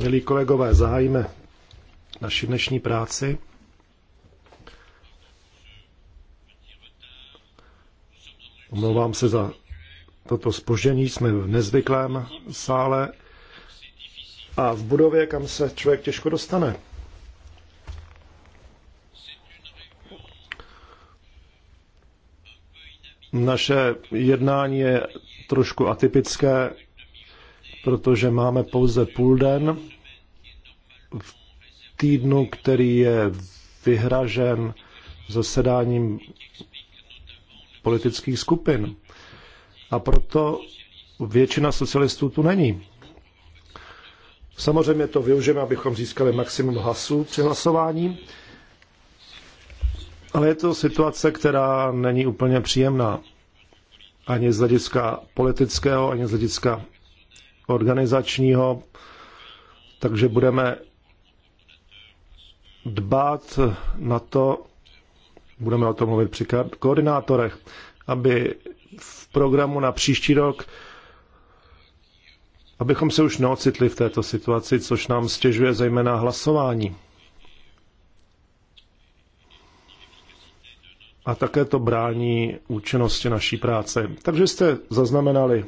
Milí kolegové, zahájíme naši dnešní práci. Omlouvám se za toto spoždění, jsme v nezvyklém sále a v budově, kam se člověk těžko dostane. Naše jednání je trošku atypické, protože máme pouze půl den v týdnu, který je vyhražen zasedáním politických skupin. A proto většina socialistů tu není. Samozřejmě to využijeme, abychom získali maximum hlasů při hlasování, ale je to situace, která není úplně příjemná. Ani z hlediska politického, ani z hlediska organizačního, takže budeme dbát na to, budeme o tom mluvit při koordinátorech, aby v programu na příští rok, abychom se už neocitli v této situaci, což nám stěžuje zejména hlasování. A také to brání účinnosti naší práce. Takže jste zaznamenali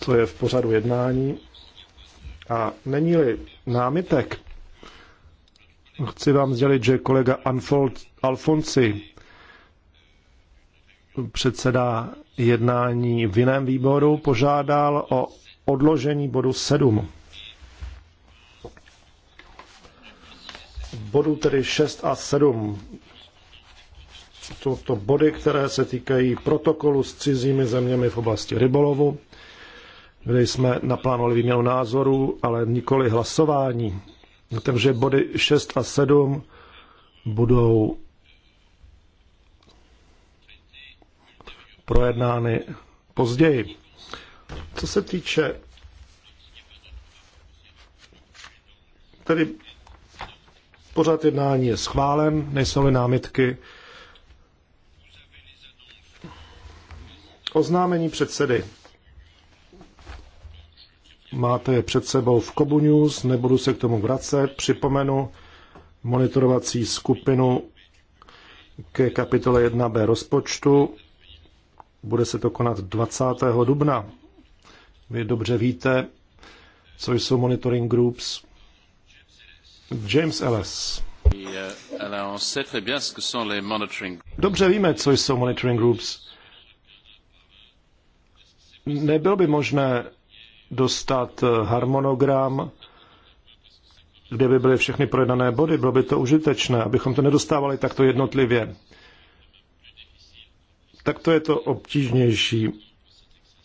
co je v pořadu jednání. A není-li námitek, chci vám sdělit, že kolega Anfold, Alfonsi předseda jednání v jiném výboru požádal o odložení bodu 7. Bodu tedy 6 a 7. Jsou to body, které se týkají protokolu s cizími zeměmi v oblasti rybolovu kde jsme naplánovali výměnu názoru, ale nikoli hlasování. Takže body 6 a 7 budou projednány později. Co se týče tedy pořad jednání je schválen, nejsou-li námitky. Oznámení předsedy. Máte je před sebou v Kobu News, nebudu se k tomu vracet. Připomenu monitorovací skupinu ke kapitole 1b rozpočtu. Bude se to konat 20. dubna. Vy dobře víte, co jsou monitoring groups. James Ellis. Dobře víme, co jsou monitoring groups. Nebylo by možné dostat eh, harmonogram, kde by byly všechny projednané body. Bylo by to užitečné, abychom to nedostávali takto jednotlivě. Tak to je to obtížnější.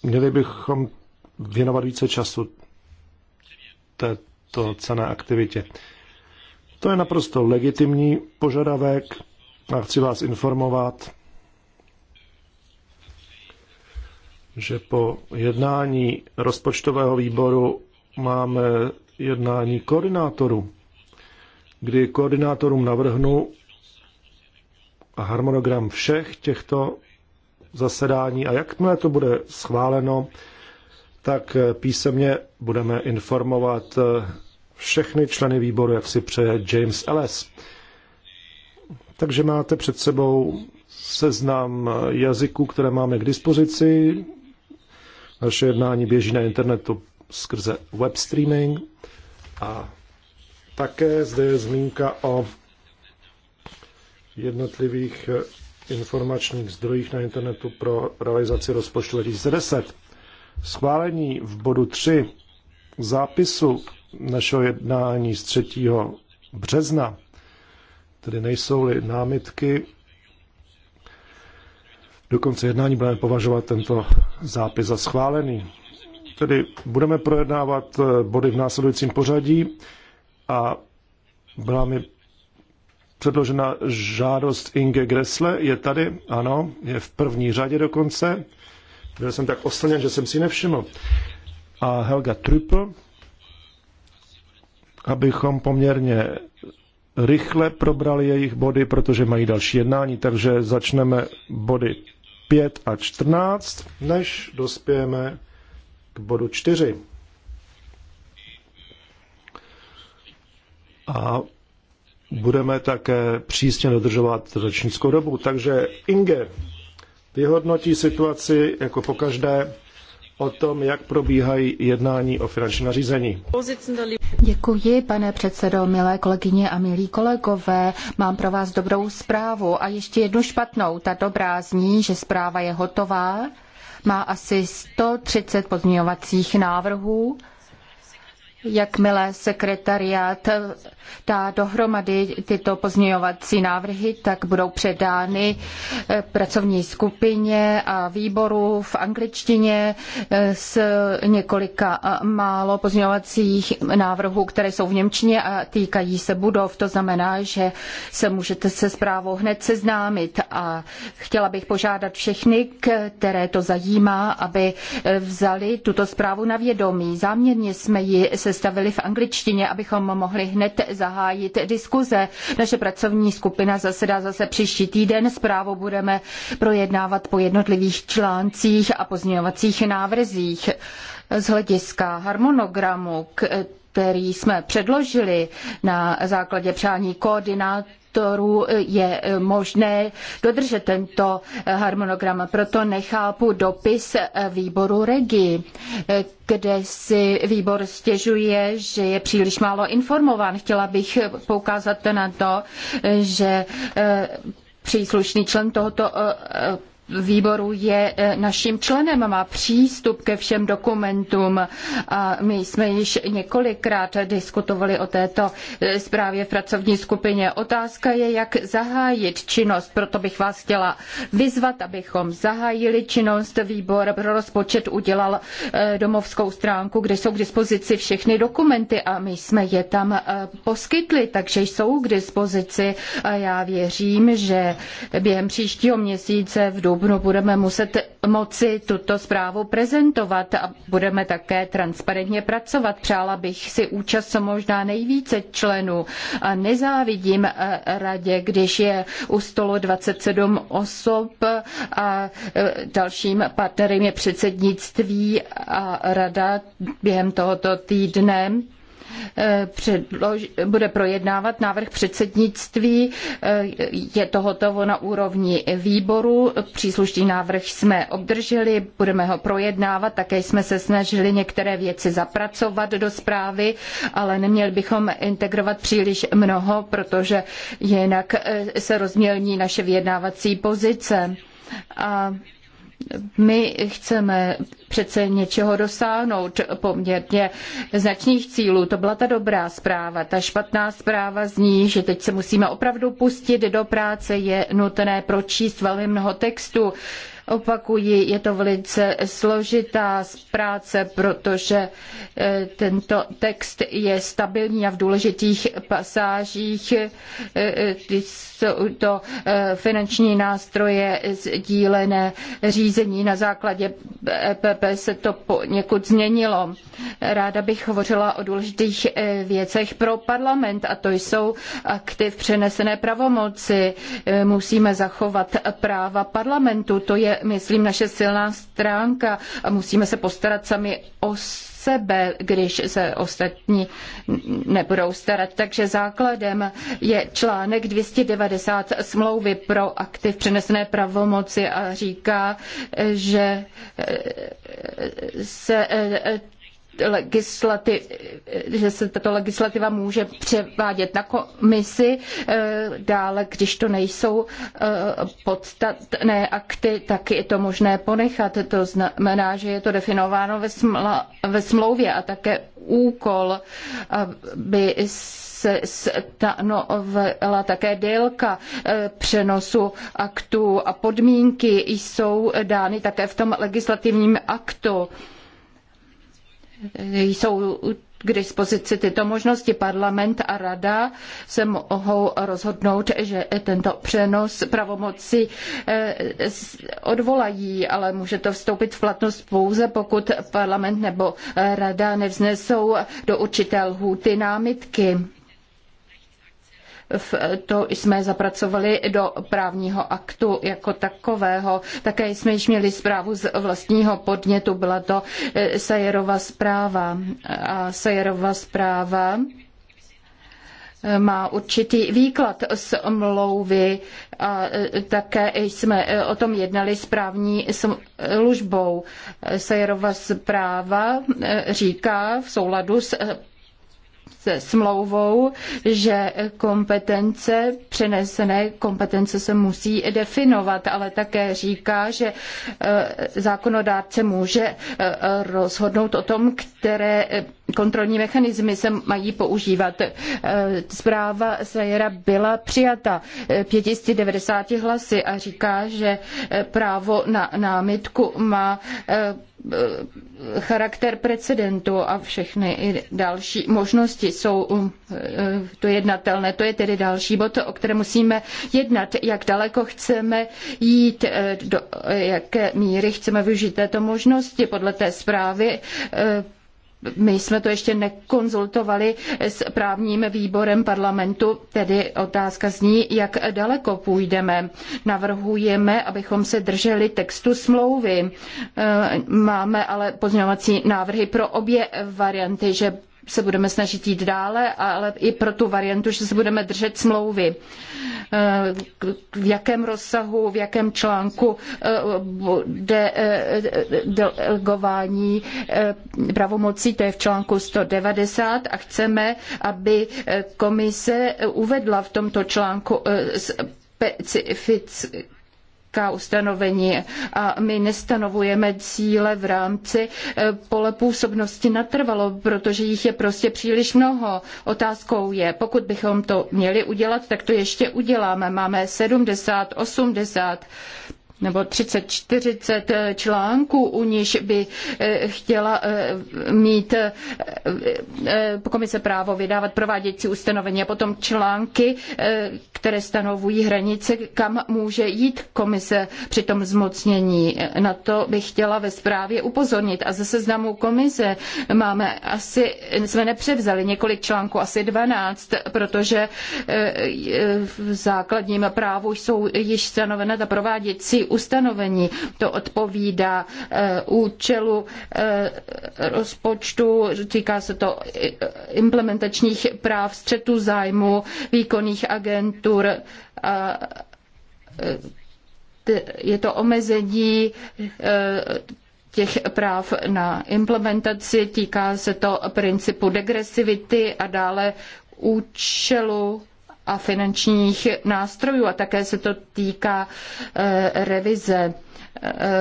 Měli bychom věnovat více času této cené aktivitě. To je naprosto legitimní požadavek a chci vás informovat, že po jednání rozpočtového výboru máme jednání koordinátorů, kdy koordinátorům navrhnu harmonogram všech těchto zasedání a jakmile to bude schváleno, tak písemně budeme informovat všechny členy výboru, jak si přeje James Ellis. Takže máte před sebou seznam jazyků, které máme k dispozici. Naše jednání běží na internetu skrze web streaming a také zde je zmínka o jednotlivých informačních zdrojích na internetu pro realizaci rozpočtu 2010. Schválení v bodu 3 zápisu našeho jednání z 3. března, tedy nejsou-li námitky, do konce jednání budeme považovat tento zápis za schválený. Tedy budeme projednávat eh, body v následujícím pořadí a byla mi předložena žádost Inge Gressle. Je tady? Ano, je v první řadě dokonce. Byl jsem tak oslněn, že jsem si nevšiml. A Helga Trüppel, abychom poměrně rychle probrali jejich body, protože mají další jednání, takže začneme body 5 a 14, než dospějeme k bodu 4. A budeme také přísně dodržovat řečnickou dobu. Takže Inge vyhodnotí situaci jako pokaždé o tom, jak probíhají jednání o finančním nařízení. Děkuji, pane předsedo, milé kolegyně a milí kolegové. Mám pro vás dobrou zprávu a ještě jednu špatnou. Ta dobrá zní, že zpráva je hotová, má asi 130 pozměňovacích návrhů. Jakmile sekretariát dá dohromady tyto pozměňovací návrhy, tak budou předány eh, pracovní skupině a výboru v angličtině eh, s několika eh, málo pozměňovacích návrhů, které jsou v Němčině a týkají se budov. To znamená, že se můžete se zprávou hned seznámit a chtěla bych požádat všechny, které to zajímá, aby vzali tuto zprávu na vědomí. Záměrně jsme ji se sestavili v angličtině, abychom mohli hned zahájit diskuze. Naše pracovní skupina zasedá zase příští týden. Zprávu budeme projednávat po jednotlivých článcích a pozměňovacích návrzích. Z hlediska harmonogramu, který jsme předložili na základě přání koordinátorů, sektorů je možné dodržet tento harmonogram. Proto nechápu dopis výboru Regi, kde si výbor stěžuje, že je příliš málo informován. Chtěla bych poukázat na to, že příslušný člen tohoto výboru je e, naším členem, má přístup ke všem dokumentům. A my jsme již několikrát diskutovali o této e, zprávě v pracovní skupině. Otázka je, jak zahájit činnost, proto bych vás chtěla vyzvat, abychom zahájili činnost. Výbor pro rozpočet udělal e, domovskou stránku, kde jsou k dispozici všechny dokumenty a my jsme je tam poskytli, takže jsou k dispozici. A já věřím, že během příštího měsíce v dubnu dubnu budeme muset moci tuto zprávu prezentovat a budeme také transparentně pracovat. Přála bych si účast co možná nejvíce členů a nezávidím eh, radě, když je u stolu 27 osob a eh, dalším partnerem je předsednictví a rada během tohoto týdne Eh, předlož, bude projednávat návrh předsednictví. Eh, je to hotovo na úrovni výboru. Příslušný návrh jsme obdrželi, budeme ho projednávat. Také jsme se snažili některé věci zapracovat do zprávy, ale neměli bychom integrovat příliš mnoho, protože jinak eh, se rozmělní naše vyjednávací pozice. A my chceme přece něčeho dosáhnout poměrně značných cílů. To byla ta dobrá zpráva. Ta špatná zpráva zní, že teď se musíme opravdu pustit do práce, je nutné pročíst velmi mnoho textu Opakuji, je to velice složitá práce, protože eh, tento text je stabilní a v důležitých pasážích eh, eh, jsou to finanční nástroje sdílené řízení. Na základě EPP se to poněkud změnilo. Ráda bych hovořila o důležitých věcech pro parlament a to jsou aktiv přenesené pravomoci. Musíme zachovat práva parlamentu, to je myslím, naše silná stránka a musíme se postarat sami o sebe, když se ostatní nebudou starat. Takže základem je článek 290 smlouvy pro aktiv přenesené pravomoci a říká, že se že se tato legislativa může převádět na komisi, eh, dále, když to nejsou eh, podstatné akty, tak je to možné ponechat. To znamená, že je to definováno ve, smla, ve smlouvě a také úkol, aby se stanovila také délka eh, přenosu aktů a podmínky jsou dány také v tom legislativním aktu jsou k dispozici tyto možnosti. Parlament a rada se mohou rozhodnout, že tento přenos pravomoci eh, odvolají, ale může to vstoupit v platnost pouze, pokud parlament nebo rada nevznesou do určité lhůty námitky v to jsme zapracovali do právního aktu jako takového. Také jsme již měli zprávu z vlastního podnětu, byla to eh, Sajerova zpráva. A Sajerova zpráva eh, má určitý výklad smlouvy a eh, také jsme o tom jednali s právní službou. Sajerova zpráva říká v souladu s se smlouvou, že kompetence, přenesené kompetence se musí definovat, ale také říká, že eh, zákonodárce může eh, rozhodnout o tom, které eh, kontrolní mechanismy se mají používat. Zpráva Sajera byla přijata 590 hlasy a říká, že právo na námitku má Eh, charakter precedentu a všechny i další možnosti jsou eh, to jednatelné. To je tedy další bod, o kterém musíme jednat, jak daleko chceme jít, eh, do jaké míry chceme využít této možnosti podle té zprávy my jsme to ještě nekonzultovali s právním výborem parlamentu, tedy otázka zní, jak daleko půjdeme. Navrhujeme, abychom se drželi textu smlouvy. E, máme ale pozměňovací návrhy pro obě varianty, že se budeme snažit jít dále, ale i pro tu variantu, že se budeme držet smlouvy. V jakém rozsahu, v jakém článku bude delegování pravomocí, to je v článku 190 a chceme, aby komise uvedla v tomto článku specifické nějaká ustanovení a my nestanovujeme cíle v rámci e, pole působnosti natrvalo, protože jich je prostě příliš mnoho. Otázkou je, pokud bychom to měli udělat, tak to ještě uděláme. Máme 70, 80 nebo 30-40 eh, článků, u níž by eh, chtěla eh, mít komise právo vydávat prováděcí ustanovení a potom články, které stanovují hranice, kam může jít komise při tom zmocnění. Na to bych chtěla ve zprávě upozornit. A ze seznamu komise máme asi, jsme nepřevzali několik článků, asi 12, protože v základním právu jsou již stanovena ta prováděcí ustanovení. To odpovídá eh, účelu eh, rozpočtu, týká se to eh, implementačních práv, střetu zájmu, výkonných agentur a je to omezení těch práv na implementaci, týká se to principu degresivity a dále účelu a finančních nástrojů a také se to týká eh, revize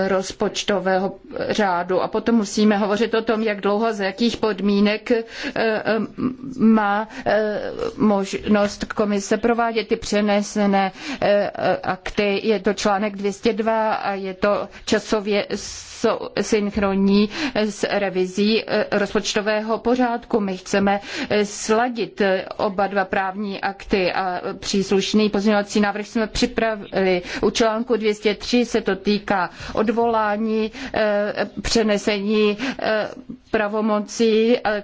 rozpočtového řádu. A potom musíme hovořit o tom, jak dlouho, za jakých podmínek eh, eh, má eh, možnost komise provádět ty přenesené akty. Je to článek 202 a je to časově synchronní s revizí rozpočtového pořádku. My chceme sladit oba dva právní akty a příslušný pozměňovací návrh jsme připravili. U článku 203 se to týká týká odvolání, eh, přenesení eh, pravomocí, eh,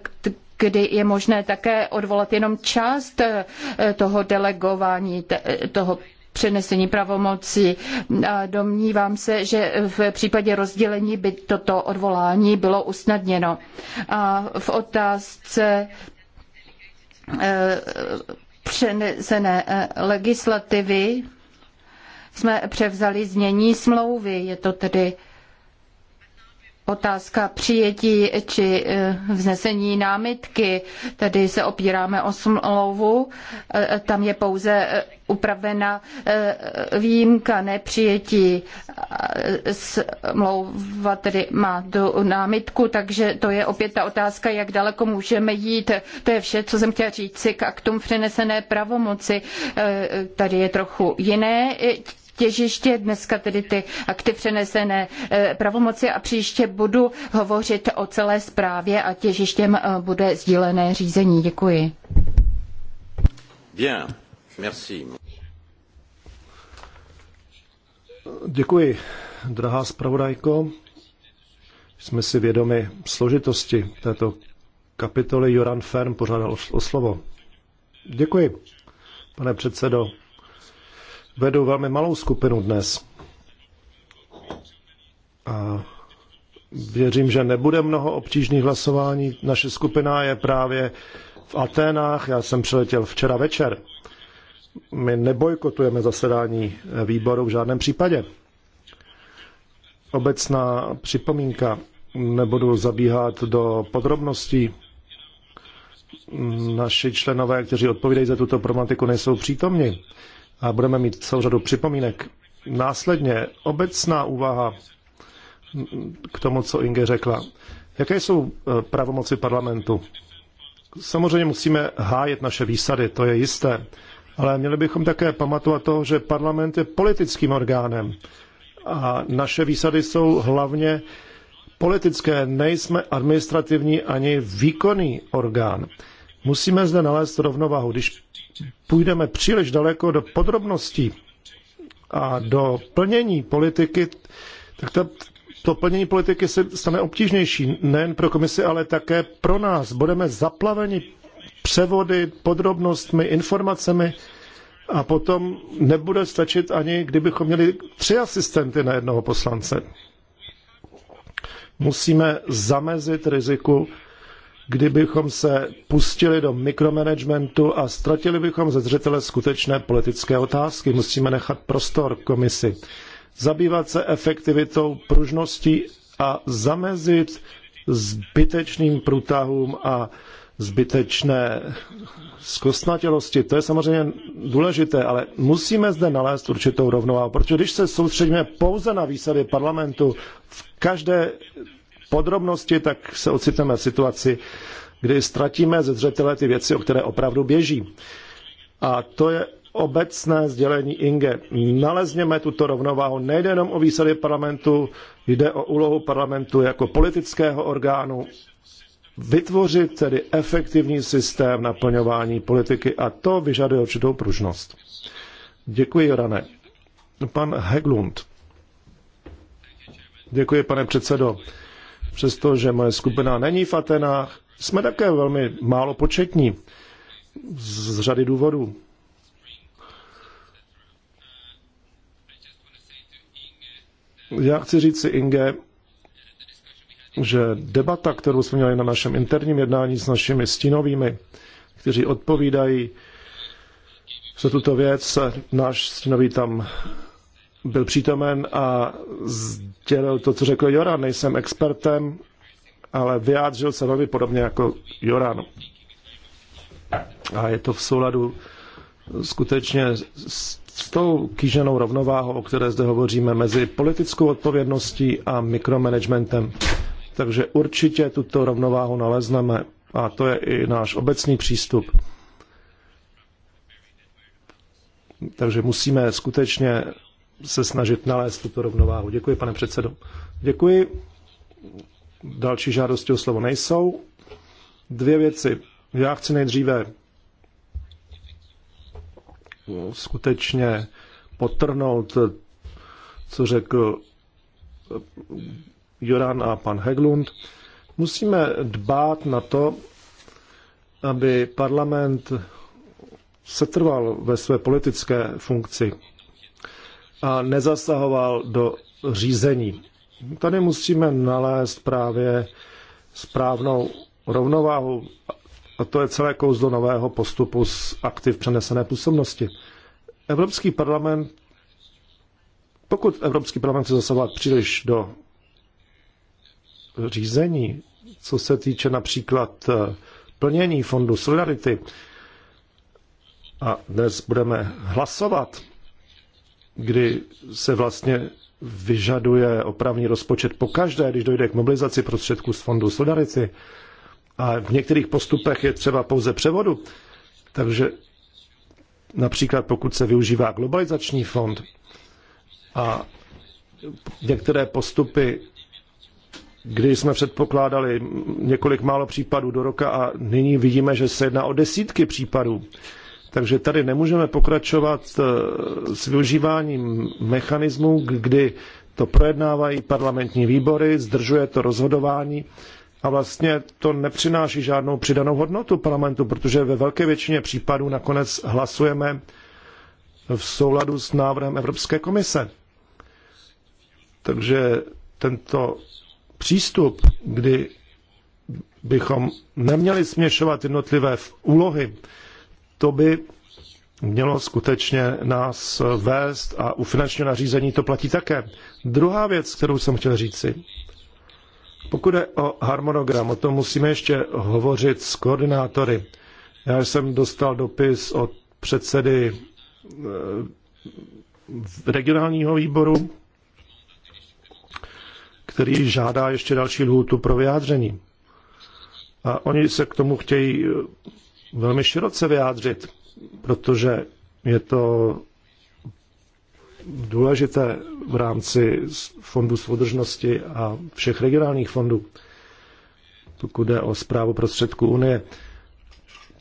kdy je možné také odvolat jenom část toho delegování, toho přenesení pravomoci. Domnívám se, že v případě rozdělení by toto odvolání bylo usnadněno. A v otázce přenesené legislativy jsme převzali znění smlouvy. Je to tedy otázka přijetí či e, vznesení námitky. Tady se opíráme o smlouvu, e, e, tam je pouze upravena výjimka nepřijetí. Smlouva tedy má tu námitku, takže to je opět ta otázka, jak daleko můžeme jít. To je vše, co jsem chtěla říci k aktům přenesené pravomoci. Tady je trochu jiné těžiště, dneska tedy ty akty přenesené eh, pravomoci a příště budu hovořit o celé zprávě a těžištěm eh, bude sdílené řízení. Děkuji. Bien, merci. Děkuji, drahá zpravodajko. Jsme si vědomi složitosti této kapitoly. Joran Fern požádal o slovo. Děkuji, pane předsedo vedou velmi malou skupinu dnes. A věřím, že nebude mnoho obtížných hlasování. Naše skupina je právě v Aténách, já jsem přiletěl včera večer. My nebojkotujeme zasedání výboru v žádném případě. Obecná připomínka, nebudu zabíhat do podrobností. Naši členové, kteří odpovídají za tuto problematiku, nejsou přítomni a budeme mít celou řadu připomínek. Následně obecná úvaha k tomu, co Inge řekla. Jaké jsou e, pravomoci parlamentu? Samozřejmě musíme hájet naše výsady, to je jisté, ale měli bychom také pamatovat to, že parlament je politickým orgánem a naše výsady jsou hlavně politické, nejsme administrativní ani výkonný orgán. Musíme zde nalézt rovnováhu. Když půjdeme příliš daleko do podrobností a do plnění politiky, tak to, to plnění politiky se stane obtížnější nejen pro komisi, ale také pro nás. Budeme zaplaveni převody, podrobnostmi, informacemi a potom nebude stačit ani, kdybychom měli tři asistenty na jednoho poslance. Musíme zamezit riziku kdybychom se pustili do mikromanagementu a ztratili bychom ze zřetele skutečné politické otázky. Musíme nechat prostor komisi. Zabývat se efektivitou, pružností a zamezit zbytečným průtahům a zbytečné zkostnatělosti. To je samozřejmě důležité, ale musíme zde nalézt určitou rovnováhu, protože když se soustředíme pouze na výsady parlamentu v každé podrobnosti, tak se ocitneme v situaci, kdy ztratíme ze zřetele ty věci, o které opravdu běží. A to je obecné sdělení Inge. Nalezněme tuto rovnováhu. Nejde jenom o výsady parlamentu, jde o úlohu parlamentu jako politického orgánu vytvořit tedy efektivní systém naplňování politiky a to vyžaduje určitou pružnost. Děkuji, Jorane. Pan Heglund. Děkuji, pane předsedo přestože moje skupina není v Atenách, jsme také velmi málo početní z řady důvodů. Já chci říct si Inge, že debata, kterou jsme měli na našem interním jednání s našimi stínovými, kteří odpovídají za tuto věc, náš stínový tam byl přítomen a sdělil to, co řekl Joran. Nejsem expertem, ale vyjádřil se velmi podobně jako Joran. A je to v souladu skutečně s tou kýženou rovnováhou, o které zde hovoříme, mezi politickou odpovědností a mikromanagementem. Takže určitě tuto rovnováhu nalezneme a to je i náš obecný přístup. Takže musíme skutečně se snažit nalézt tuto rovnováhu. Děkuji, pane předsedo. Děkuji. Další žádosti o slovo nejsou. Dvě věci. Já chci nejdříve skutečně potrhnout, co řekl Joran a pan Heglund. Musíme dbát na to, aby parlament setrval ve své politické funkci a nezasahoval do řízení. Tady musíme nalézt právě správnou rovnováhu a to je celé kouzlo nového postupu z aktiv přenesené působnosti. Evropský parlament, pokud Evropský parlament se zasahovat příliš do řízení, co se týče například eh, plnění fondu Solidarity, a dnes budeme hlasovat kdy se vlastně vyžaduje opravní rozpočet po každé, když dojde k mobilizaci prostředků z fondu Solidarity A v některých postupech je třeba pouze převodu. Takže například pokud se využívá globalizační fond a některé postupy, kdy jsme předpokládali několik málo případů do roka a nyní vidíme, že se jedná o desítky případů. Takže tady nemůžeme pokračovat eh, s využíváním mechanismů, kdy to projednávají parlamentní výbory, zdržuje to rozhodování a vlastně to nepřináší žádnou přidanou hodnotu parlamentu, protože ve velké většině případů nakonec hlasujeme v souladu s návrhem Evropské komise. Takže tento přístup, kdy bychom neměli směšovat jednotlivé úlohy, to by mělo skutečně nás vést a u finančního nařízení to platí také. Druhá věc, kterou jsem chtěl říci, pokud je o harmonogram, o tom musíme ještě hovořit s koordinátory. Já jsem dostal dopis od předsedy eh, regionálního výboru, který žádá ještě další lhůtu pro vyjádření. A oni se k tomu chtějí velmi široce vyjádřit, protože je to důležité v rámci Fondu soudržnosti a všech regionálních fondů, pokud jde o zprávu prostředků Unie,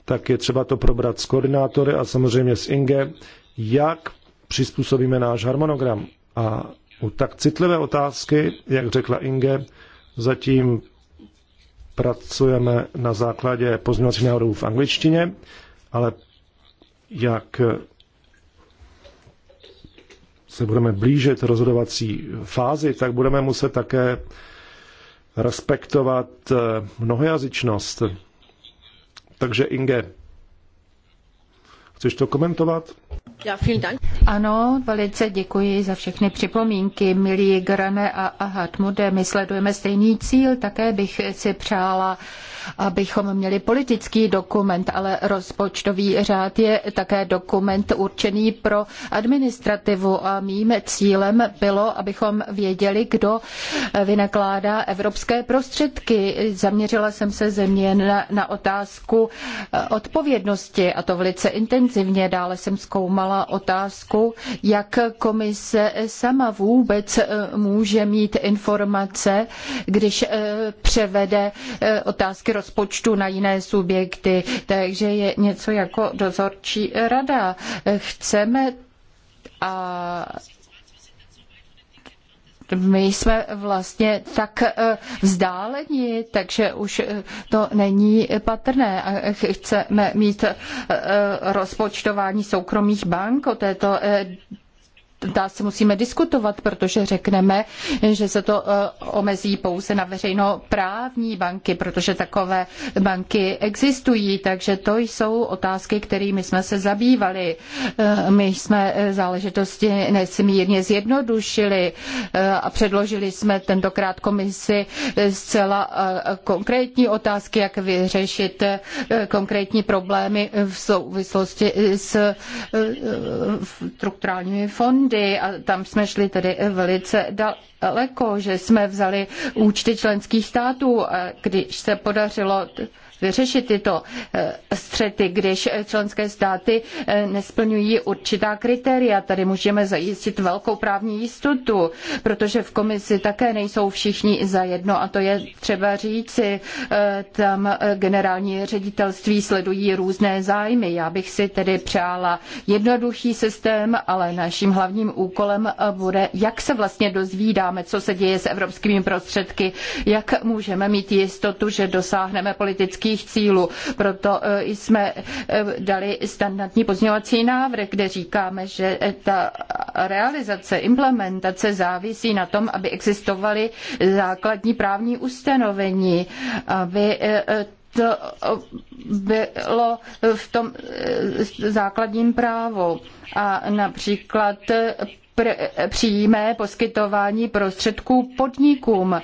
tak je třeba to probrat s koordinátory a samozřejmě s INGE, jak přizpůsobíme náš harmonogram. A u tak citlivé otázky, jak řekla Inge, zatím pracujeme na základě pozměňovacích návrhů v angličtině, ale jak se budeme blížit rozhodovací fázi, tak budeme muset také respektovat eh, mnohojazyčnost. Takže Inge, chceš to komentovat? Ano, velice děkuji za všechny připomínky. Milí Grane a Ahat Mude, my sledujeme stejný cíl, také bych si přála abychom měli politický dokument, ale rozpočtový řád je také dokument určený pro administrativu a mým cílem bylo, abychom věděli, kdo vynakládá evropské prostředky. Zaměřila jsem se země na, na otázku eh, odpovědnosti a to velice intenzivně. Dále jsem zkoumala otázku, jak komise sama vůbec eh, může mít informace, když eh, převede otázky rozpočtu na jiné subjekty, takže je něco jako dozorčí rada. Chceme a my jsme vlastně tak eh, vzdáleni, takže už eh, to není patrné. Chceme mít eh, rozpočtování soukromých bank o této dá se musíme diskutovat, protože řekneme, že se to e, omezí pouze na veřejnoprávní banky, protože takové banky existují, takže to jsou otázky, kterými jsme se zabývali. E, my jsme e, záležitosti nesmírně zjednodušili a předložili jsme tentokrát komisi zcela konkrétní otázky, jak vyřešit konkrétní problémy v souvislosti s strukturálními fondy fondy a tam jsme šli tedy velice daleko, že jsme vzali účty členských států, když se podařilo vyřešit tyto eh, střety, když členské státy eh, nesplňují určitá kritéria. Tady můžeme zajistit velkou právní jistotu, protože v komisi také nejsou všichni za jedno a to je třeba říci. Eh, tam generální ředitelství sledují různé zájmy. Já bych si tedy přála jednoduchý systém, ale naším hlavním úkolem bude, jak se vlastně dozvídáme, co se děje s evropskými prostředky, jak můžeme mít jistotu, že dosáhneme politických politických cílů. Proto e, jsme e, dali standardní pozměňovací návrh, kde říkáme, že ta realizace, implementace závisí na tom, aby existovaly základní právní ustanovení, aby e, to bylo v tom základním právu. A například pr- přímé poskytování prostředků podnikům.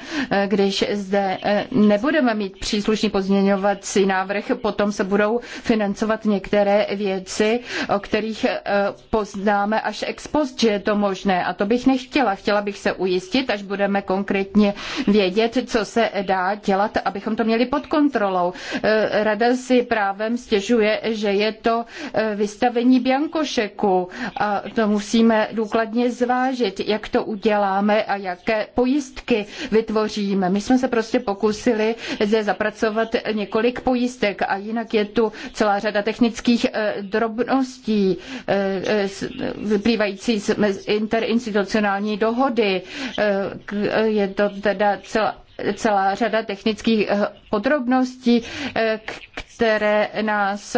Když zde eh, nebudeme mít příslušný pozměňovací návrh, potom se budou financovat některé věci, o kterých eh, poznáme až ex post, že je to možné. A to bych nechtěla. Chtěla bych se ujistit, až budeme konkrétně vědět, co se dá dělat, abychom to měli pod kontrolou. Eh, Rada si právem stěžuje, že je to vystavení Biankošeku a to musíme důkladně důkladně zvážit, jak to uděláme a jaké pojistky vytvoříme. My jsme se prostě pokusili zde zapracovat několik pojistek a jinak je tu celá řada technických eh, drobností eh, eh, vyplývající z interinstitucionální dohody. Je to teda celá celá řada technických podrobností, které nás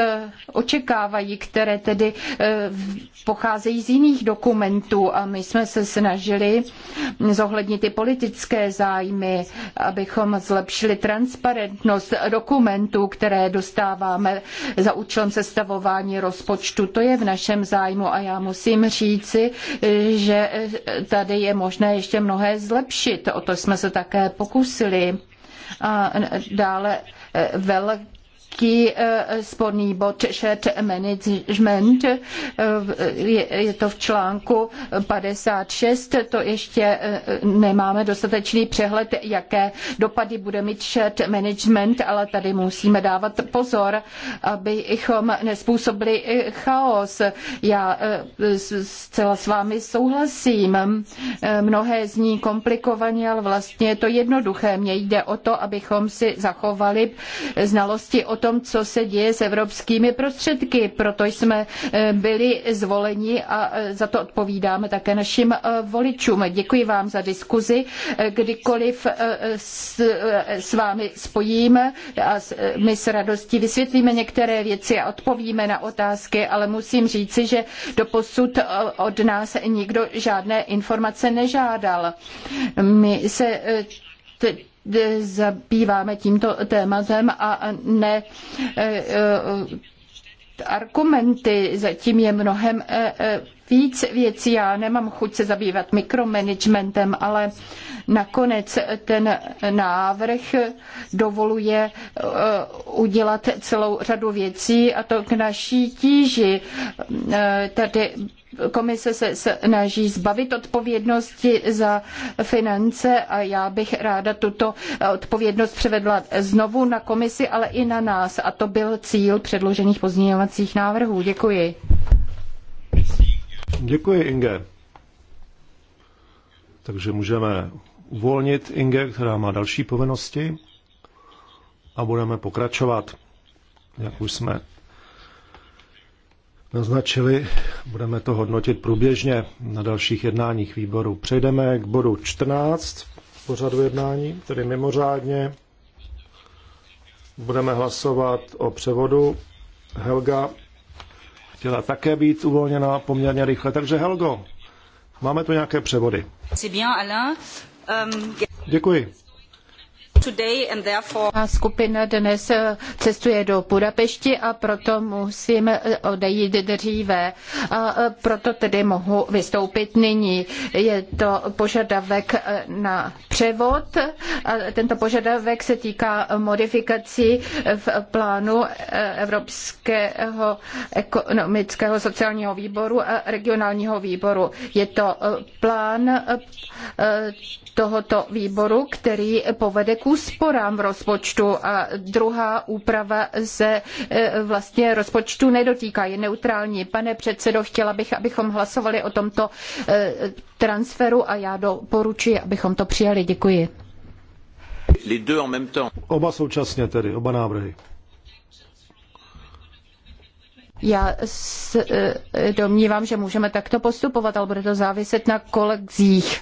očekávají, které tedy eh, pocházejí z jiných dokumentů a my jsme se snažili zohlednit i politické zájmy, abychom zlepšili transparentnost dokumentů, které dostáváme za účelem sestavování rozpočtu. To je v našem zájmu a já musím říci, že eh, tady je možné ještě mnohé zlepšit. O to jsme se také pokusili. A dále eh, velké velký eh, sporný bod shared management. Eh, je to v článku 56, to ještě eh, nemáme dostatečný přehled, jaké dopady bude mít shared management, ale tady musíme dávat pozor, abychom nespůsobili chaos. Já zcela s vámi souhlasím. Mnohé zní komplikovaně, ale vlastně je to jednoduché. Mně jde o to, abychom si zachovali znalosti o tom, co se děje s evropskými prostředky. Proto jsme eh, byli zvoleni a eh, za to odpovídáme také našim eh, voličům. Děkuji vám za diskuzi. Kdykoliv s, s vámi spojíme a my s radostí vysvětlíme některé věci a odpovíme na otázky, ale musím říci, že doposud od nás nikdo žádné informace nežádal. My se zabýváme tímto tématem a ne e, e, argumenty, zatím je mnohem e, víc věcí. Já nemám chuť se zabývat mikromanagementem, ale nakonec ten návrh dovoluje udělat celou řadu věcí a to k naší tíži. Tady Komise se snaží zbavit odpovědnosti za finance a já bych ráda tuto odpovědnost převedla znovu na komisi, ale i na nás. A to byl cíl předložených pozměňovacích návrhů. Děkuji. Děkuji, Inge. Takže můžeme uvolnit Inge, která má další povinnosti a budeme pokračovat, jak už jsme naznačili. Budeme to hodnotit průběžně na dalších jednáních výboru. Přejdeme k bodu 14 pořadu jednání, tedy mimořádně. Budeme hlasovat o převodu. Helga chtěla také být uvolněna poměrně rychle. Takže Helgo, máme tu nějaké převody. Euh, Děkuji. Skupina dnes eh, cestuje do Budapešti a proto musím eh, odejít dříve. A eh, proto tedy mohu vystoupit nyní. Je to požadavek na převod. A tento požadavek se týká modifikací v plánu Evropského ekonomického sociálního výboru a regionálního výboru. Je to plán tohoto výboru, který povede k úsporám v rozpočtu a druhá úprava se e, vlastně rozpočtu nedotýká, je neutrální. Pane předsedo, chtěla bych, abychom hlasovali o tomto e, transferu a já doporučuji, abychom to přijali. Děkuji. Oba současně tedy, oba návrhy. Já s, eh, domnívám, že můžeme takto postupovat, ale bude to záviset na kolegzích.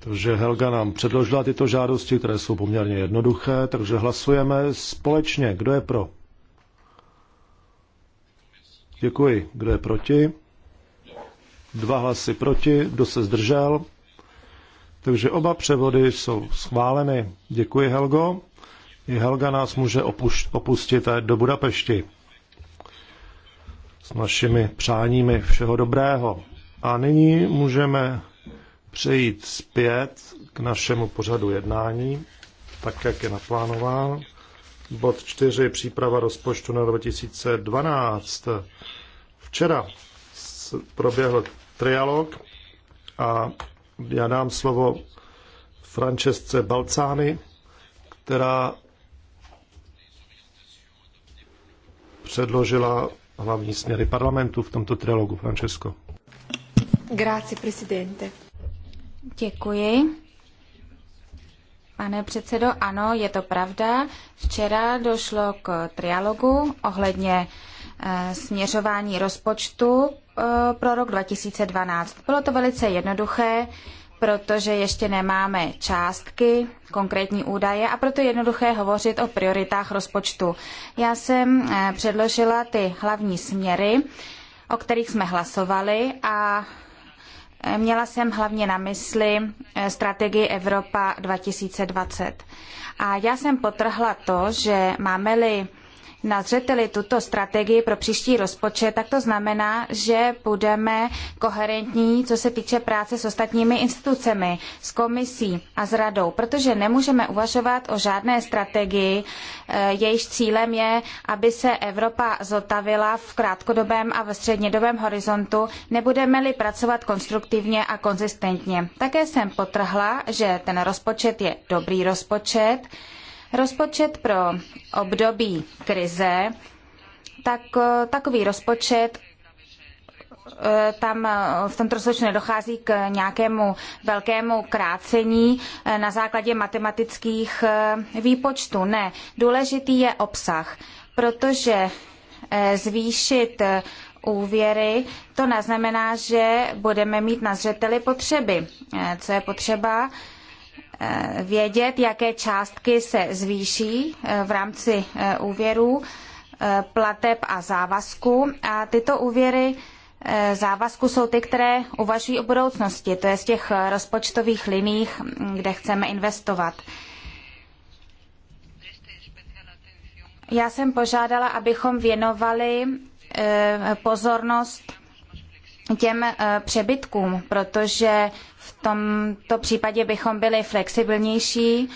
Takže Helga nám předložila tyto žádosti, které jsou poměrně jednoduché, takže hlasujeme společně. Kdo je pro? Děkuji. Kdo je proti? Dva hlasy proti. Kdo se zdržel? Takže oba převody jsou schváleny. Děkuji, Helgo. I Helga nás může opustit eh, do Budapešti s našimi přáními všeho dobrého. A nyní můžeme přejít zpět k našemu pořadu jednání, tak jak je naplánován. Bod 4. Příprava rozpočtu na 2012. Včera proběhl trialog a já dám slovo Francesce Balcány, která předložila hlavní směry parlamentu v tomto trialogu. Francesco. Grazie, presidente. Děkuji. Pane předsedo, ano, je to pravda. Včera došlo k trialogu ohledně eh, směřování rozpočtu eh, pro rok 2012. Bylo to velice jednoduché protože ještě nemáme částky, konkrétní údaje a proto je jednoduché hovořit o prioritách rozpočtu. Já jsem eh, předložila ty hlavní směry, o kterých jsme hlasovali a eh, Měla jsem hlavně na mysli eh, strategii Evropa 2020. A já jsem potrhla to, že máme-li na zřeteli tuto strategii pro příští rozpočet, tak to znamená, že budeme koherentní, co se týče práce s ostatními institucemi, s komisí a s radou, protože nemůžeme uvažovat o žádné strategii, eh, jejíž cílem je, aby se Evropa zotavila v krátkodobém a ve střednědobém horizontu, nebudeme-li pracovat konstruktivně a konzistentně. Také jsem potrhla, že ten rozpočet je dobrý rozpočet, Rozpočet pro období krize, tak eh, takový rozpočet eh, tam eh, v tomto rozpočtu nedochází k nějakému velkému krácení na základě matematických výpočtů. Ne, důležitý je obsah, protože zvýšit úvěry, to neznamená, že budeme mít na zřeteli potřeby. Co je potřeba? vědět, jaké částky se zvýší eh, v rámci eh, úvěrů, eh, plateb a závazku. A tyto úvěry závazku jsou ty, které uvažují o budoucnosti, to je z těch rozpočtových liních, mm, kde chceme investovat. Já jsem požádala, abychom věnovali pozornost těm přebytkům, protože tomto případě bychom byli flexibilnější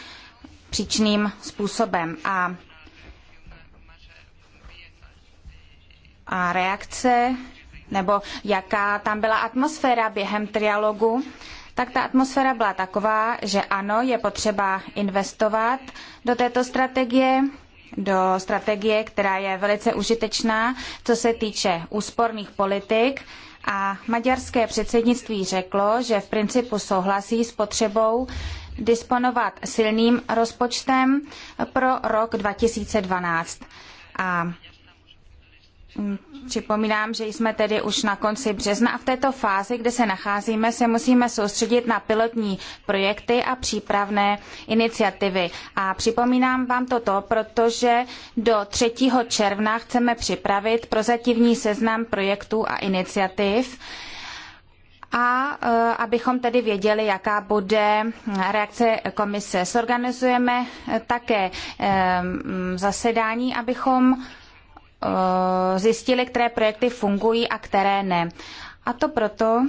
příčným způsobem. A, a reakce, nebo jaká tam byla atmosféra během trialogu, tak ta atmosféra byla taková, že ano, je potřeba investovat do této strategie, do strategie, která je velice užitečná, co se týče úsporných politik, a maďarské předsednictví řeklo, že v principu souhlasí s potřebou disponovat silným rozpočtem pro rok 2012. A Připomínám, že jsme tedy už na konci března a v této fázi, kde se nacházíme, se musíme soustředit na pilotní projekty a přípravné iniciativy. A připomínám vám toto, protože do 3. června chceme připravit prozatímní seznam projektů a iniciativ, a e, abychom tedy věděli, jaká bude reakce komise. Sorganizujeme také e, zasedání, abychom Eh, zjistili, které projekty fungují a které ne. A to proto,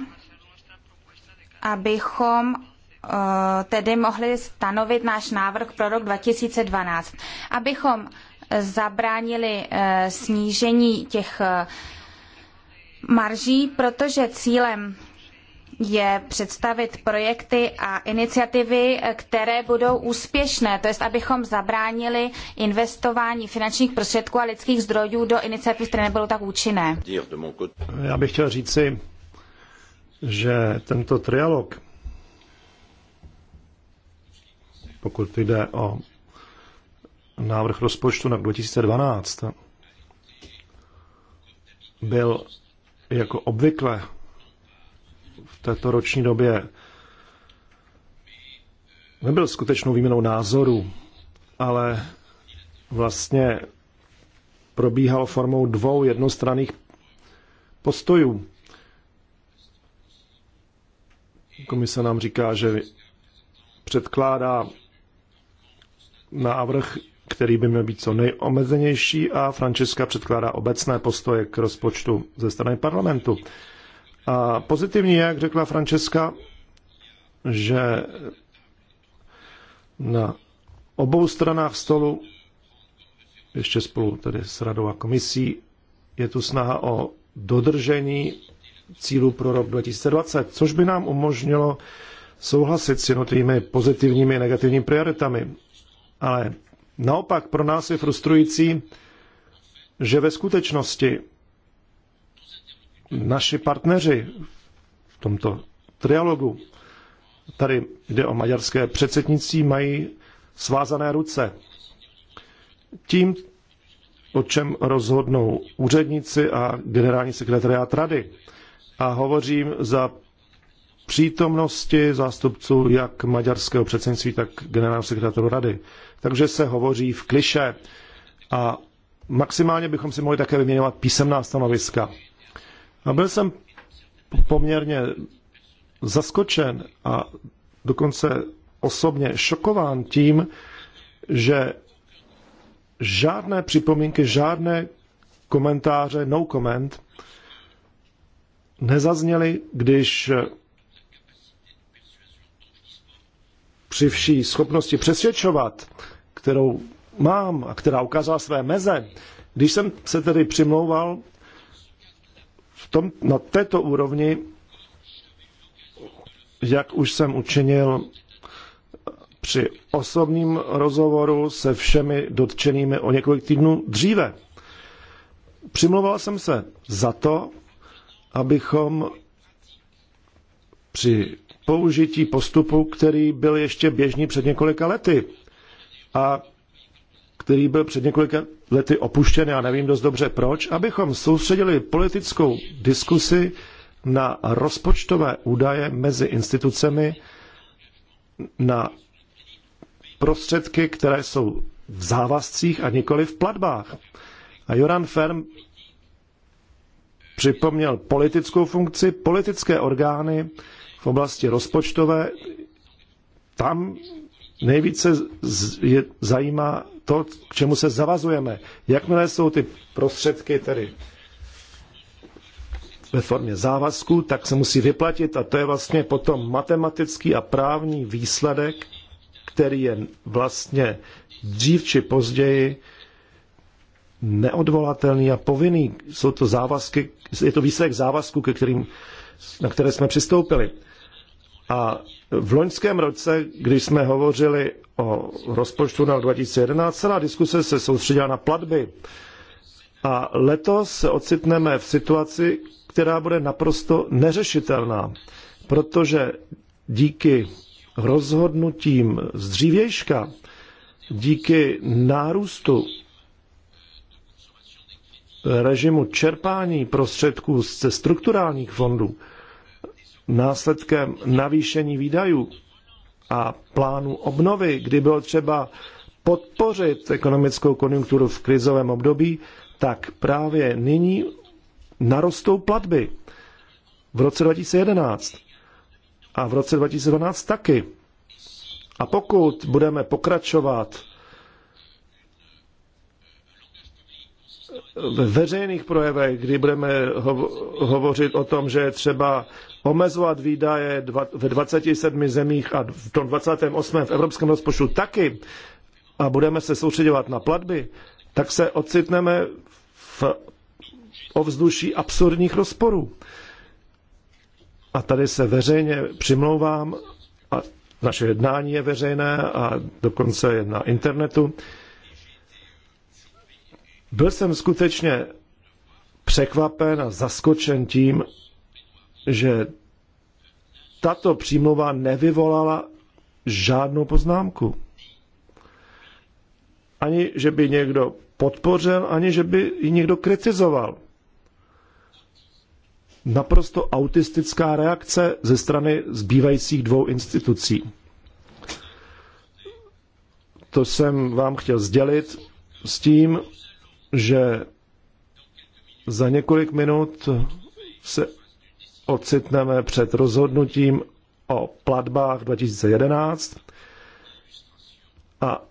abychom eh, tedy mohli stanovit náš návrh pro rok 2012. Abychom zabránili eh, snížení těch marží, protože cílem je představit projekty a iniciativy, které budou úspěšné, to jest, abychom zabránili investování finančních prostředků a lidských zdrojů do iniciativ, které nebudou tak účinné. Já bych chtěl říci, že tento trialog, pokud jde o návrh rozpočtu na 2012, byl jako obvykle v této roční době nebyl skutečnou výměnou názoru, ale vlastně probíhal formou dvou jednostranných postojů. Komise nám říká, že předkládá návrh, který by měl být co nejomezenější a Francesca předkládá obecné postoje k rozpočtu ze strany parlamentu. A pozitivní je, jak řekla Francesca, že na obou stranách stolu, ještě spolu tedy s radou a komisí, je tu snaha o dodržení cílu pro rok 2020, což by nám umožnilo souhlasit s jednotlivými pozitivními a negativními prioritami. Ale naopak pro nás je frustrující, že ve skutečnosti naši partneři v tomto trialogu, tady jde o maďarské předsednictví, mají svázané ruce. Tím, o čem rozhodnou úředníci a generální sekretariát rady. A hovořím za přítomnosti zástupců jak maďarského předsednictví, tak generálního sekretáru rady. Takže se hovoří v kliše a maximálně bychom si mohli také vyměňovat písemná stanoviska. A byl jsem poměrně zaskočen a dokonce osobně šokován tím, že žádné připomínky, žádné komentáře, no comment, nezazněly, když při vší schopnosti přesvědčovat, kterou mám a která ukázala své meze, když jsem se tedy přimlouval v tom, na této úrovni, jak už jsem učinil při osobním rozhovoru se všemi dotčenými o několik týdnů dříve. přimluval jsem se za to, abychom při použití postupu, který byl ještě běžný před několika lety a který byl před několika lety opuštěn, já nevím dost dobře proč, abychom soustředili politickou diskusi na rozpočtové údaje mezi institucemi, na prostředky, které jsou v závazcích a nikoli v platbách. A Joran Ferm připomněl politickou funkci, politické orgány v oblasti rozpočtové, tam nejvíce je, zajímá to, k čemu se zavazujeme. Jakmile jsou ty prostředky tedy ve formě závazku, tak se musí vyplatit a to je vlastně potom matematický a právní výsledek, který je vlastně dřív či později neodvolatelný a povinný. Jsou to závazky, je to výsledek závazku, ke kterým, na které jsme přistoupili. A v loňském roce, když jsme hovořili o rozpočtu na 2011, celá diskuse se soustředila na platby. A letos se ocitneme v situaci, která bude naprosto neřešitelná, protože díky rozhodnutím z dřívějška, díky nárůstu režimu čerpání prostředků ze strukturálních fondů, následkem navýšení výdajů a plánu obnovy, kdy bylo třeba podpořit ekonomickou konjunkturu v krizovém období, tak právě nyní narostou platby. V roce 2011 a v roce 2012 taky. A pokud budeme pokračovat ve veřejných projevech, kdy budeme hovořit o tom, že je třeba omezovat výdaje ve 27 zemích a v tom 28. v evropském rozpočtu taky a budeme se soustředovat na platby, tak se ocitneme v ovzduší absurdních rozporů. A tady se veřejně přimlouvám, a naše jednání je veřejné a dokonce je na internetu. Byl jsem skutečně překvapen a zaskočen tím, že tato přímluva nevyvolala žádnou poznámku. Ani, že by někdo podpořil, ani, že by ji někdo kritizoval. Naprosto autistická reakce ze strany zbývajících dvou institucí. To jsem vám chtěl sdělit s tím, že za několik minut se ocitneme před rozhodnutím o platbách 2011 a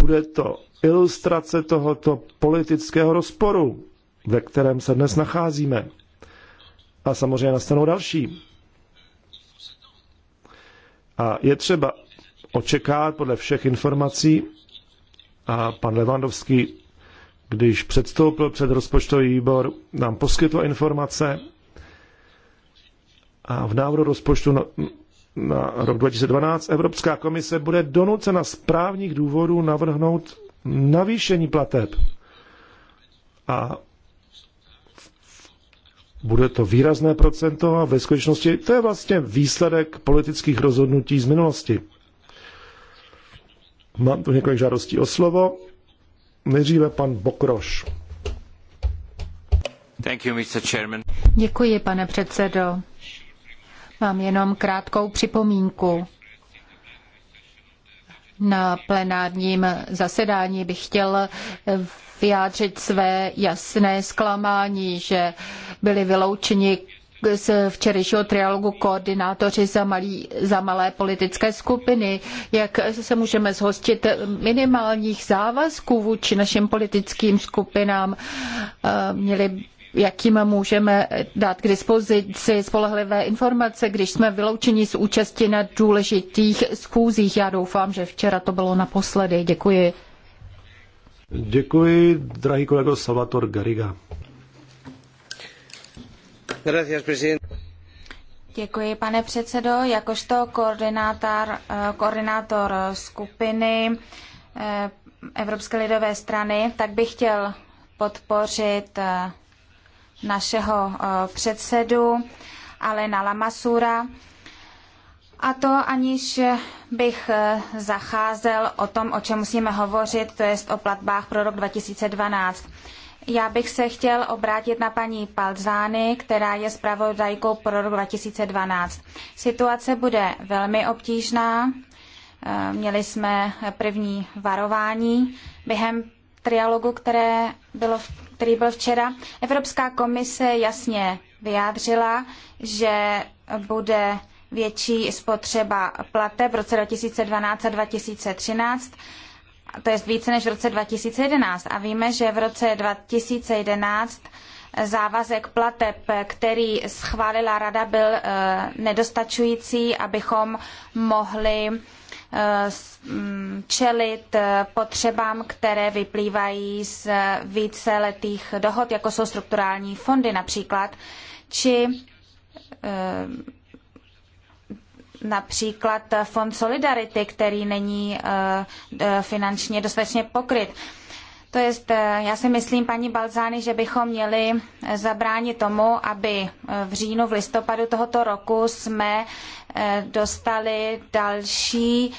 bude to ilustrace tohoto politického rozporu, ve kterém se dnes nacházíme. A samozřejmě nastanou další. A je třeba očekávat podle všech informací, a pan Levandovský, když předstoupil před rozpočtový výbor, nám poskytl informace, a v návrhu rozpočtu na, na rok 2012 Evropská komise bude donucena z právních důvodů navrhnout navýšení plateb. A bude to výrazné procento a ve skutečnosti to je vlastně výsledek politických rozhodnutí z minulosti. Mám tu několik žádostí o slovo. Nejdříve pan Bokroš. You, Děkuji, pane předsedo. Mám jenom krátkou připomínku. Na plenárním zasedání bych chtěl vyjádřit své jasné zklamání, že byli vyloučeni z včerejšího trialogu koordinátoři za, malý, za malé politické skupiny, jak se můžeme zhostit minimálních závazků vůči našim politickým skupinám. Měli jakým můžeme dát k dispozici spolehlivé informace, když jsme vyloučeni z účasti na důležitých schůzích. Já doufám, že včera to bylo naposledy. Děkuji. Děkuji, drahý kolego Salvator Gariga. Děkuji, pane předsedo. Jakožto koordinátor, eh, koordinátor skupiny eh, Evropské lidové strany, tak bych chtěl podpořit eh, našeho eh, předsedu Alena Lamasura. A to aniž bych eh, zacházel o tom, o čem musíme hovořit, to jest o platbách pro rok 2012. Já bych se chtěl obrátit na paní Palzány, která je zpravodajkou pro rok 2012. Situace bude velmi obtížná. Eh, měli jsme první varování během trialogu, které bylo který byl včera, Evropská komise jasně vyjádřila, že bude větší spotřeba plateb v roce 2012 a 2013, to je více než v roce 2011. A víme, že v roce 2011 závazek plateb, který schválila rada, byl eh, nedostačující, abychom mohli Mm, čelit eh, potřebám, které vyplývají z víceletých dohod, jako jsou strukturální fondy například, či eh, například fond Solidarity, který není eh, finančně dostatečně pokryt. To je, eh, já si myslím, paní Balzány, že bychom měli eh, zabránit tomu, aby eh, v říjnu, v listopadu tohoto roku jsme dostali další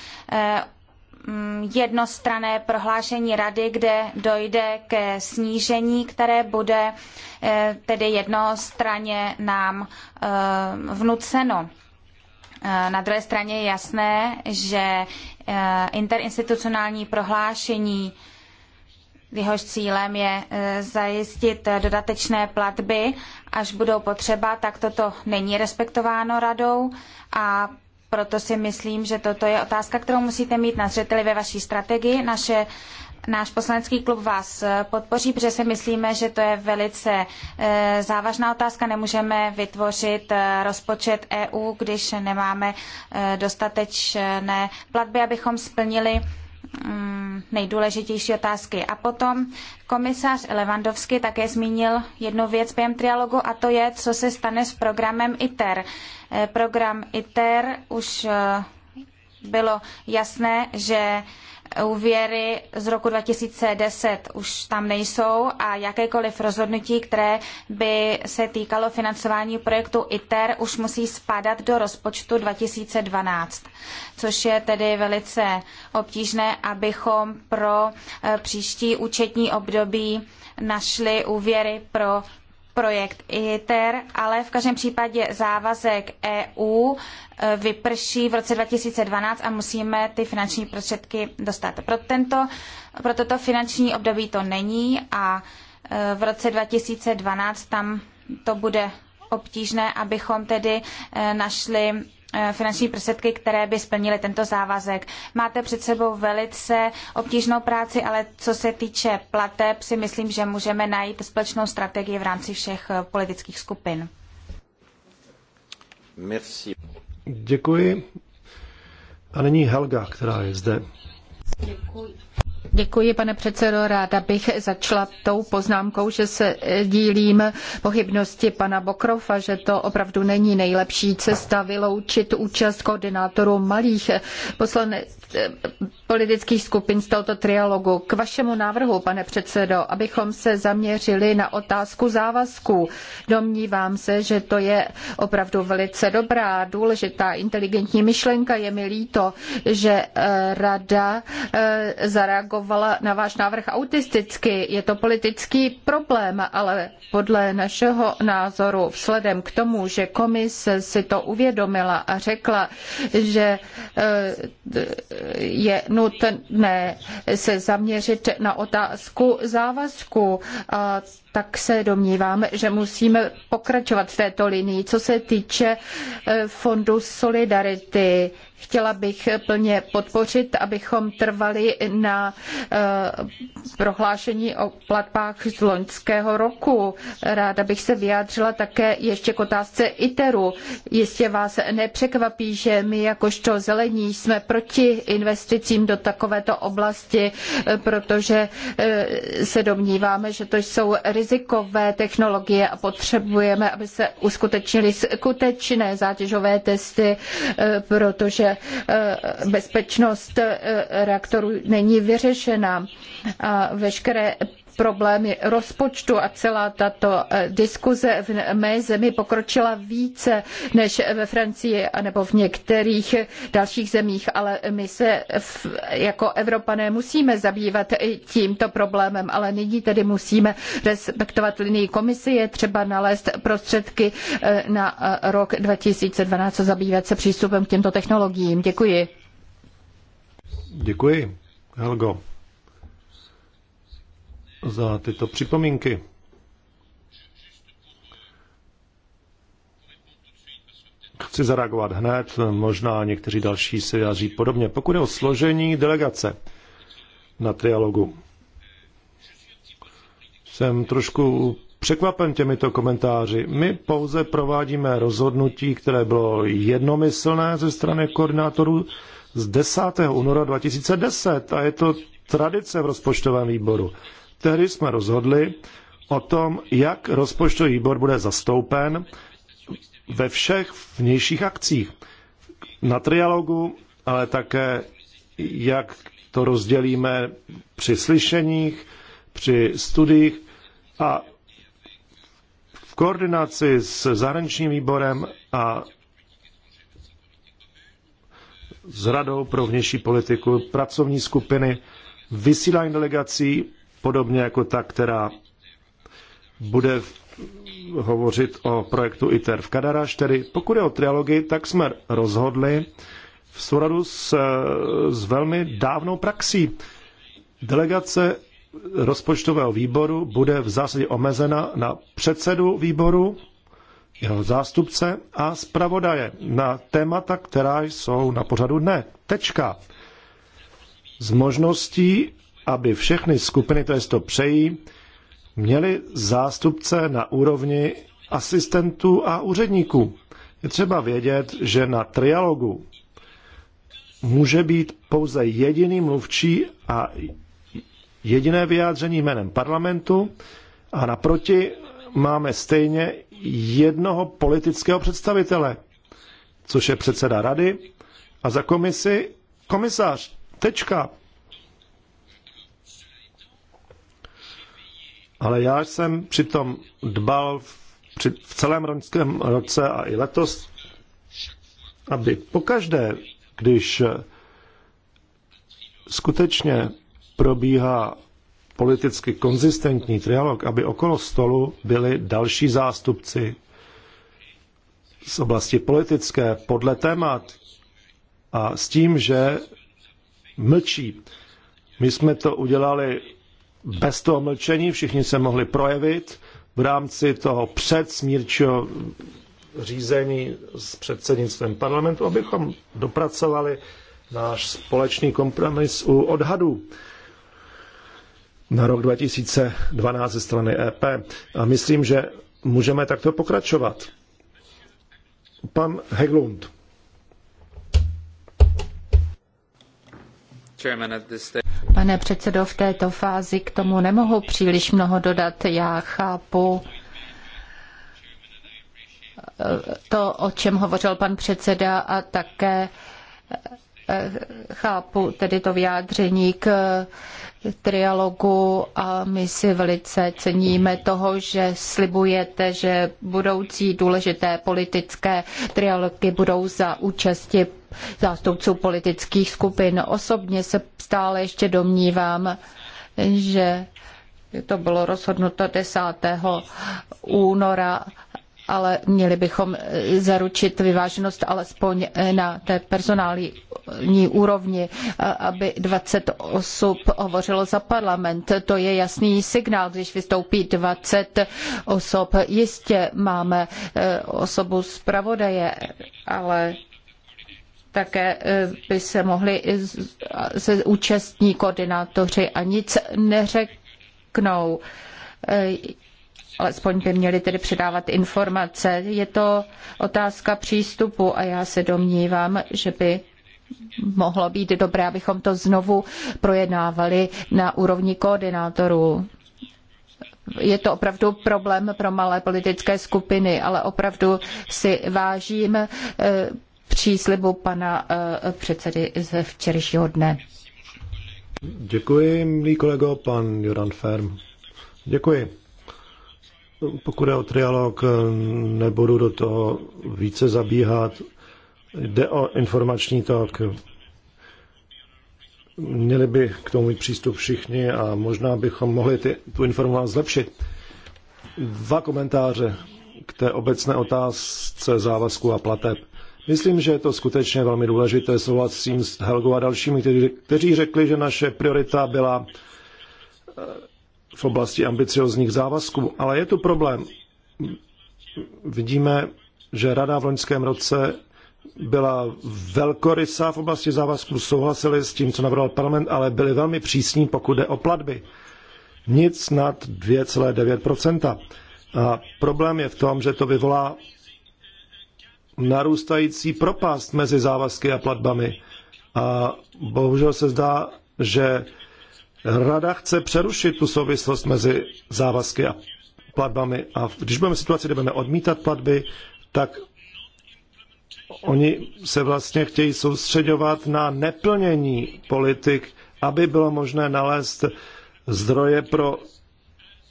mm, jednostrané prohlášení rady, kde dojde ke snížení, které bude tedy jednostranně nám vnuceno. Na druhé straně je jasné, že interinstitucionální prohlášení jehož cílem je e, zajistit dodatečné platby, až budou potřeba, tak toto není respektováno radou a proto si myslím, že toto je otázka, kterou musíte mít na zřeteli ve vaší strategii. Naše, náš poslanecký klub vás e, podpoří, protože si myslíme, že to je velice e, závažná otázka. Nemůžeme vytvořit rozpočet EU, když nemáme dostatečné platby, abychom splnili Mm, nejdůležitější otázky. A potom komisař Levandovský také zmínil jednu věc během trialogu a to je, co se stane s programem ITER. Eh, program ITER už eh, bylo jasné, že úvěry z roku 2010 už tam nejsou a jakékoliv rozhodnutí, které by se týkalo financování projektu ITER, už musí spadat do rozpočtu 2012, což je tedy velice obtížné, abychom pro eh, příští účetní období našli úvěry pro projekt ITER, ale v každém případě závazek EU Eh, vyprší v roce 2012 a musíme ty finanční prostředky dostat. Pro, tento, pro toto finanční období to není a eh, v roce 2012 tam to bude obtížné, abychom tedy eh, našli finanční prostředky, které by splnily tento závazek. Máte před sebou velice obtížnou práci, ale co se týče plateb, si myslím, že můžeme najít společnou strategii v rámci všech politických skupin. Merci. Děkuji. A nyní Helga, která je zde. Děkuji. Děkuji, pane předsedo. Ráda bych začala tou poznámkou, že se dílím pochybnosti pana Bokrova, že to opravdu není nejlepší cesta vyloučit účast koordinátorů malých poslanec politických skupin z tohoto trialogu. K vašemu návrhu, pane předsedo, abychom se zaměřili na otázku závazků. Domnívám se, že to je opravdu velice dobrá, důležitá, inteligentní myšlenka. Je mi líto, že eh, rada eh, zareagovala na váš návrh autisticky. Je to politický problém, ale podle našeho názoru vzhledem k tomu, že komise si to uvědomila a řekla, že eh, je nutné se zaměřit na otázku závazku a tak se domnívám, že musíme pokračovat v této linii. Co se týče e, fondu Solidarity, chtěla bych plně podpořit, abychom trvali na e, prohlášení o platbách z loňského roku. Ráda bych se vyjádřila také ještě k otázce ITERu. Jistě vás nepřekvapí, že my jakožto zelení jsme proti investicím do takovéto oblasti, e, protože se domníváme, že to jsou riz rizikové technologie a potřebujeme, aby se uskutečnily skutečné zátěžové testy, eh, protože eh, bezpečnost eh, reaktorů není vyřešena. A veškeré problémy rozpočtu a celá tato eh, diskuze v mé zemi pokročila více než ve Francii nebo v některých dalších zemích, ale my se jako Evropané musíme zabývat i tímto problémem, ale nyní tedy musíme respektovat linii komisi, je třeba nalézt prostředky eh, na eh, rok 2012 a zabývat se přístupem k těmto technologiím. Děkuji. Děkuji. Helgo za tyto připomínky. Chci zareagovat hned, možná někteří další se vyjádří podobně. Pokud je o složení delegace na trialogu, jsem trošku překvapen těmito komentáři. My pouze provádíme rozhodnutí, které bylo jednomyslné ze strany koordinátorů z 10. února 2010 a je to tradice v rozpočtovém výboru. Tehdy jsme rozhodli o tom, jak rozpočtový výbor bude zastoupen ve všech vnějších akcích. Na trialogu, ale také jak to rozdělíme při slyšeních, při studiích a v koordinaci s zahraničním výborem a s Radou pro vnější politiku, pracovní skupiny, vysílání delegací podobně jako ta, která bude hovořit o projektu ITER v Kadaraš. Tedy pokud je o trialogy, tak jsme rozhodli v souradu s, s velmi dávnou praxí. Delegace rozpočtového výboru bude v zásadě omezena na předsedu výboru, jeho zástupce a zpravodaje na témata, která jsou na pořadu dne. Tečka. Z možností aby všechny skupiny, to jest to přejí, měly zástupce na úrovni asistentů a úředníků. Je třeba vědět, že na trialogu může být pouze jediný mluvčí a jediné vyjádření jménem parlamentu a naproti máme stejně jednoho politického představitele, což je předseda rady a za komisi komisař. Tečka. ale já jsem přitom dbal v, při, v celém roňském roce a i letos, aby pokaždé, když eh, skutečně probíhá politicky konzistentní trialog, aby okolo stolu byli další zástupci z oblasti politické podle témat a s tím, že mlčí. My jsme to udělali bez toho mlčení všichni se mohli projevit v rámci toho předsmírčího řízení s předsednictvem parlamentu, abychom dopracovali náš společný kompromis u odhadů na rok 2012 ze strany EP. A myslím, že můžeme takto pokračovat. Pan Heglund. Pane předsedo, v této fázi k tomu nemohu příliš mnoho dodat. Já chápu eh, to, o čem hovořil pan předseda a také eh, chápu tedy to vyjádření k eh, trialogu a my si velice ceníme toho, že slibujete, že budoucí důležité politické trialogy budou za účasti zástupců politických skupin. Osobně se stále ještě domnívám, že to bylo rozhodnuto 10. února, ale měli bychom zaručit vyváženost alespoň na té personální úrovni, aby 20 osob hovořilo za parlament. To je jasný signál, když vystoupí 20 osob. Jistě máme eh, osobu zpravodaje, ale také eh, by se mohli se účastní koordinátoři a nic neřeknou. Eh, alespoň by měli tedy předávat informace. Je to otázka přístupu a já se domnívám, že by mohlo být dobré, abychom to znovu projednávali na úrovni koordinátorů. Je to opravdu problém pro malé politické skupiny, ale opravdu si vážím eh, příslibu pana eh, předsedy ze včerejšího dne. Děkuji, milý kolego, pan Joran Ferm. Děkuji. Pokud je o trialog, eh, nebudu do toho více zabíhat. Jde o informační tok. Měli by k tomu mít přístup všichni a možná bychom mohli ty, tu informaci zlepšit. Dva komentáře k té obecné otázce závazku a plateb. Myslím, že je to skutečně velmi důležité. Souhlasím s Helgou a dalšími, kteří, kteří řekli, že naše priorita byla eh, v oblasti ambiciozních závazků. Ale je tu problém. Vidíme, že Rada v loňském roce byla velkorysá v oblasti závazků, souhlasili s tím, co navrhoval parlament, ale byli velmi přísní, pokud jde o platby. Nic nad 2,9%. A problém je v tom, že to vyvolá narůstající propast mezi závazky a platbami. A bohužel se zdá, že Rada chce přerušit tu souvislost mezi závazky a platbami. A když budeme v situaci, kde budeme odmítat platby, tak oni se vlastně chtějí soustředovat na neplnění politik, aby bylo možné nalézt zdroje pro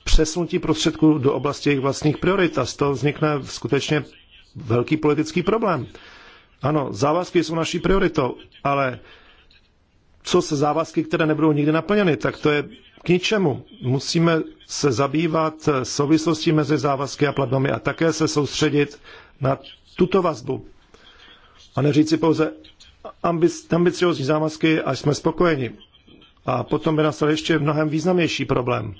přesunutí prostředků do oblasti jejich vlastních priorit. A z toho vznikne skutečně velký politický problém. Ano, závazky jsou naší prioritou, ale co se závazky, které nebudou nikdy naplněny, tak to je k ničemu. Musíme se zabývat souvislostí mezi závazky a platbami a také se soustředit na tuto vazbu. A neříct si pouze ambic, ambiciozní závazky a jsme spokojeni. A potom by nastal ještě mnohem významnější problém.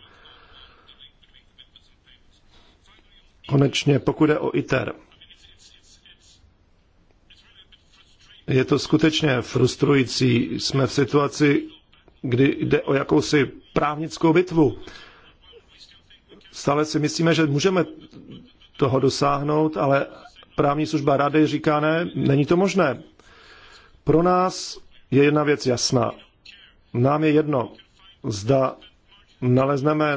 Konečně, pokud je o ITER. Je to skutečně frustrující. Jsme v situaci, kdy jde o jakousi právnickou bitvu. Stále si myslíme, že můžeme toho dosáhnout, ale právní služba rady říká ne, není to možné. Pro nás je jedna věc jasná. Nám je jedno, zda nalezneme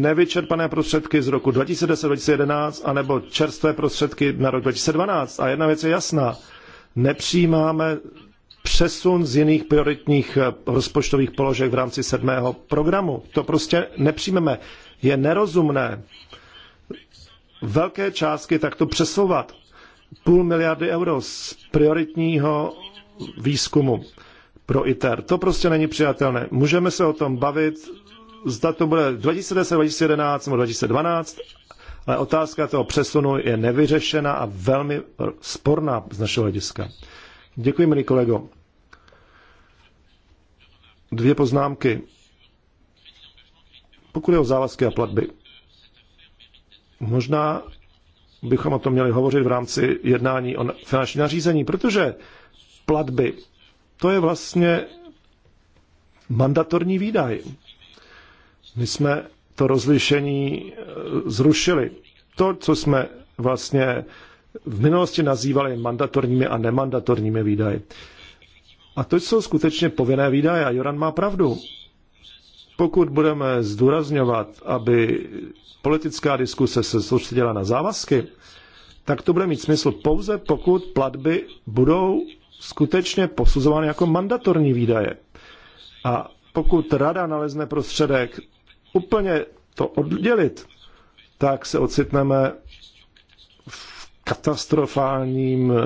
nevyčerpané prostředky z roku 2010-2011 anebo čerstvé prostředky na rok 2012. A jedna věc je jasná nepřijímáme přesun z jiných prioritních eh, rozpočtových položek v rámci sedmého programu. To prostě nepřijmeme. Je nerozumné velké částky takto přesouvat. Půl miliardy euro z prioritního výzkumu pro ITER. To prostě není přijatelné. Můžeme se o tom bavit, zda to bude 2010, 2011 nebo 2012, ale otázka toho přesunu je nevyřešena a velmi sporná z našeho hlediska. Děkuji, milý kolego. Dvě poznámky. Pokud je o závazky a platby, možná bychom o tom měli hovořit v rámci jednání o finanční nařízení, protože platby, to je vlastně mandatorní výdaj. My jsme to rozlišení eh, zrušili. To, co jsme vlastně v minulosti nazývali mandatorními a nemandatorními výdaji. A to jsou skutečně povinné výdaje a Joran má pravdu. Pokud budeme zdůrazňovat, aby politická diskuse se soustředila na závazky, tak to bude mít smysl pouze, pokud platby budou skutečně posuzovány jako mandatorní výdaje. A pokud rada nalezne prostředek úplně to oddělit, tak se ocitneme v katastrofálním eh,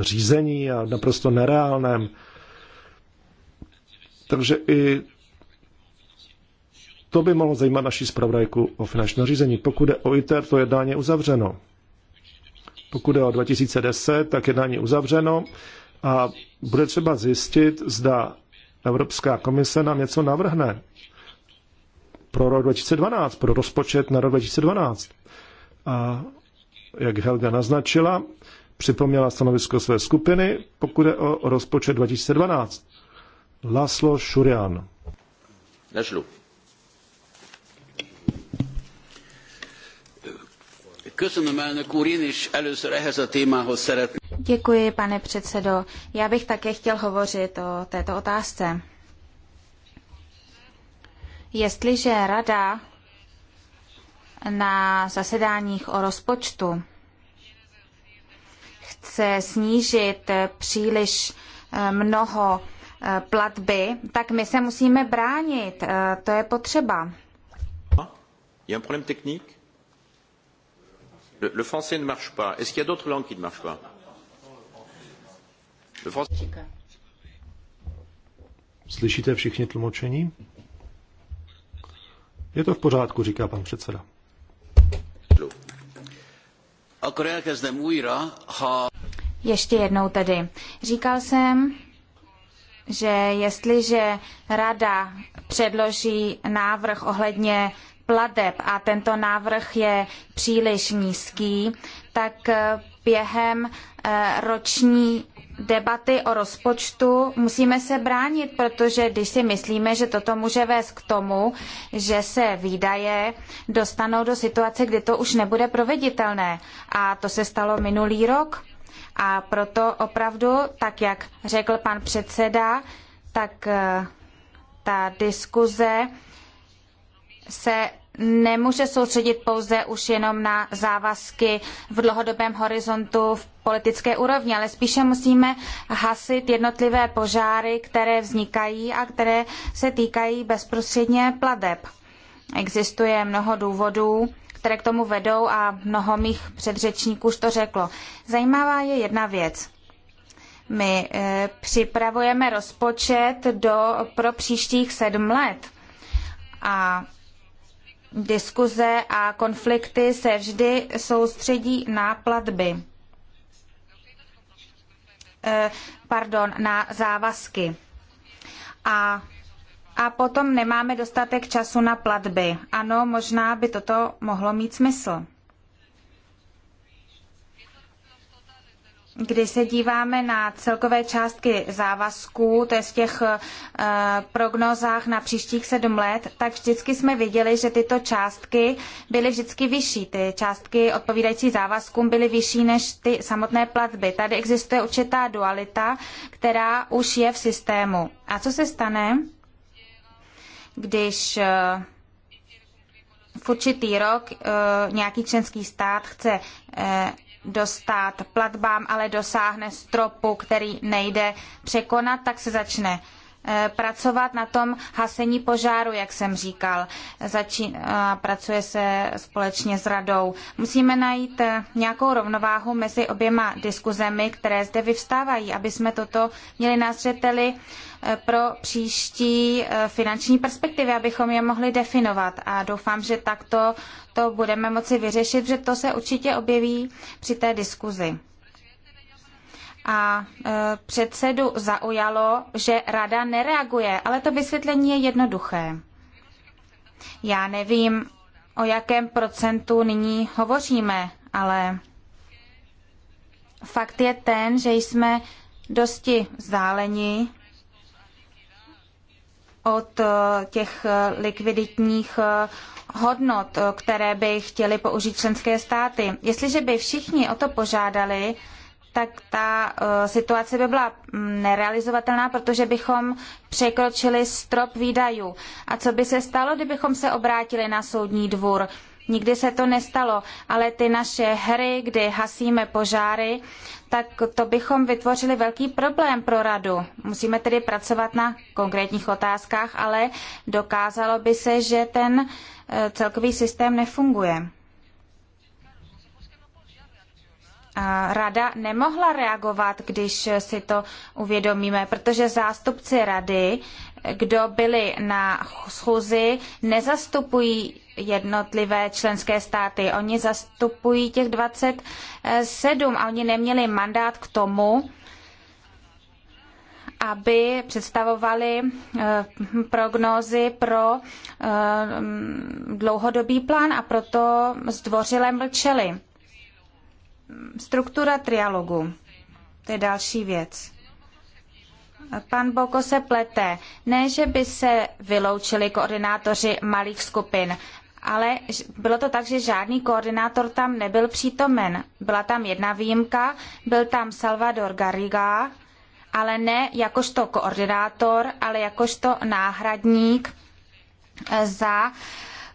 řízení a naprosto nereálném. Takže i to by mohlo zajímat naší zpravodajku o finančním řízení. Pokud je o ITER, to jednání je uzavřeno. Pokud je o 2010, tak jednání je uzavřeno a bude třeba zjistit, zda Evropská komise nám něco navrhne pro rok 2012, pro rozpočet na rok 2012. A jak Helga naznačila, připomněla stanovisko své skupiny, pokud je o rozpočet 2012. Laslo Šurian. Našlu. Děkuji, pane předsedo. Já bych také chtěl hovořit o této otázce jestliže rada na zasedáních o rozpočtu chce snížit příliš eh, mnoho eh, platby, tak my se musíme bránit. Eh, to je potřeba. Je un problème technique le, le français ne marche pas. Est-ce qu'il y a d'autres langues qui ne marchent pas Le français. Slyšíte všichni tlumočení? Je to v pořádku, říká pan předseda. Ještě jednou tedy. Říkal jsem, že jestliže rada předloží návrh ohledně plateb a tento návrh je příliš nízký, tak během eh, roční debaty o rozpočtu musíme se bránit, protože když si myslíme, že toto může vést k tomu, že se výdaje dostanou do situace, kdy to už nebude proveditelné. A to se stalo minulý rok. A proto opravdu, tak jak řekl pan předseda, tak eh, ta diskuze se nemůže soustředit pouze už jenom na závazky v dlouhodobém horizontu v politické úrovni, ale spíše musíme hasit jednotlivé požáry, které vznikají a které se týkají bezprostředně plateb. Existuje mnoho důvodů, které k tomu vedou a mnoho mých předřečníků už to řeklo. Zajímavá je jedna věc. My eh, připravujeme rozpočet do, pro příštích sedm let. A diskuze a konflikty se vždy soustředí na platby. E, pardon, na závazky. A, a potom nemáme dostatek času na platby. Ano, možná by toto mohlo mít smysl. Když se díváme na celkové částky závazků, to je v těch e, prognozách na příštích sedm let, tak vždycky jsme viděli, že tyto částky byly vždycky vyšší. Ty částky odpovídající závazkům byly vyšší než ty samotné platby. Tady existuje určitá dualita, která už je v systému. A co se stane, když e, v určitý rok e, nějaký členský stát chce dostat platbám, ale dosáhne stropu, který nejde překonat, tak se začne Eh, pracovat na tom hasení požáru, jak jsem říkal. Začín, eh, pracuje se společně s radou. Musíme najít eh, nějakou rovnováhu mezi oběma diskuzemi, které zde vyvstávají, aby jsme toto měli na zřeteli pro příští finanční perspektivy, abychom je mohli definovat. A doufám, že takto to budeme moci vyřešit, že to se určitě objeví při té diskuzi a e, předsedu zaujalo, že rada nereaguje, ale to vysvětlení je jednoduché. Já nevím, o jakém procentu nyní hovoříme, ale fakt je ten, že jsme dosti vzdáleni od e, těch likviditních e, hodnot, které by chtěly použít členské státy. Jestliže by všichni o to požádali, tak ta eh, situace by byla mm, nerealizovatelná, protože bychom překročili strop výdajů. A co by se stalo, kdybychom se obrátili na soudní dvůr? Nikdy se to nestalo, ale ty naše hry, kdy hasíme požáry, tak to bychom vytvořili velký problém pro radu. Musíme tedy pracovat na konkrétních otázkách, ale dokázalo by se, že ten eh, celkový systém nefunguje. rada nemohla reagovat, když si to uvědomíme, protože zástupci rady, kdo byli na schůzi, nezastupují jednotlivé členské státy. Oni zastupují těch 27 a oni neměli mandát k tomu, aby představovali eh, prognózy pro eh, dlouhodobý plán a proto zdvořile mlčeli. Struktura trialogu. To je další věc. Pan Boko se plete. Ne, že by se vyloučili koordinátoři malých skupin, ale bylo to tak, že žádný koordinátor tam nebyl přítomen. Byla tam jedna výjimka, byl tam Salvador Garriga, ale ne jakožto koordinátor, ale jakožto náhradník eh, za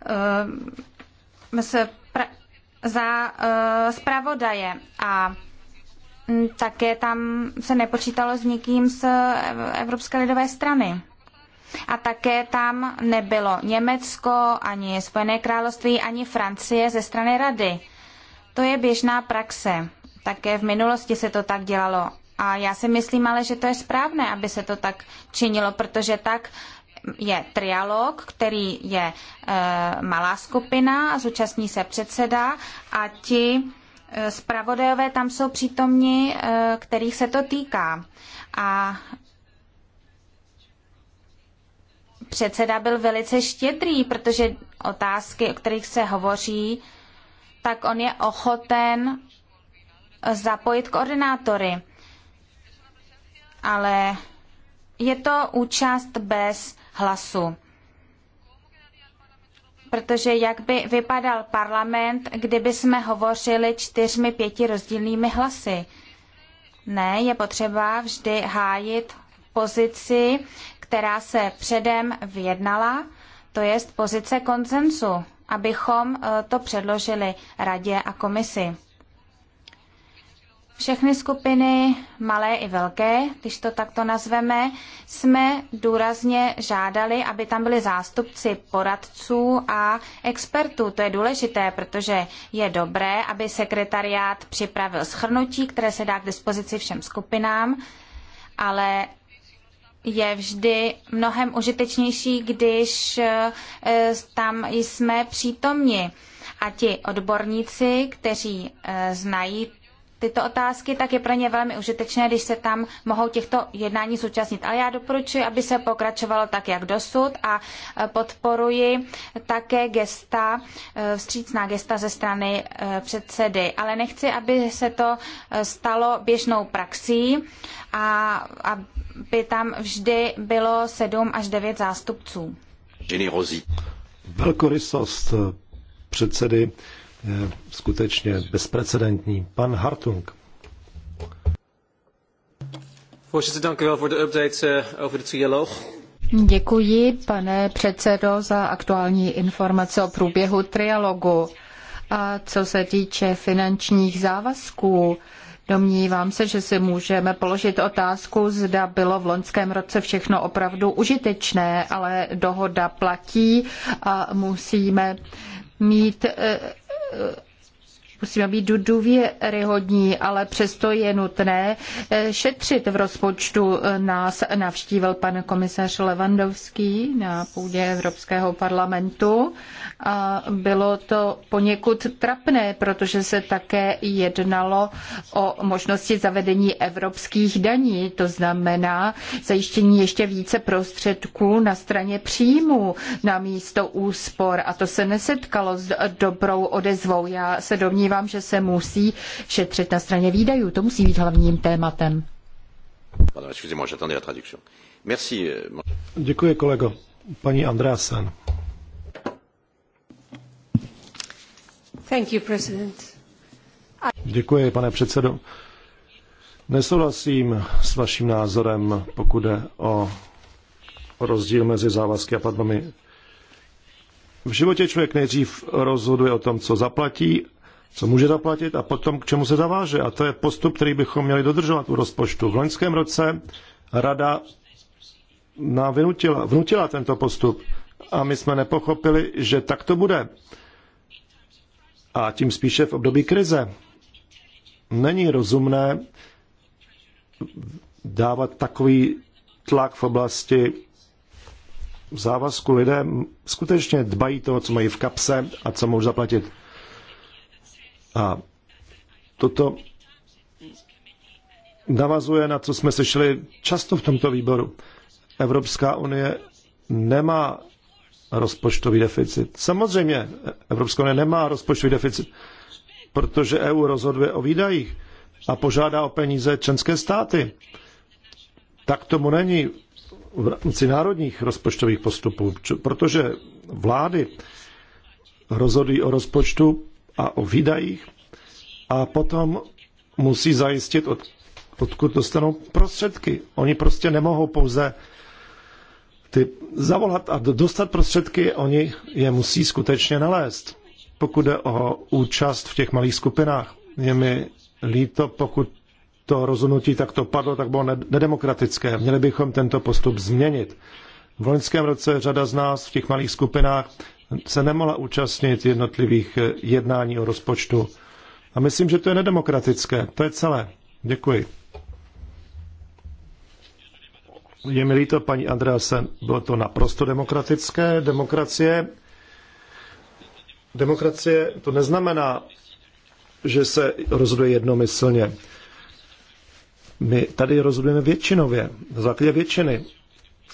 uh, za uh, zpravodaje a mm, také tam se nepočítalo s nikým z eh, Evropské lidové strany. A také tam nebylo Německo, ani Spojené království, ani Francie ze strany rady. To je běžná praxe. Také v minulosti se to tak dělalo. A já si myslím ale, že to je správné, aby se to tak činilo, protože tak je trialog, který je eh, malá skupina, zúčastní se předseda a ti eh, zpravodajové tam jsou přítomni, eh, kterých se to týká. A předseda byl velice štědrý, protože otázky, o kterých se hovoří, tak on je ochoten zapojit koordinátory. Ale je to účast bez hlasů. Protože jak by vypadal parlament, kdyby jsme hovořili čtyřmi, pěti rozdílnými hlasy? Ne, je potřeba vždy hájit pozici, která se předem vyjednala, to je pozice konsenzu, abychom eh, to předložili radě a komisi. Všechny skupiny, malé i velké, když to takto nazveme, jsme důrazně žádali, aby tam byli zástupci poradců a expertů. To je důležité, protože je dobré, aby sekretariát připravil schrnutí, které se dá k dispozici všem skupinám, ale je vždy mnohem užitečnější, když eh, tam jsme přítomni. A ti odborníci, kteří eh, znají tyto otázky, tak je pro ně velmi užitečné, když se tam mohou těchto jednání zúčastnit. Ale já doporučuji, aby se pokračovalo tak, jak dosud a e, podporuji také gesta, e, vstřícná gesta ze strany e, předsedy. Ale nechci, aby se to stalo běžnou praxí a aby tam vždy bylo sedm až devět zástupců. Generozí. Velkorysost předsedy skutečně bezprecedentní. Pan Hartung. Eh, Děkuji, pane předsedo, za aktuální informace o průběhu trialogu. A co se týče finančních závazků, Domnívám se, že si můžeme položit otázku, zda bylo v loňském roce všechno opravdu užitečné, ale dohoda platí a musíme mít eh, uh, Musíme být důvěryhodní, ale přesto je nutné eh, šetřit v rozpočtu. Nás navštívil pan komisař Levandovský na půdě Evropského parlamentu a bylo to poněkud trapné, protože se také jednalo o možnosti zavedení evropských daní, to znamená zajištění ještě více prostředků na straně příjmů na místo úspor a to se nesetkalo s dobrou odezvou. Já se domnívám, domnívám, že se musí šetřit na straně výdajů. To musí být hlavním tématem. Euh, Děkuji, kolego. Paní Andreasen. Děkuji, pane předsedo. Nesouhlasím s vaším názorem, pokud jde o rozdíl mezi závazky a platbami. V životě člověk nejdřív rozhoduje o tom, co zaplatí co může zaplatit a potom k čemu se zaváže. A to je postup, který bychom měli dodržovat u rozpočtu. V loňském roce rada nám vynutila, vnutila tento postup a my jsme nepochopili, že tak to bude. A tím spíše v období krize. Není rozumné dávat takový tlak v oblasti závazku lidé skutečně dbají toho, co mají v kapse a co mohou zaplatit. A toto navazuje na co jsme slyšeli často v tomto výboru. Evropská unie nemá rozpočtový deficit. Samozřejmě, Evropská unie nemá rozpočtový deficit, protože EU rozhoduje o výdajích a požádá o peníze členské státy. Tak tomu není v rámci národních rozpočtových postupů, protože vlády rozhodují o rozpočtu a o výdajích a potom musí zajistit, od, odkud dostanou prostředky. Oni prostě nemohou pouze ty zavolat a dostat prostředky, oni je musí skutečně nalézt. Pokud jde o účast v těch malých skupinách, je mi líto, pokud to rozhodnutí takto padlo, tak bylo nedemokratické. Měli bychom tento postup změnit. V loňském roce řada z nás v těch malých skupinách se nemohla účastnit jednotlivých eh, jednání o rozpočtu. A myslím, že to je nedemokratické. To je celé. Děkuji. Je mi líto, paní Andreasen, bylo to naprosto demokratické. Demokracie, demokracie to neznamená, že se rozhoduje jednomyslně. My tady rozhodujeme většinově, na základě většiny.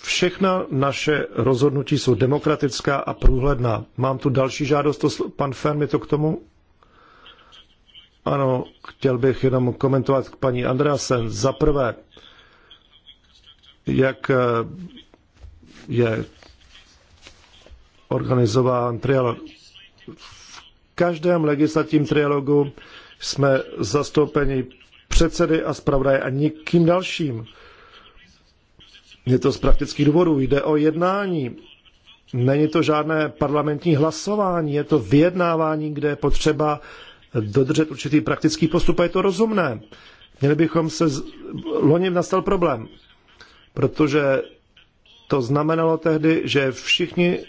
Všechna naše rozhodnutí jsou demokratická a průhledná. Mám tu další žádost, to, pan Fermi to k tomu? Ano, chtěl bych jenom komentovat k paní Andrásen. Za prvé, jak eh, je organizován trialog. V každém legislativním trialogu jsme zastoupeni předsedy a zpravodaje a nikým dalším. Je to z praktických důvodů. Jde o jednání. Není to žádné parlamentní hlasování, je to vyjednávání, kde je potřeba dodržet určitý praktický postup a je to rozumné. Měli bychom se... Z... Loni nastal problém, protože to znamenalo tehdy, že všichni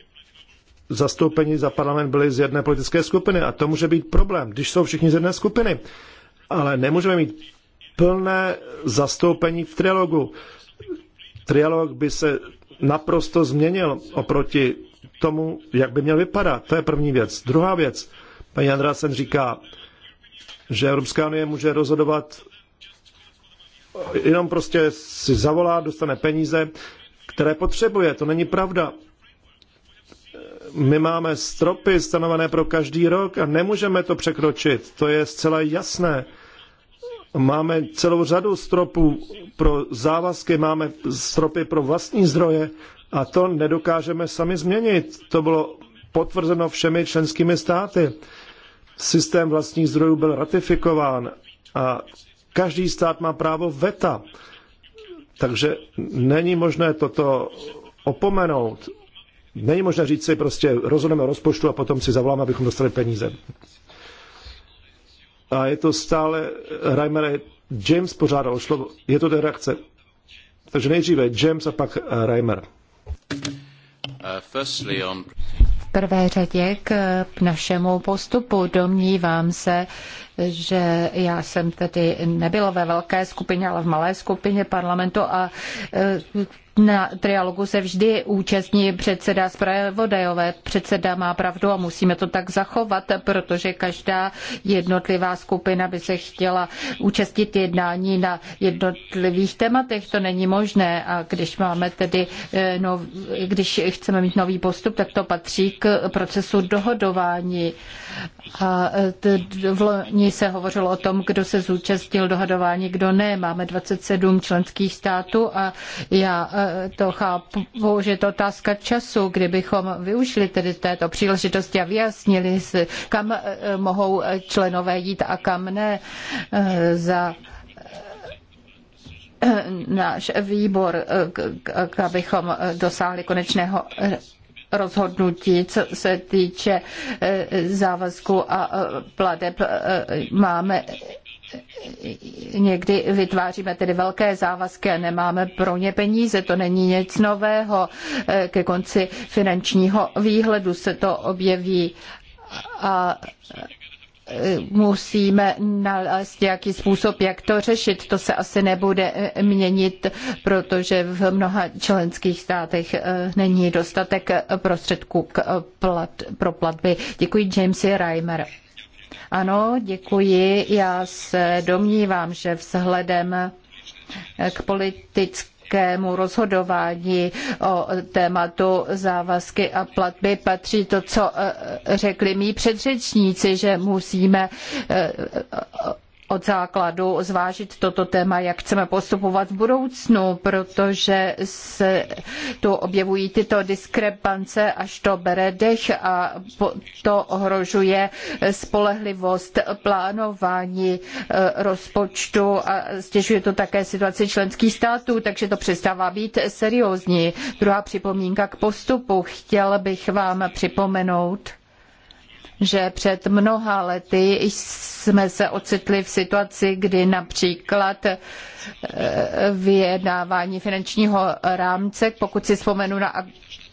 zastoupení za parlament byli z jedné politické skupiny a to může být problém, když jsou všichni z jedné skupiny. Ale nemůžeme mít plné zastoupení v trilogu trialog by se naprosto změnil oproti tomu, jak by měl vypadat. To je první věc. Druhá věc, paní Andrásen říká, že Evropská unie může rozhodovat jenom prostě si zavolá, dostane peníze, které potřebuje. To není pravda. My máme stropy stanovené pro každý rok a nemůžeme to překročit. To je zcela jasné. Máme celou řadu stropů pro závazky, máme stropy pro vlastní zdroje a to nedokážeme sami změnit. To bylo potvrzeno všemi členskými státy. Systém vlastních zdrojů byl ratifikován a každý stát má právo veta. Takže není možné toto opomenout. Není možné říct si prostě rozhodneme o rozpočtu a potom si zavoláme, abychom dostali peníze a je to stále Reimer James pořádal šlo, je to ten reakce. Takže nejdříve James a pak Reimer. V prvé řadě k našemu postupu domnívám se, že já jsem tedy nebyla ve velké skupině, ale v malé skupině parlamentu a na trialogu se vždy účastní předseda zpravodajové. Předseda má pravdu a musíme to tak zachovat, protože každá jednotlivá skupina by se chtěla účastnit jednání na jednotlivých tématech. To není možné a když máme tedy, no, když chceme mít nový postup, tak to patří k procesu dohodování. A eh, v loni se hovořilo o tom, kdo se zúčastnil dohodování, kdo ne. Máme 27 členských států a já Eh, to chápu, že to otázka času, kdybychom využili tedy této příležitosti a vyjasnili si, kam eh, mohou eh, členové jít a kam ne za náš výbor, abychom dosáhli konečného rozhodnutí, co se týče závazku a plateb. Máme někdy vytváříme tedy velké závazky a nemáme pro ně peníze. To není nic nového. Ke konci finančního výhledu se to objeví a e, musíme nalézt nějaký způsob, jak to řešit. To se asi nebude e, měnit, protože v mnoha členských státech e, není dostatek prostředků k plat, pro platby. Děkuji Jamesi Reimer. Ano, děkuji. Já se domnívám, že vzhledem k politickému rozhodování o tématu závazky a platby patří to, co eh, řekli mý předřečníci, že musíme eh, od základu zvážit toto téma, jak chceme postupovat v budoucnu, protože se tu objevují tyto diskrepance až bere dech a to ohrožuje spolehlivost plánování eh, rozpočtu a stěžuje to také situaci členských států, takže to přestává být seriózní. Druhá připomínka k postupu. Chtěl bych vám připomenout, že před mnoha lety jsme se ocitli v situaci, kdy například eh, vyjednávání finančního rámce, pokud si vzpomenu na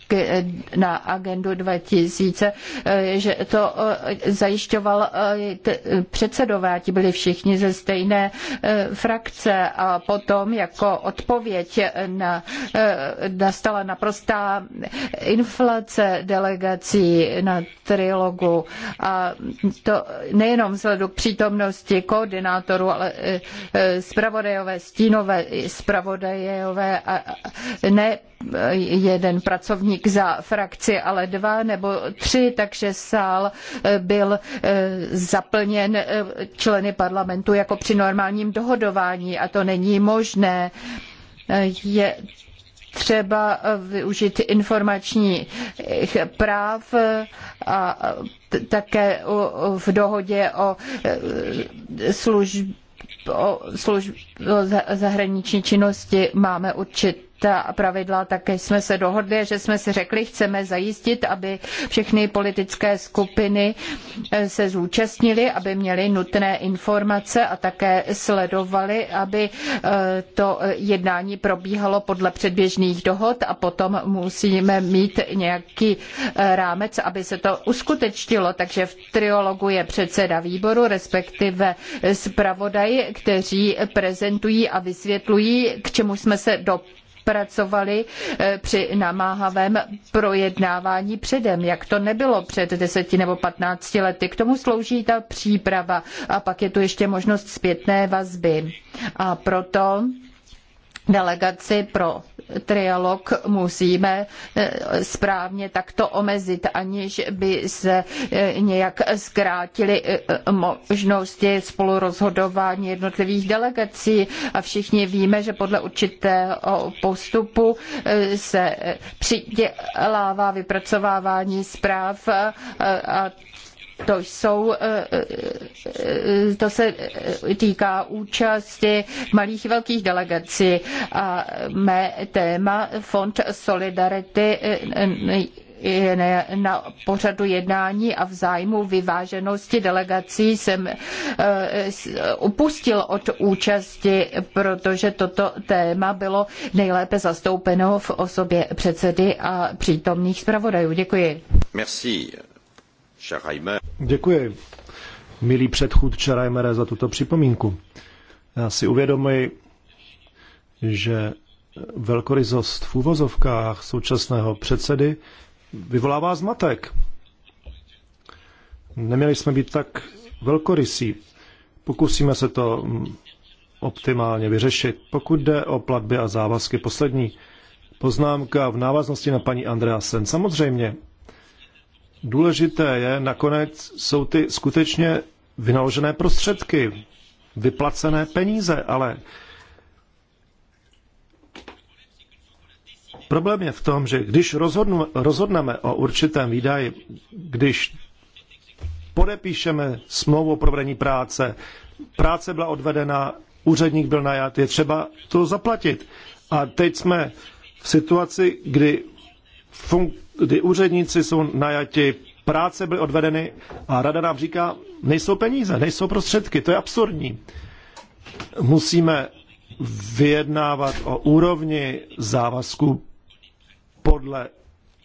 Eh, na agendu 2000, eh, že to eh, zajišťoval předsedové, ti byli všichni ze stejné frakce a potom jako odpověď na, nastala naprostá inflace delegací na trilogu a to nejenom vzhledu k přítomnosti koordinátorů, ale zpravodajové, stínové zpravodajové a ne jeden pracovník řečník za frakci, ale dva nebo tři, takže sál eh, byl eh, zaplněn eh, členy parlamentu jako při normálním dohodování a to není možné. Je třeba využít informačních práv a také v dohodě o službě o, služb, o zahraniční činnosti máme určit ta pravidla, také jsme se dohodli, že jsme si řekli, chceme zajistit, aby všechny politické skupiny eh, se zúčastnily, aby měly nutné informace a také sledovali, aby eh, to eh, jednání probíhalo podle předběžných dohod a potom musíme mít nějaký rámec, aby se to uskutečnilo. Takže v triologu je předseda výboru, respektive zpravodaj, kteří prezentují a vysvětlují, k čemu jsme se dopracovali pracovali eh, při namáhavém projednávání předem, jak to nebylo před 10 nebo 15 lety. K tomu slouží ta příprava a pak je tu ještě možnost zpětné vazby. A proto delegaci pro trialog musíme eh, správně takto omezit, aniž by se eh, nějak zkrátily eh, možnosti spolurozhodování jednotlivých delegací. A všichni víme, že podle určitého postupu se přidělává vypracovávání zpráv a to, jsou, eh, eh, to se týká účasti malých i velkých delegací. A mé téma Fond Solidarity eh, na pořadu jednání a v zájmu vyváženosti delegací jsem upustil od účasti, protože toto téma bylo nejlépe zastoupeno v osobě předsedy a přítomných zpravodajů. Děkuji. Merci. Děkuji, milý předchůdče Reimere, za tuto připomínku. Já si uvědomuji, že velkorizost v úvozovkách současného předsedy vyvolává zmatek. Neměli jsme být tak velkorysí. Pokusíme se to mm, optimálně vyřešit. Pokud jde o platby a závazky, poslední poznámka v návaznosti na paní Andreasen. Samozřejmě důležité je nakonec, jsou ty skutečně vynaložené prostředky, vyplacené peníze, ale problém je v tom, že když rozhodnu, rozhodneme o určitém výdaji, když podepíšeme smlouvu o provedení práce, práce byla odvedena, úředník byl najat, je třeba to zaplatit. A teď jsme v situaci, kdy kdy úředníci jsou najati, práce byly odvedeny a rada nám říká, nejsou peníze, nejsou prostředky, to je absurdní. Musíme vyjednávat o úrovni závazku podle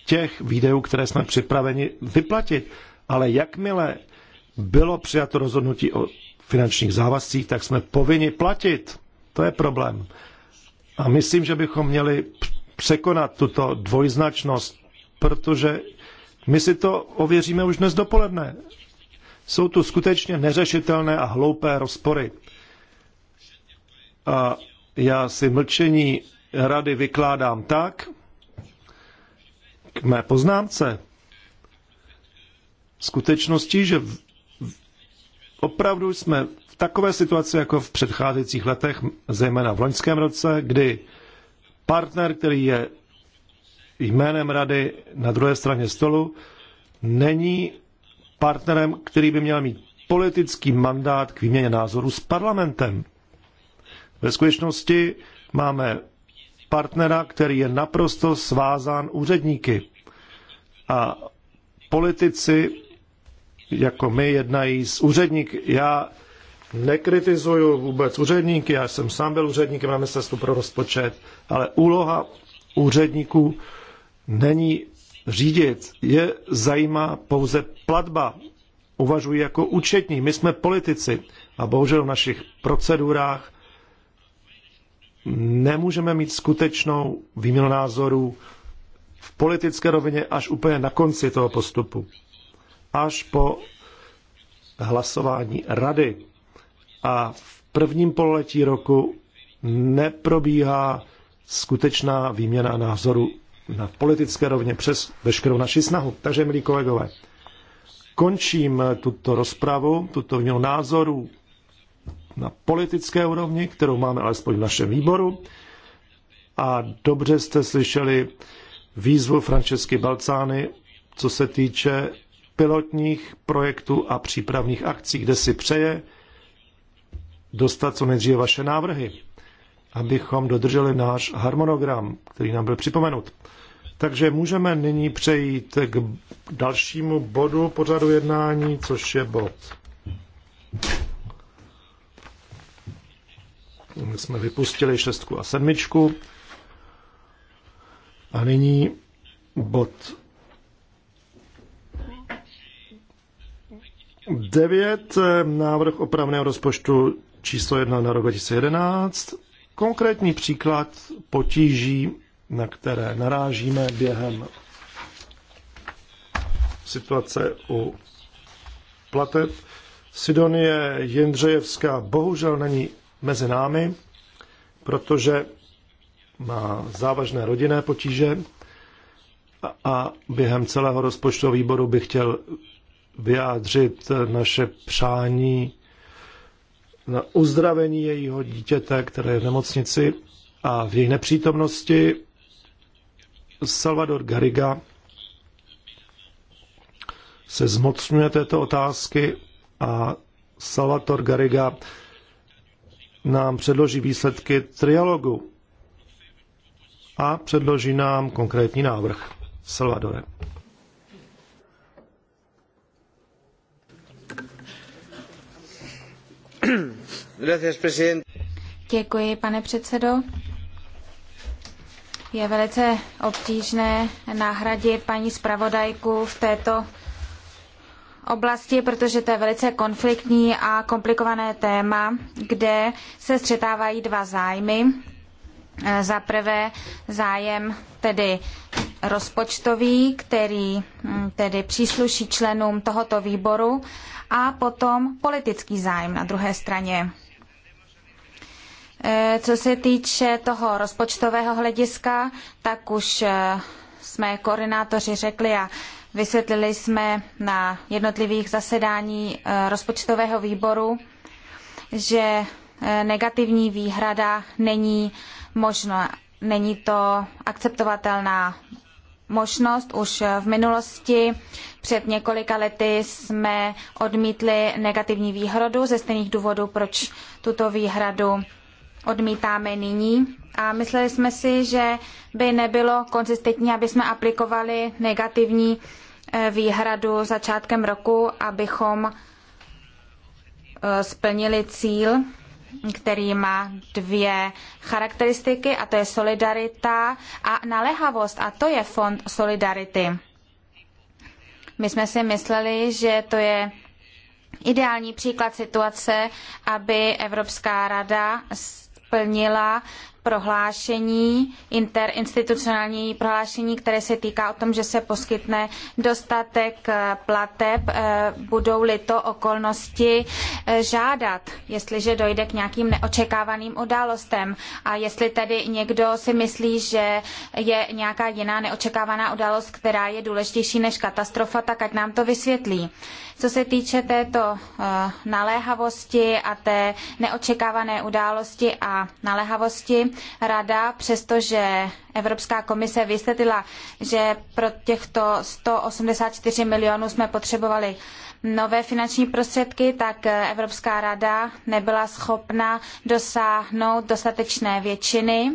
těch videů, které jsme připraveni vyplatit. Ale jakmile bylo přijato rozhodnutí o finančních závazcích, tak jsme povinni platit. To je problém. A myslím, že bychom měli překonat tuto dvojznačnost protože my si to ověříme už dnes dopoledne. Jsou tu skutečně neřešitelné a hloupé rozpory. A já si mlčení rady vykládám tak, k mé poznámce, skutečnosti, že opravdu jsme v takové situaci jako v předcházejících letech, zejména v loňském roce, kdy partner, který je jménem rady na druhé straně stolu není partnerem, který by měl mít politický mandát k výměně názorů s parlamentem. Ve skutečnosti máme partnera, který je naprosto svázán úředníky. A politici, jako my, jednají s úředníky. Já nekritizuju vůbec úředníky, já jsem sám byl úředníkem na ministerstvu pro rozpočet, ale úloha úředníků není řídit, je zajímá pouze platba. Uvažují jako účetní, my jsme politici a bohužel v našich procedurách nemůžeme mít skutečnou výměnu názorů v politické rovině až úplně na konci toho postupu. Až po hlasování rady. A v prvním pololetí roku neprobíhá skutečná výměna názorů na politické rovně přes veškerou naši snahu. Takže, milí kolegové, končím eh, tuto rozpravu, tuto měl názoru na politické úrovni, kterou máme alespoň v našem výboru. A dobře jste slyšeli výzvu Francesky Balcány, co se týče pilotních projektů a přípravných akcí, kde si přeje dostat co nejdříve vaše návrhy abychom dodrželi náš harmonogram, který nám byl připomenut. Takže můžeme nyní přejít k dalšímu bodu pořadu jednání, což je bod. My jsme vypustili šestku a sedmičku. A nyní bod 9, eh, návrh opravného rozpočtu číslo 1 na rok 2011 konkrétní příklad potíží, na které narážíme během situace u plateb. Sidonie Jindřejevská bohužel není mezi námi, protože má závažné rodinné potíže a během celého rozpočtového výboru bych chtěl vyjádřit naše přání na uzdravení jejího dítěte, které je v nemocnici a v její nepřítomnosti Salvador Garriga se zmocňuje této otázky a Salvator Garriga nám předloží výsledky trialogu a předloží nám konkrétní návrh. Salvadore. Děkuji, pane předsedo. Je velice obtížné nahradit paní zpravodajku v této oblasti, protože to je velice konfliktní a komplikované téma, kde se střetávají dva zájmy. Za prvé zájem tedy rozpočtový, který hm, tedy přísluší členům tohoto výboru, a potom politický zájem na druhé straně. Eh, co se týče toho rozpočtového hlediska, tak už eh, jsme koordinátoři řekli a vysvětlili jsme na jednotlivých zasedání eh, rozpočtového výboru, že negativní výhrada není možná, není to akceptovatelná možnost. Už v minulosti před několika lety jsme odmítli negativní výhradu ze stejných důvodů, proč tuto výhradu odmítáme nyní a mysleli jsme si, že by nebylo konzistentní, aby jsme aplikovali negativní e, výhradu začátkem roku, abychom e, splnili cíl, který má dvě charakteristiky, a to je solidarita a naléhavost, a to je fond solidarity. My jsme si mysleli, že to je ideální příklad situace, aby Evropská rada plnila prohlášení, interinstitucionální prohlášení, které se týká o tom, že se poskytne dostatek eh, plateb, eh, budou-li to okolnosti eh, žádat, jestliže dojde k nějakým neočekávaným událostem. A jestli tedy někdo si myslí, že je nějaká jiná neočekávaná událost, která je důležitější než katastrofa, tak ať nám to vysvětlí. Co se týče této naléhavosti a té neočekávané události a naléhavosti, rada, přestože Evropská komise vysvětlila, že pro těchto 184 milionů jsme potřebovali nové finanční prostředky, tak Evropská rada nebyla schopna dosáhnout dostatečné většiny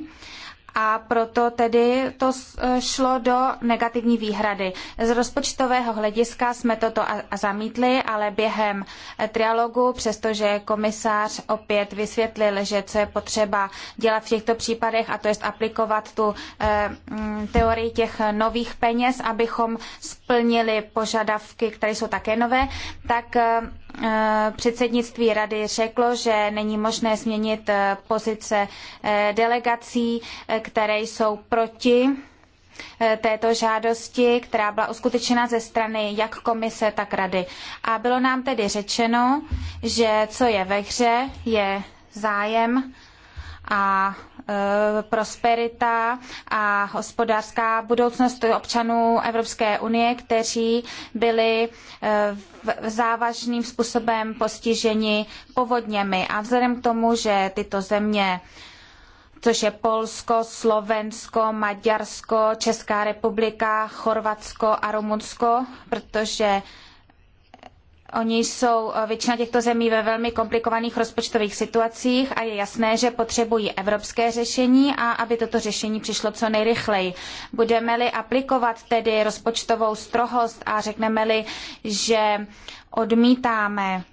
a proto tedy to šlo do negativní výhrady. Z rozpočtového hlediska jsme toto zamítli, ale během trialogu, přestože komisář opět vysvětlil, že co je potřeba dělat v těchto případech, a to je aplikovat tu eh, mm, teorii těch nových peněz, abychom splnili požadavky, které jsou také nové, tak eh, Eh, předsednictví rady řeklo, že není možné změnit eh, pozice eh, delegací, které jsou proti této žádosti, která byla uskutečena ze strany jak komise, tak rady. A bylo nám tedy řečeno, že co je ve hře, je zájem a Eh, prosperita a hospodářská budoucnost občanů Evropské unie, kteří byli eh, závažným způsobem postiženi povodněmi. A vzhledem k tomu, že tyto země což je Polsko, Slovensko, Maďarsko, Česká republika, Chorvatsko a Rumunsko, protože Oni jsou eh, většina těchto zemí ve velmi komplikovaných rozpočtových situacích a je jasné, že potřebují evropské řešení a aby toto řešení přišlo co nejrychleji. Budeme-li aplikovat tedy rozpočtovou strohost a řekneme-li, že odmítáme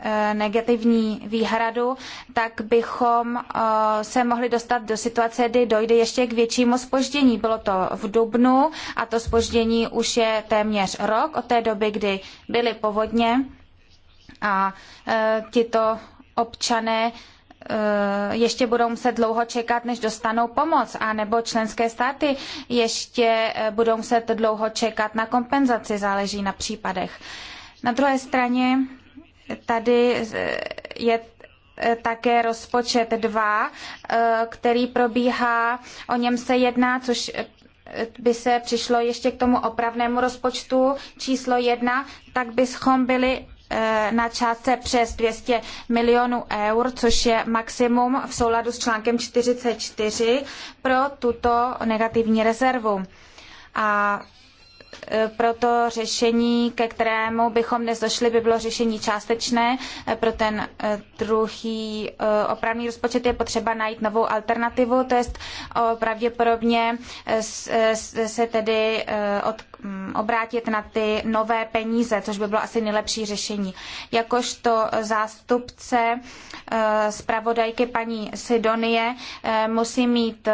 Eh, negativní výhradu, tak bychom eh, se mohli dostat do situace, kdy dojde ještě k většímu spoždění. Bylo to v dubnu a to spoždění už je téměř rok od té doby, kdy byly povodně a eh, tito občané ještě budou muset dlouho čekat, než dostanou pomoc, nebo členské státy ještě budou muset dlouho čekat na kompenzaci, záleží na případech. Na druhé straně Tady je také rozpočet 2, eh, který probíhá, o něm se jedná, což by se přišlo ještě k tomu opravnému rozpočtu číslo 1, tak bychom byli eh, na částce přes 200 milionů eur, což je maximum v souladu s článkem 44 pro tuto negativní rezervu. A E, proto řešení, ke kterému bychom dnes došli, by bylo řešení částečné. E, pro ten e, druhý opravný rozpočet je potřeba najít novou alternativu, to jest pravděpodobně se tedy od, obrátit na ty nové peníze, což by bylo asi nejlepší řešení. Jakožto zástupce zpravodajky paní Sidonie musí mít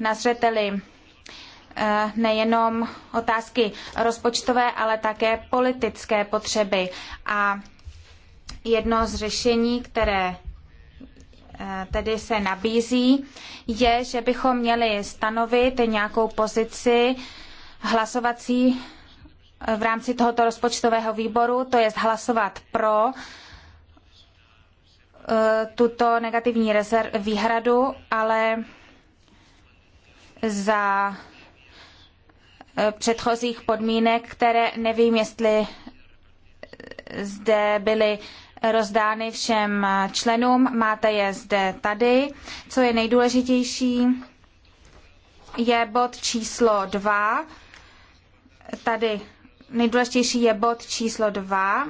na zřeteli Eh, nejenom otázky rozpočtové, ale také politické potřeby. A jedno z řešení, které eh, tedy se nabízí, je, že bychom měli stanovit nějakou pozici hlasovací eh, v rámci tohoto rozpočtového výboru, to je hlasovat pro tuto negativní výhradu, ale za Eh, předchozích podmínek, které nevím, jestli zde byly rozdány všem členům. Máte je zde tady. Co je nejdůležitější, je bod číslo 2. Tady nejdůležitější je bod číslo 2,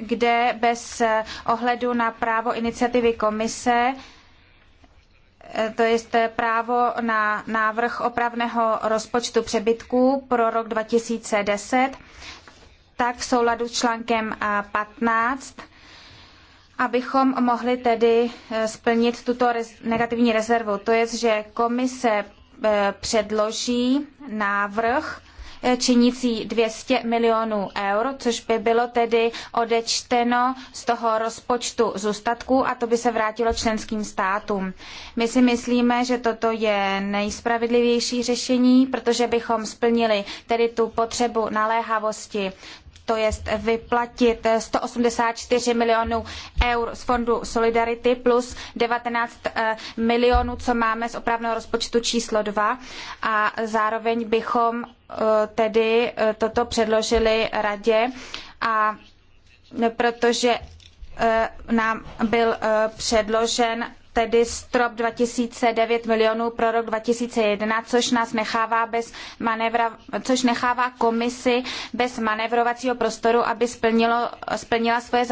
kde bez ohledu na právo iniciativy komise to je právo na návrh opravného rozpočtu přebytků pro rok 2010, tak v souladu s článkem 15, abychom mohli tedy eh, splnit tuto negativní rezervu. To je, že komise eh, předloží návrh Eh, činící 200 milionů eur, což by bylo tedy odečteno z toho rozpočtu zůstatků a to by se vrátilo členským státům. My si myslíme, že toto je nejspravedlivější řešení, protože bychom splnili tedy tu potřebu naléhavosti to jest vyplatit 184 milionů eur z fondu Solidarity plus 19 eh, milionů, co máme z opravného rozpočtu číslo 2 a zároveň bychom eh, tedy eh, toto předložili radě a protože nám byl předložen tedy strop 2009 milionů pro rok 2011, což nás nechává bez manévra, což nechává komisi bez manévrovacího prostoru, aby splnilo, splnila svoje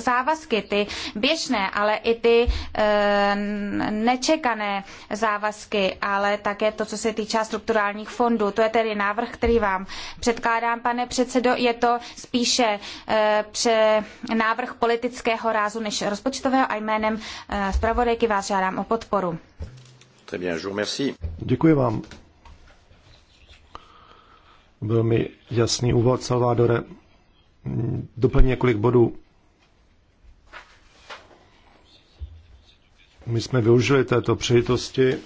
závazky, ty běžné, ale i ty e, nečekané závazky, ale také to, co se týče strukturálních fondů. To je tedy návrh, který vám předkládám, pane předsedo. Je to spíše e, pře, návrh politického rázu než rozpočtového a jménem e, zpravodajky taky vás žádám o podporu. Děkuji vám. Byl mi jasný úvod, Salvadore. Doplň několik bodů. My jsme využili této příležitosti,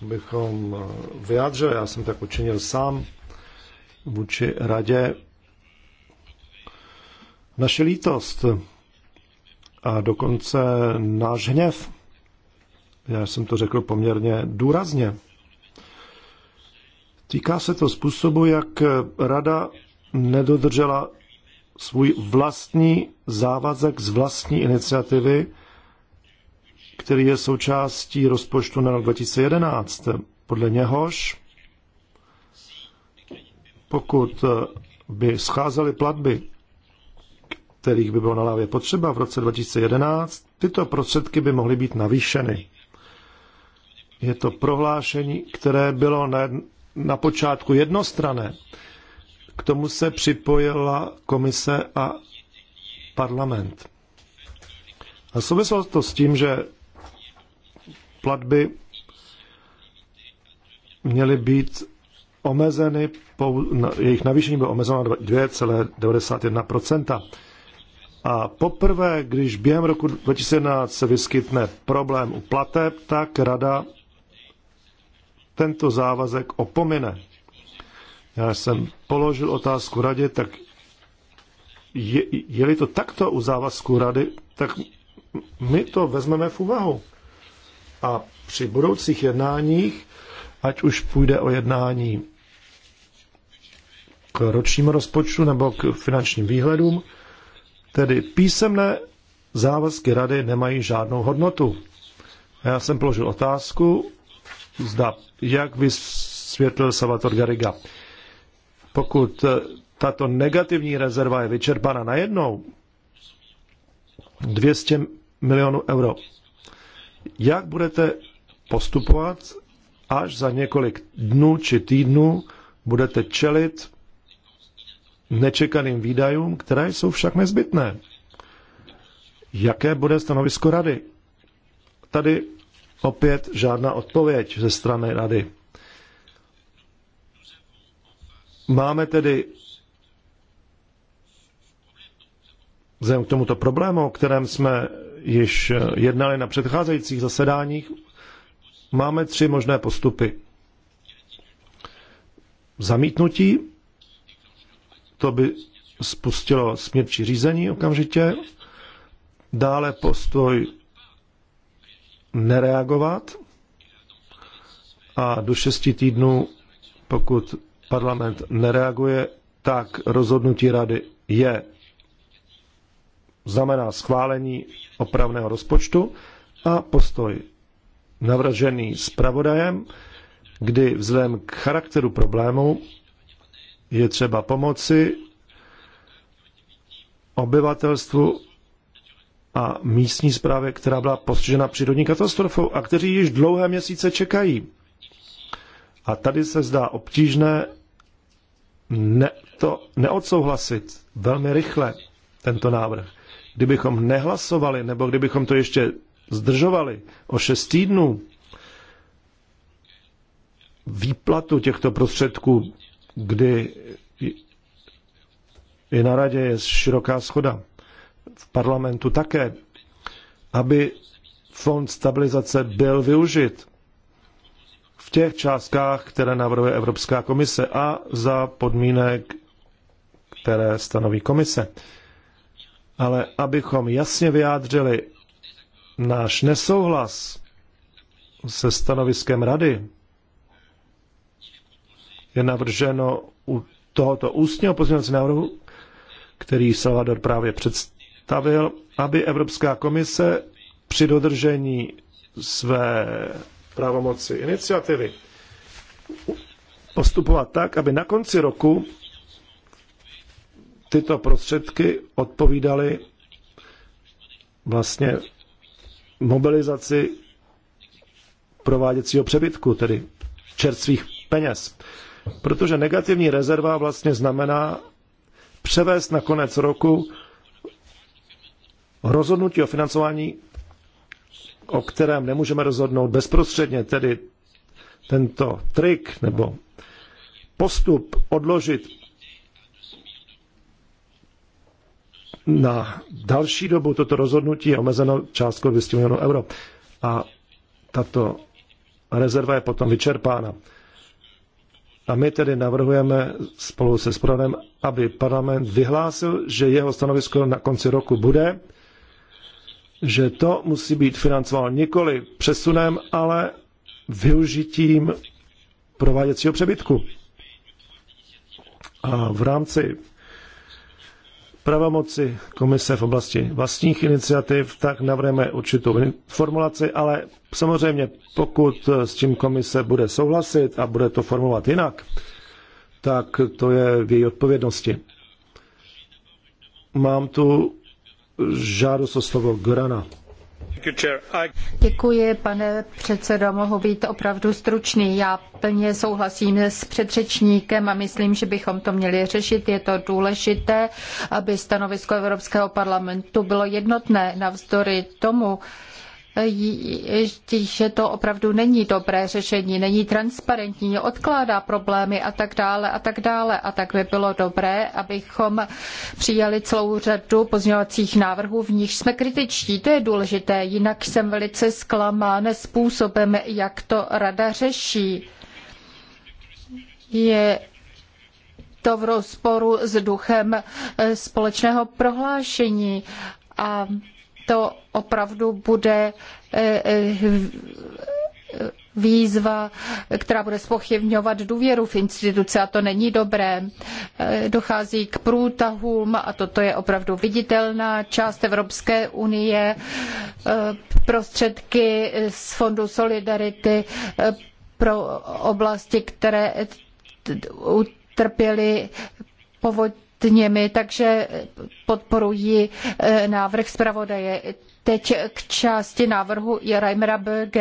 bychom eh, vyjádřili, já jsem tak učinil sám, vůči radě naše lítost a dokonce náš hněv. Já jsem to řekl poměrně důrazně. Týká se to způsobu, jak rada nedodržela svůj vlastní závazek z vlastní iniciativy, který je součástí rozpočtu na rok 2011. Podle něhož, pokud by scházely platby kterých by bylo na lávě potřeba v roce 2011, tyto prostředky by mohly být navýšeny. Je to prohlášení, které bylo na, na počátku jednostrané. K tomu se připojila komise a parlament. A souviselo to s tím, že platby měly být omezeny, jejich navýšení bylo omezeno na 2,91 a poprvé, když během roku 2017 se vyskytne problém u plateb, tak rada tento závazek opomine. Já jsem položil otázku radě, tak je, je-li to takto u závazku rady, tak my to vezmeme v úvahu. A při budoucích jednáních, ať už půjde o jednání k ročnímu rozpočtu nebo k finančním výhledům, Tedy písemné závazky rady nemají žádnou hodnotu. Já jsem položil otázku, zda, jak vysvětlil Salvator Gariga. Pokud eh, tato negativní rezerva je vyčerpána najednou, 200 milionů euro, jak budete postupovat, až za několik dnů či týdnů budete čelit nečekaným výdajům, které jsou však nezbytné. Jaké bude stanovisko rady? Tady opět žádná odpověď ze strany rady. Máme tedy vzhledem k tomuto problému, o kterém jsme již jednali na předcházejících zasedáních, máme tři možné postupy. Zamítnutí, to by spustilo směrčí řízení okamžitě. Dále postoj nereagovat a do šesti týdnů, pokud parlament nereaguje, tak rozhodnutí rady je znamená schválení opravného rozpočtu a postoj navržený zpravodajem, kdy vzhledem k charakteru problému je třeba pomoci obyvatelstvu a místní správě, která byla postižena přírodní katastrofou a kteří již dlouhé měsíce čekají. A tady se zdá obtížné ne, to neodsouhlasit velmi rychle tento návrh. Kdybychom nehlasovali, nebo kdybychom to ještě zdržovali o šest týdnů, výplatu těchto prostředků kdy i na radě je široká schoda, v parlamentu také, aby fond stabilizace byl využit v těch částkách, které navrhuje Evropská komise a za podmínek, které stanoví komise. Ale abychom jasně vyjádřili náš nesouhlas se stanoviskem rady, je navrženo u tohoto ústního pozměňovacího návrhu, který Salvador právě představil, aby Evropská komise při dodržení své pravomoci iniciativy postupovat tak, aby na konci roku tyto prostředky odpovídaly vlastně mobilizaci prováděcího přebytku, tedy čerstvých peněz protože negativní rezerva vlastně znamená převést na konec roku rozhodnutí o financování, o kterém nemůžeme rozhodnout bezprostředně, tedy tento trik nebo postup odložit na další dobu toto rozhodnutí je omezeno částkou 200 milionů euro. A tato rezerva je potom vyčerpána. A my tedy navrhujeme spolu se spravodajem, aby parlament vyhlásil, že jeho stanovisko na konci roku bude, že to musí být financováno nikoli přesunem, ale využitím prováděcího přebytku. A v rámci pravomoci komise v oblasti vlastních iniciativ, tak navrhneme určitou formulaci, ale samozřejmě pokud s tím komise bude souhlasit a bude to formulovat jinak, tak to je v její odpovědnosti. Mám tu žádost o slovo Grana. Děkuji, pane předsedo. Mohu být opravdu stručný. Já plně souhlasím s předřečníkem a myslím, že bychom to měli řešit. Je to důležité, aby stanovisko Evropského parlamentu bylo jednotné navzdory tomu, že to opravdu není dobré řešení, není transparentní, odkládá problémy a tak dále a tak dále. A tak by bylo dobré, abychom přijali celou řadu pozměňovacích návrhů, v nich jsme kritičtí, to je důležité, jinak jsem velice zklamán způsobem, jak to rada řeší. Je to v rozporu s duchem společného prohlášení a to opravdu bude eh, eh, výzva, která bude spochybňovat důvěru v instituce a to není dobré. Eh, dochází k průtahům a toto je opravdu viditelná část Evropské unie. Prostředky z Fondu Solidarity pro oblasti, které utrpěly povodí špatněmi, takže podporuji eh, návrh zpravodaje. Teď k části návrhu je Reimera BG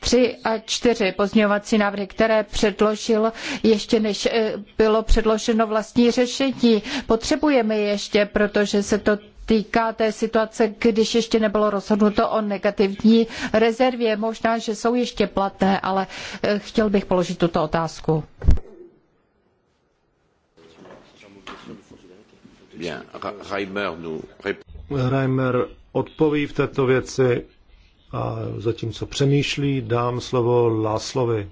3 a 4 pozměňovací návrhy, které předložil ještě než eh, bylo předloženo vlastní řešení. Potřebujeme ještě, protože se to týká té situace, když ještě nebylo rozhodnuto o negativní rezervě. Možná, že jsou ještě platné, ale eh, chtěl bych položit tuto otázku. Reimer odpoví v této věci a zatímco přemýšlí, dám slovo Láslovi.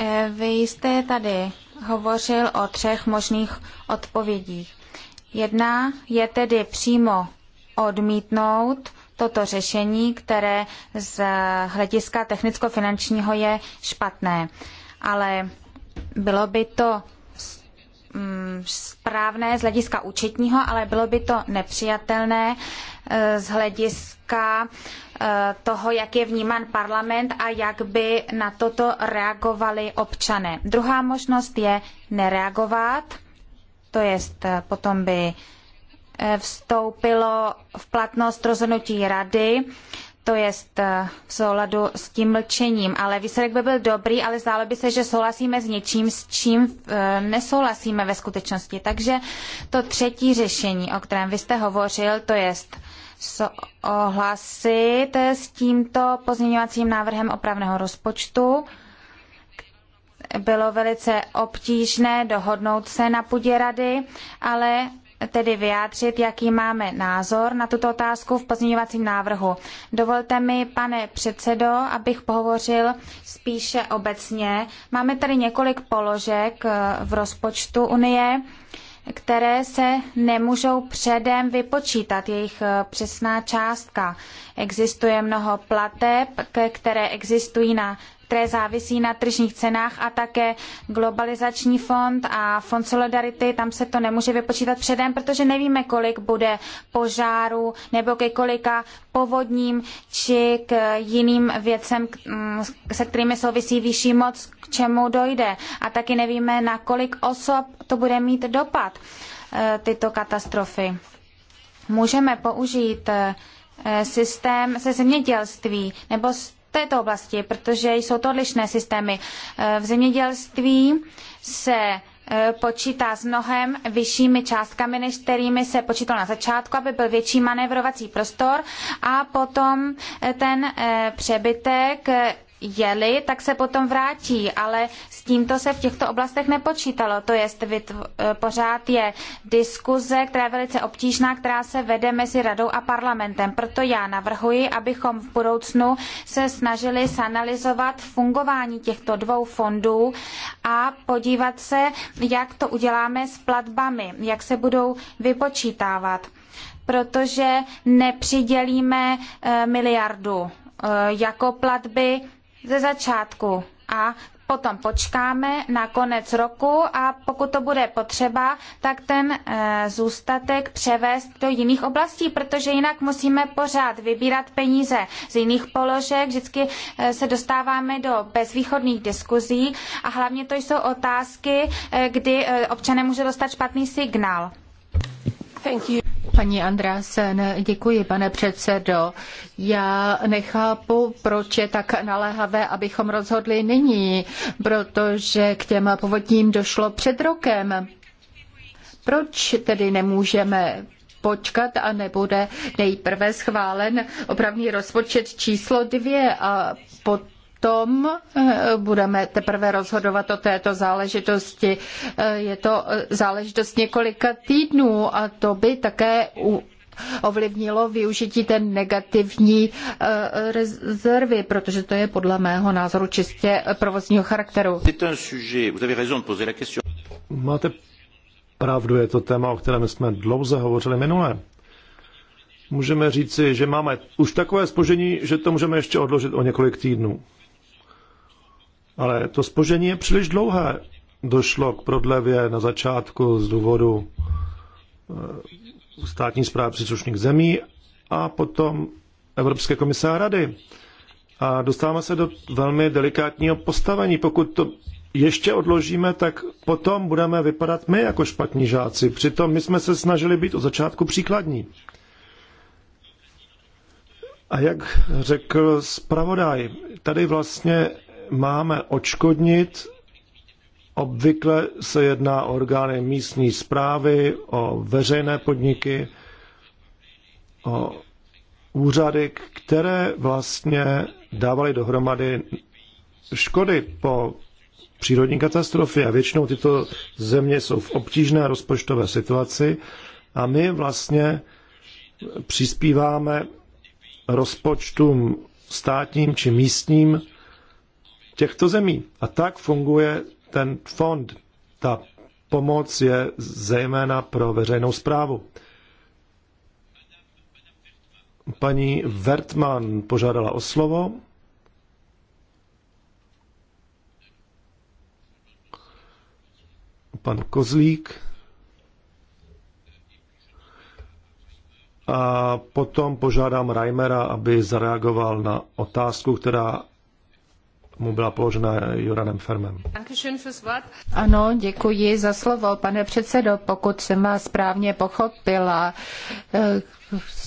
Eh, vy jste tady hovořil o třech možných odpovědích. Jedna je tedy přímo odmítnout toto řešení, které z hlediska technicko-finančního je špatné. Ale bylo by to mm, správné z hlediska účetního, ale bylo by to nepřijatelné e, z hlediska e, toho, jak je vnímán parlament a jak by na toto reagovali občané. Druhá možnost je nereagovat, to jest e, potom by Eh, vstoupilo v platnost rozhodnutí rady, to je eh, v souladu s tím mlčením, ale výsledek by byl dobrý, ale zdálo by se, že souhlasíme s něčím, s čím eh, nesouhlasíme ve skutečnosti. Takže to třetí řešení, o kterém vy jste hovořil, to je souhlasit s tímto pozměňovacím návrhem opravného rozpočtu. Bylo velice obtížné dohodnout se na půdě rady, ale tedy vyjádřit, jaký máme názor na tuto otázku v pozměňovacím návrhu. Dovolte mi, pane předsedo, abych pohovořil spíše obecně. Máme tady několik položek eh, v rozpočtu Unie, které se nemůžou předem vypočítat, jejich eh, přesná částka. Existuje mnoho plateb, které existují na které závisí na tržních cenách a také globalizační fond a fond solidarity, tam se to nemůže vypočítat předem, protože nevíme, kolik bude požáru nebo ke kolika povodním či k jiným věcem, mm, se kterými souvisí vyšší moc, k čemu dojde. A taky nevíme, na kolik osob to bude mít dopad, e, tyto katastrofy. Můžeme použít e, systém se zemědělství nebo této oblasti, protože jsou to odlišné systémy. E, v zemědělství se e, počítá s mnohem vyššími částkami, než kterými se počítalo na začátku, aby byl větší manévrovací prostor a potom e, ten přebytek jeli, tak se potom vrátí, ale s tímto se v těchto oblastech nepočítalo. To jest eh, pořád je diskuze, která je velice obtížná, která se vede mezi radou a parlamentem. Proto já navrhuji, abychom v budoucnu se snažili zanalizovat fungování těchto dvou fondů a podívat se, jak to uděláme s platbami, jak se budou vypočítávat protože nepřidělíme eh, miliardu eh, jako platby ze začátku a potom počkáme na konec roku a pokud to bude potřeba, tak ten e, zůstatek převést do jiných oblastí, protože jinak musíme pořád vybírat peníze z jiných položek, vždycky e, se dostáváme do bezvýchodných diskuzí a hlavně to jsou otázky, e, kdy občané může dostat špatný signál. Thank you. Paní Andrásen, děkuji, pane předsedo. Já nechápu, proč je tak naléhavé, abychom rozhodli nyní, protože k těm povodním došlo před rokem. Proč tedy nemůžeme počkat a nebude nejprve schválen opravný rozpočet číslo dvě a potom potom eh, budeme teprve rozhodovat o této záležitosti. Eh, je to záležitost několika týdnů a to by také ovlivnilo využití té negativní eh, rezervy, protože to je podle mého názoru čistě provozního charakteru. Máte pravdu, je to téma, o kterém jsme dlouze hovořili minule. Můžeme říci, že máme už takové spožení, že to můžeme ještě odložit o několik týdnů. Ale to spožení je příliš dlouhé. Došlo k prodlevě na začátku z důvodu eh, státní zprávy příslušných zemí a potom Evropské komise a rady. A dostáváme se do velmi delikátního postavení. Pokud to ještě odložíme, tak potom budeme vypadat my jako špatní žáci. Přitom my jsme se snažili být od začátku příkladní. A jak řekl zpravodaj, tady vlastně máme očkodnit. Obvykle se jedná o orgány místní zprávy, o veřejné podniky, o úřady, které vlastně dávaly dohromady škody po přírodní katastrofě a většinou tyto země jsou v obtížné rozpočtové situaci a my vlastně přispíváme rozpočtům státním či místním těchto zemí. A tak funguje ten fond. Ta pomoc je zejména pro veřejnou zprávu. Paní Vertman požádala o slovo. Pan Kozlík. A potom požádám Reimera, aby zareagoval na otázku, která mu byla položena Joranem Fermem. Ano, děkuji za slovo, pane předsedo. Pokud jsem vás správně pochopila, eh,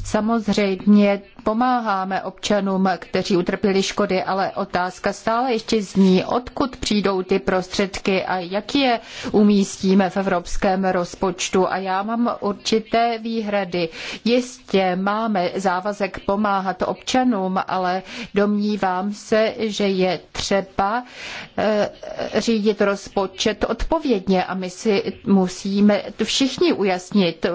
samozřejmě pomáháme občanům, kteří utrpěli škody, ale otázka stále ještě zní, odkud přijdou ty prostředky a jak je umístíme v evropském rozpočtu. A já mám určité výhrady. Jistě máme závazek pomáhat občanům, ale domnívám se, že je třeba třeba eh, řídit rozpočet odpovědně a my si musíme všichni ujasnit,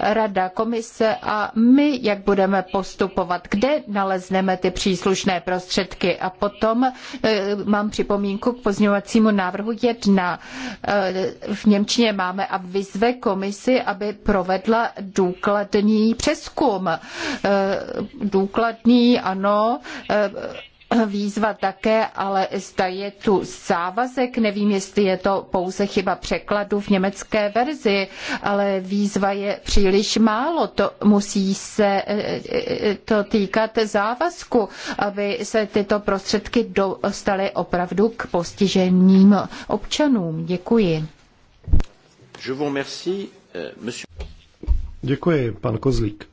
rada, komise a my, jak budeme postupovat, kde nalezneme ty příslušné prostředky. A potom eh, mám připomínku k pozňovacímu návrhu jedna eh, V Němčině máme a vyzve komisi, aby provedla důkladný přeskum. Důkladný, ano, výzva také, ale zda je tu závazek, nevím, jestli je to pouze chyba překladu v německé verzi, ale výzva je příliš málo. To musí se e, e, to týkat závazku, aby se tyto prostředky dostaly opravdu k postiženým občanům. Děkuji. Euh, děkuji, pan Kozlík.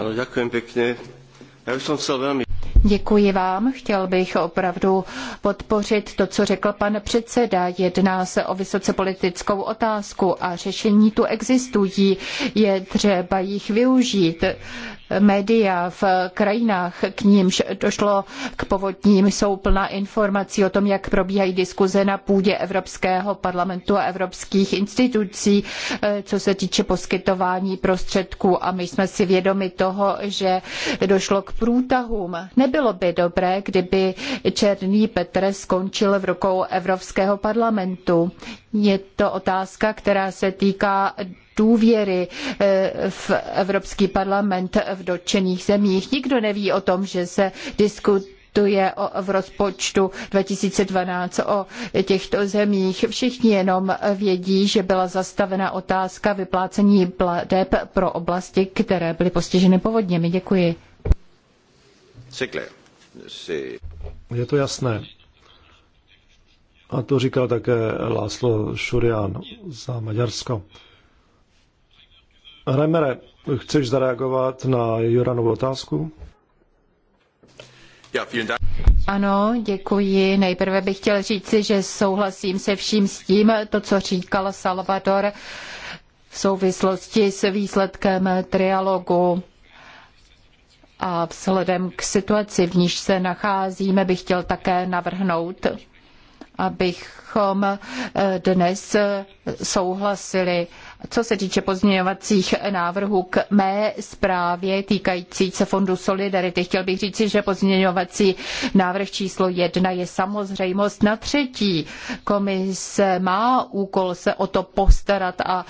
Ano, děkuji pěkně. Já bych chtěl velmi Děkuji vám. Chtěl bych opravdu podpořit to, co řekl pan předseda. Jedná se o vysoce politickou otázku a řešení tu existují. Je třeba jich využít média v krajinách, k nímž došlo k povodním, jsou plná informací o tom, jak probíhají diskuze na půdě Evropského parlamentu a evropských institucí, eh, co se týče poskytování prostředků. A my jsme si vědomi toho, že došlo k průtahům. Nebylo by dobré, kdyby Černý Petr skončil v rukou Evropského parlamentu. Je to otázka, která se týká důvěry eh, v Evropský parlament v dotčených zemích. Nikdo neví o tom, že se diskutuje diskutuje o, v rozpočtu 2012 o těchto zemích. Všichni jenom vědí, že byla zastavena otázka vyplácení plateb pro oblasti, které byly postiženy povodněmi. Děkuji. Je to jasné. A to říkal také Láslo Šurian za Maďarsko. Remere, chceš zareagovat na Joranovu otázku? Ano, děkuji. Nejprve bych chtěl říci, že souhlasím se vším s tím, to, co říkal Salvador v souvislosti s výsledkem trialogu. A vzhledem k situaci, v níž se nacházíme, bych chtěl také navrhnout, abychom dnes souhlasili co se týče pozměňovacích návrhů k mé zprávě týkající se Fondu Solidarity, chtěl bych říci, že pozměňovací návrh číslo jedna je samozřejmost na třetí. Komise má úkol se o to postarat a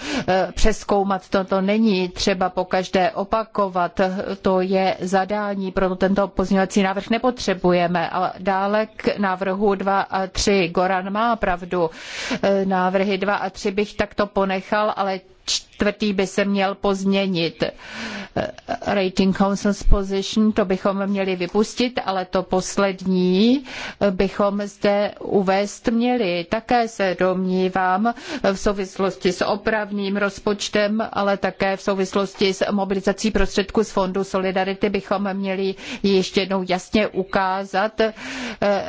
e, přeskoumat to. To není třeba pokaždé opakovat. To je zadání, proto tento pozměňovací návrh nepotřebujeme. A dále k návrhu 2 a 3. Goran má pravdu. E, návrhy 2 a 3 bych takto ponechal, ale teď čtvrtý by se měl pozměnit. Rating Council's Position, to bychom měli vypustit, ale to poslední bychom zde uvést měli. Také se domnívám v souvislosti s opravným rozpočtem, ale také v souvislosti s mobilizací prostředků z Fondu Solidarity bychom měli ještě jednou jasně ukázat, eh,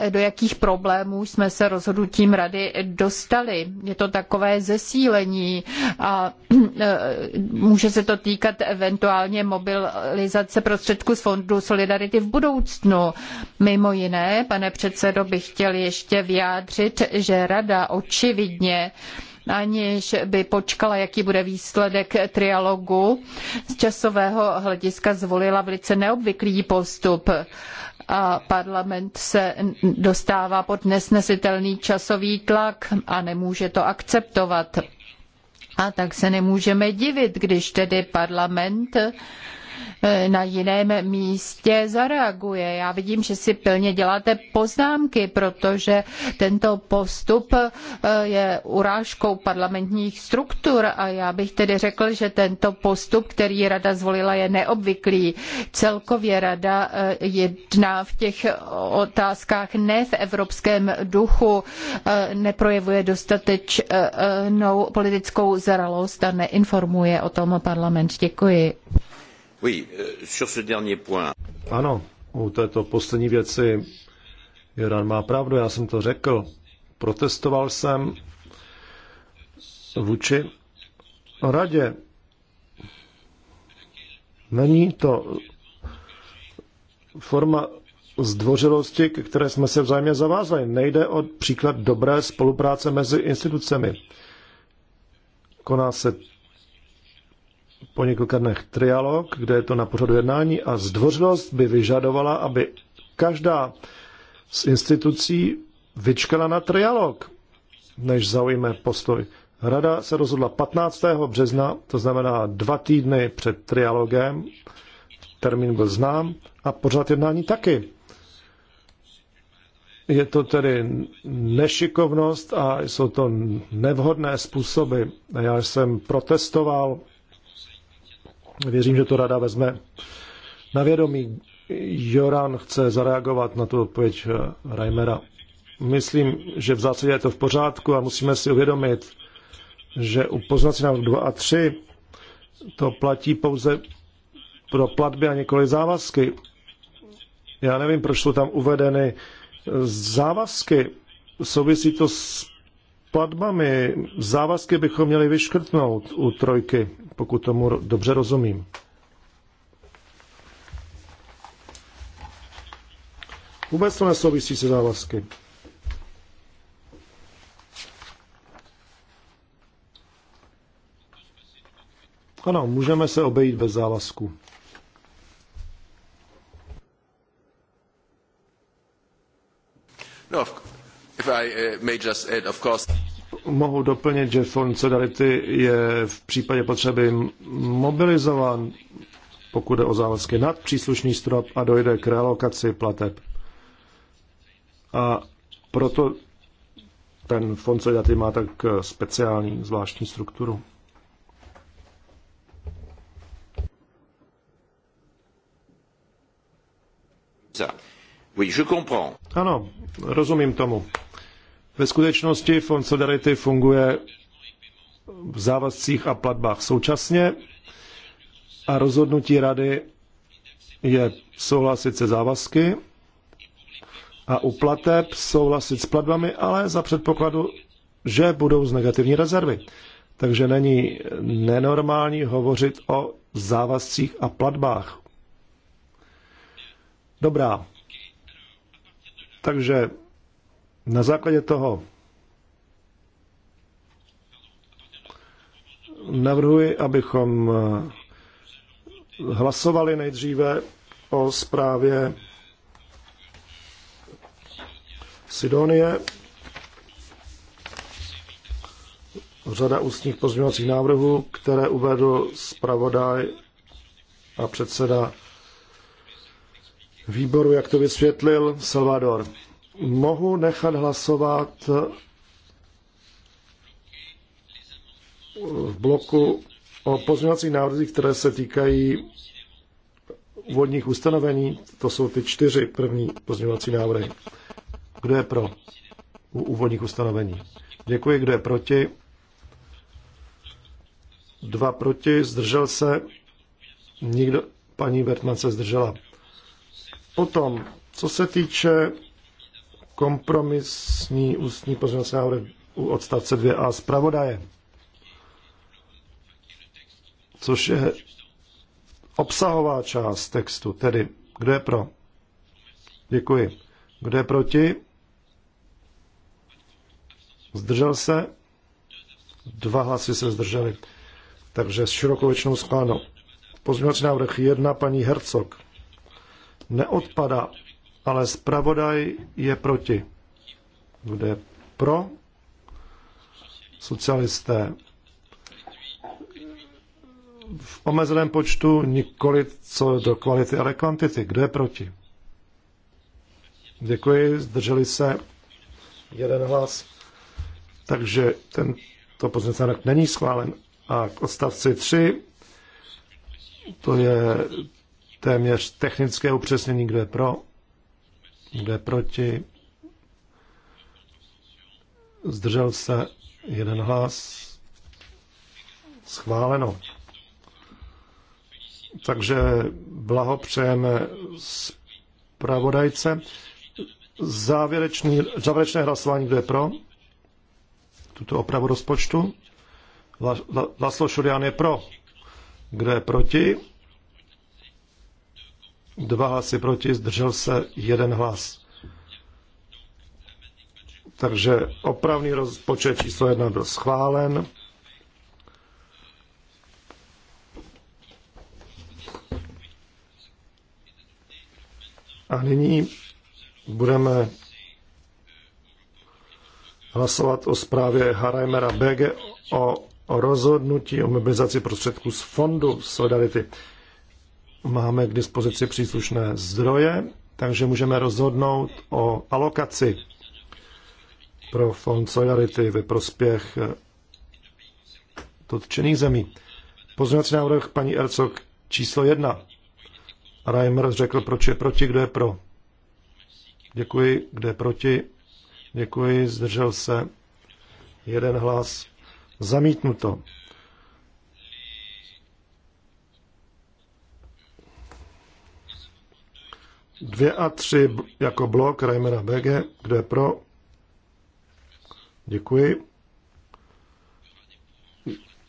do jakých problémů jsme se rozhodnutím rady dostali. Je to takové zesílení a Eh, může se to týkat eventuálně mobilizace prostředků z Fondu Solidarity v budoucnu. Mimo jiné, pane předsedo, bych chtěl ještě vyjádřit, že Rada očividně aniž by počkala, jaký bude výsledek trialogu, z časového hlediska zvolila velice neobvyklý postup a parlament se dostává pod nesnesitelný časový tlak a nemůže to akceptovat. A tak se nemůžeme divit, když tedy parlament E, na jiném místě zareaguje. Já vidím, že si pilně děláte poznámky, protože tento postup e, je urážkou parlamentních struktur a já bych tedy řekl, že tento postup, který rada zvolila, je neobvyklý. Celkově rada e, jedná v těch otázkách ne v evropském duchu, neprojevuje dostatečnou politickou zralost a neinformuje o tom parlament. Děkuji. Oui, euh, sur ce dernier point. Ano, u této poslední věci Joran má pravdu, já jsem to řekl. Protestoval jsem vůči radě. Není to forma zdvořilosti, k které jsme se vzájemně zavázali. Nejde o příklad dobré spolupráce mezi institucemi. Koná se po několika dnech trialog, kde je to na pořadu jednání a zdvořilost by vyžadovala, aby každá z institucí vyčkala na trialog, než zaujme postoj. Rada se rozhodla 15. března, to znamená dva týdny před trialogem, termín byl znám a pořád jednání taky. Je to tedy nešikovnost a jsou to nevhodné způsoby. Já jsem protestoval Věřím, že to rada vezme na vědomí. Joran chce zareagovat na tu odpověď eh, Reimera. Myslím, že v zásadě je to v pořádku a musíme si uvědomit, že u poznací návrh 2 a 3 to platí pouze pro platby a nikoli závazky. Já nevím, proč jsou tam uvedeny závazky. Souvisí to s platbami. Závazky bychom měli vyškrtnout u trojky, pokud tomu dobře rozumím. Vůbec to nesouvisí se závazky. Ano, můžeme se obejít bez závazku. No, of Uh, Mohu doplnit, že Fond Solidarity je v případě potřeby mobilizován, pokud jde o závazky nad příslušný strop a dojde k realokaci plateb. A proto ten Fond Solidarity má tak speciální, zvláštní strukturu. Ano, rozumím tomu. Ve skutečnosti Fond Solidarity funguje v závazcích a platbách současně a rozhodnutí rady je souhlasit se závazky a u plateb souhlasit s platbami, ale za předpokladu, že budou z negativní rezervy. Takže není nenormální hovořit o závazcích a platbách. Dobrá. Takže na základě toho navrhuji, abychom eh, hlasovali nejdříve o zprávě Sidonie. Řada ústních pozměňovacích návrhů, které uvedl zpravodaj a předseda výboru, jak to vysvětlil, Salvador mohu nechat hlasovat v bloku o pozměňovacích návrzích, které se týkají vodních ustanovení. To jsou ty čtyři první pozměňovací návrhy. Kdo je pro u úvodních ustanovení? Děkuji. Kdo je proti? Dva proti. Zdržel se. Nikdo. Paní Bertman se zdržela. Potom, co se týče kompromisní ústní pozměňovací návrh u odstavce 2a zpravodaje, což je obsahová část textu, tedy kdo je pro? Děkuji. Kdo je proti? Zdržel se? Dva hlasy se zdrželi. Takže s širokou většinou schváleno. Pozměňovací návrh 1 paní Hercog neodpada, ale zpravodaj je proti. Kdo je pro? Socialisté. V omezeném počtu nikoli co do kvality, ale kvantity. Kdo je proti? Děkuji, zdrželi se jeden hlas. Takže tento pozměnce není schválen. A k odstavci 3, to je téměř technické upřesnění, kdo je pro, jde proti? Zdržel se jeden hlas. Schváleno. Takže blahopřejeme zpravodajce. Závěrečný, závěrečné hlasování, kdo je pro? Tuto opravu rozpočtu. Laslo Šurian je pro. Kdo je proti? dva hlasy proti, zdržel se jeden hlas. Takže opravný rozpočet číslo jedna byl schválen. A nyní budeme hlasovat o zprávě Harajmera BG o rozhodnutí o mobilizaci prostředků z Fondu Solidarity máme k dispozici příslušné zdroje, takže můžeme rozhodnout o alokaci pro Fond Solidarity ve prospěch eh, dotčených zemí. Pozměňovací návrh paní Ercok číslo jedna. Reimer řekl, proč je proti, kdo je pro. Děkuji, kde je proti. Děkuji, zdržel se. Jeden hlas. Zamítnuto. 2 a 3 jako blok Reimera BG, kde je pro. Děkuji.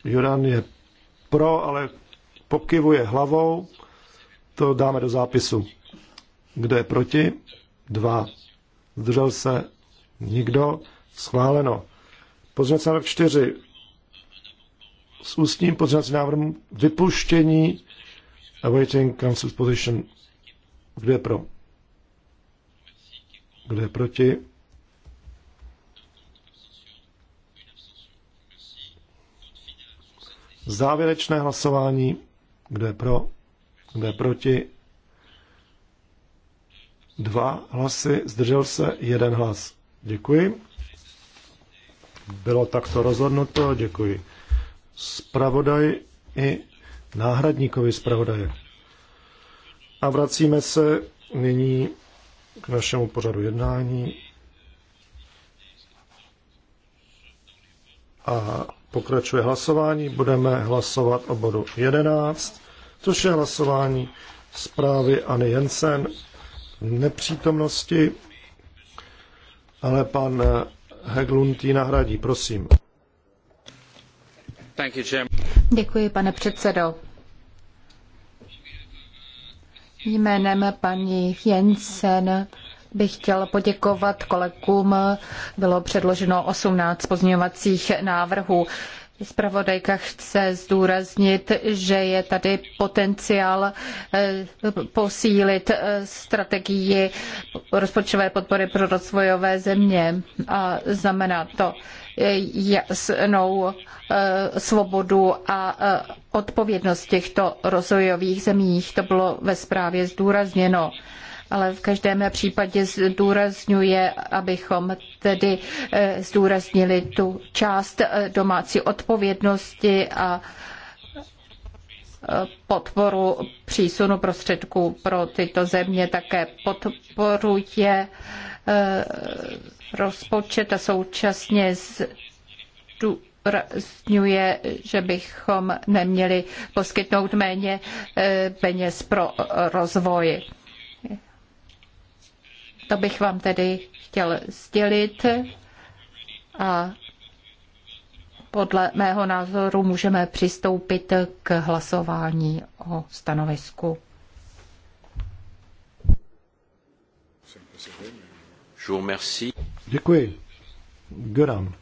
Juran je pro, ale pokivuje hlavou. To dáme do zápisu. Kde je proti? 2. Zdržel se nikdo. Schváleno. Pozměňovací návrh 4. S ústním pozměňovacím návrhem vypuštění awaiting council's position kdo je pro? Kdo je proti? Závěrečné hlasování. Kdo je pro? Kdo je proti? Dva hlasy, zdržel se jeden hlas. Děkuji. Bylo takto rozhodnuto, děkuji. Spravodaj i náhradníkovi spravodaje. A vracíme se nyní k našemu pořadu jednání. A pokračuje hlasování. Budeme hlasovat o bodu 11, což je hlasování zprávy Anny Jensen nepřítomnosti, ale pan Heglund ji nahradí. Prosím. Děkuji, pane předsedo. Jménem paní Jensen bych chtěl poděkovat kolegům. Bylo předloženo 18 pozměňovacích návrhů. Zpravodajka chce zdůraznit, že je tady potenciál eh, posílit eh, strategii rozpočtové podpory pro rozvojové země. A znamená to, jasnou eh, svobodu a eh, odpovědnost těchto rozvojových zemích. To bylo ve zprávě zdůrazněno ale v každém případě zdůrazňuje, abychom tedy eh, zdůraznili tu část domácí odpovědnosti a podporu přísunu prostředků pro tyto země také podporuje Eh, rozpočet a současně zdůrazňuje, že bychom neměli poskytnout méně eh, peněz pro rozvoj. To bych vám tedy chtěl sdělit a podle mého názoru můžeme přistoupit k hlasování o stanovisku. Děkuji. Goran.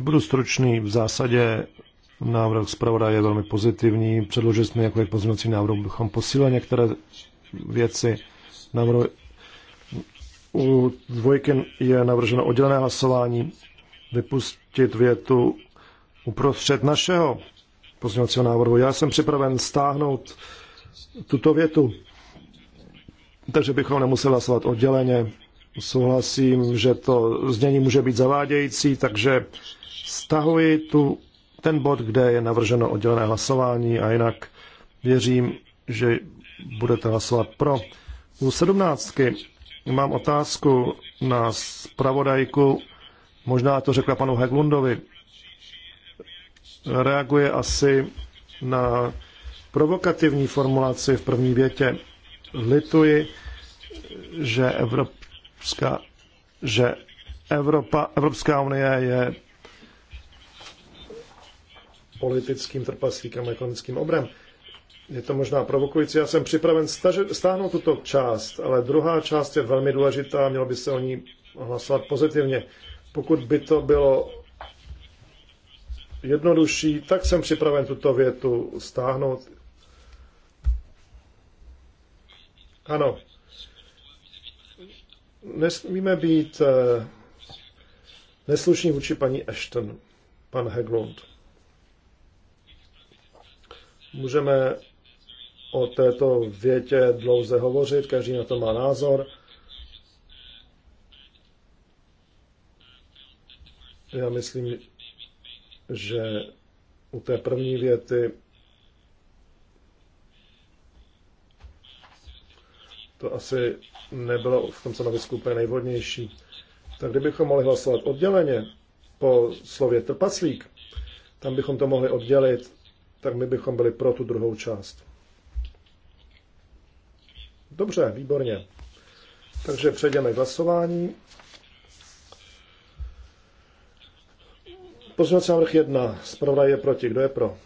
Budu stručný. V zásadě návrh zpravodaje je velmi pozitivní. Předložili jsme několik pozměňovacích návrhů, bychom posílili některé věci. Návrh u dvojky je navrženo oddělené hlasování, vypustit větu uprostřed našeho pozměňovacího návrhu. Já jsem připraven stáhnout tuto větu takže bychom nemuseli hlasovat odděleně. Souhlasím, že to znění může být zavádějící, takže stahuji tu, ten bod, kde je navrženo oddělené hlasování a jinak věřím, že budete hlasovat pro. U sedmnáctky mám otázku na spravodajku, možná to řekla panu Heglundovi. Reaguje asi na provokativní formulaci v první větě lituji, že, Evropská, že Evropa, Evropská unie je politickým trpaslíkem a ekonomickým obrem. Je to možná provokující, já jsem připraven stáhnout tuto část, ale druhá část je velmi důležitá, mělo by se o ní hlasovat pozitivně. Pokud by to bylo jednodušší, tak jsem připraven tuto větu stáhnout Ano, nesmíme být eh, neslušní vůči paní Ashton, pan Heglund. Můžeme o této větě dlouze hovořit, každý na to má názor. Já myslím, že u té první věty to asi nebylo v tom stanovisku úplně nejvhodnější. Tak kdybychom mohli hlasovat odděleně po slově trpaslík, tam bychom to mohli oddělit, tak my bychom byli pro tu druhou část. Dobře, výborně. Takže přejdeme k hlasování. Pozměňovací návrh 1. Zpravodaj je proti. Kdo je pro?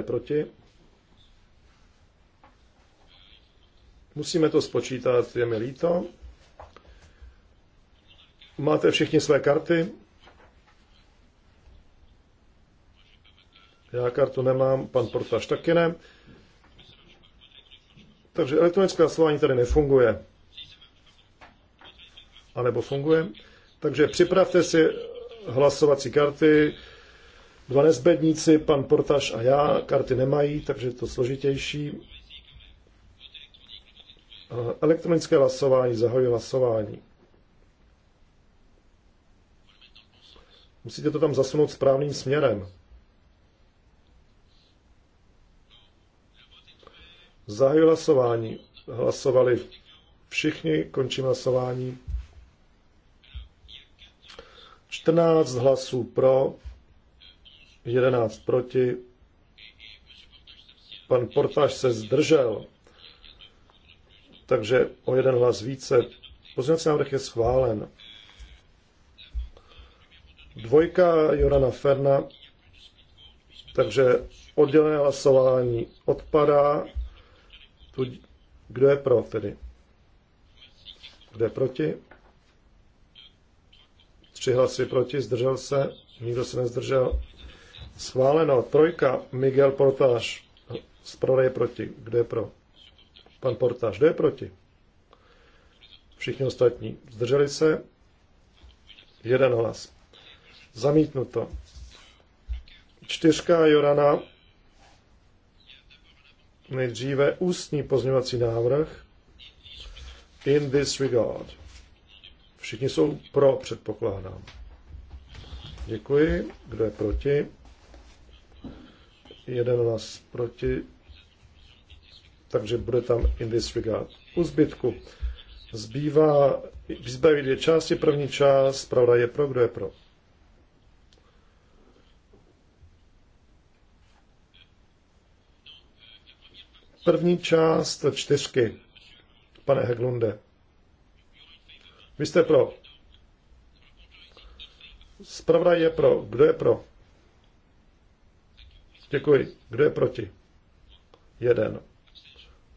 je proti? Musíme to spočítat, je mi líto. Máte všichni své karty? Já kartu nemám, pan Portaž taky ne. Takže elektronické hlasování tady nefunguje. A nebo funguje. Takže připravte si hlasovací karty, Dva nezbedníci, pan Portaš a já, karty nemají, takže je to složitější. Eh, elektronické hlasování, zahoji hlasování. Musíte to tam zasunout správným směrem. Zahajuji hlasování. Hlasovali všichni, končím hlasování. 14 hlasů pro, 11 proti. Pan Portáž se zdržel, takže o jeden hlas více. Pozměňovací návrh je schválen. Dvojka Jorana Ferna, takže oddělené hlasování odpadá. Kdo je pro tedy? Kdo je proti? Tři hlasy proti, zdržel se, nikdo se nezdržel. Schváleno. Trojka. Miguel Portáž. z prodeje proti. Kde je pro? Pan Portáž. Kde je proti? Všichni ostatní. Zdrželi se. Jeden hlas. Zamítnuto. Čtyřka Jorana. Nejdříve ústní pozměňovací návrh. In this regard. Všichni jsou pro, předpokládám. Děkuji. Kdo je proti? jeden hlas proti, takže bude tam in this regard. U zbytku zbývá, zbývají dvě části. První část, pravda je pro, kdo je pro. První část čtyřky, pane Heglunde. Vy jste pro. Zpravda je pro. Kdo je pro? Děkuji. Kdo je proti? Jeden.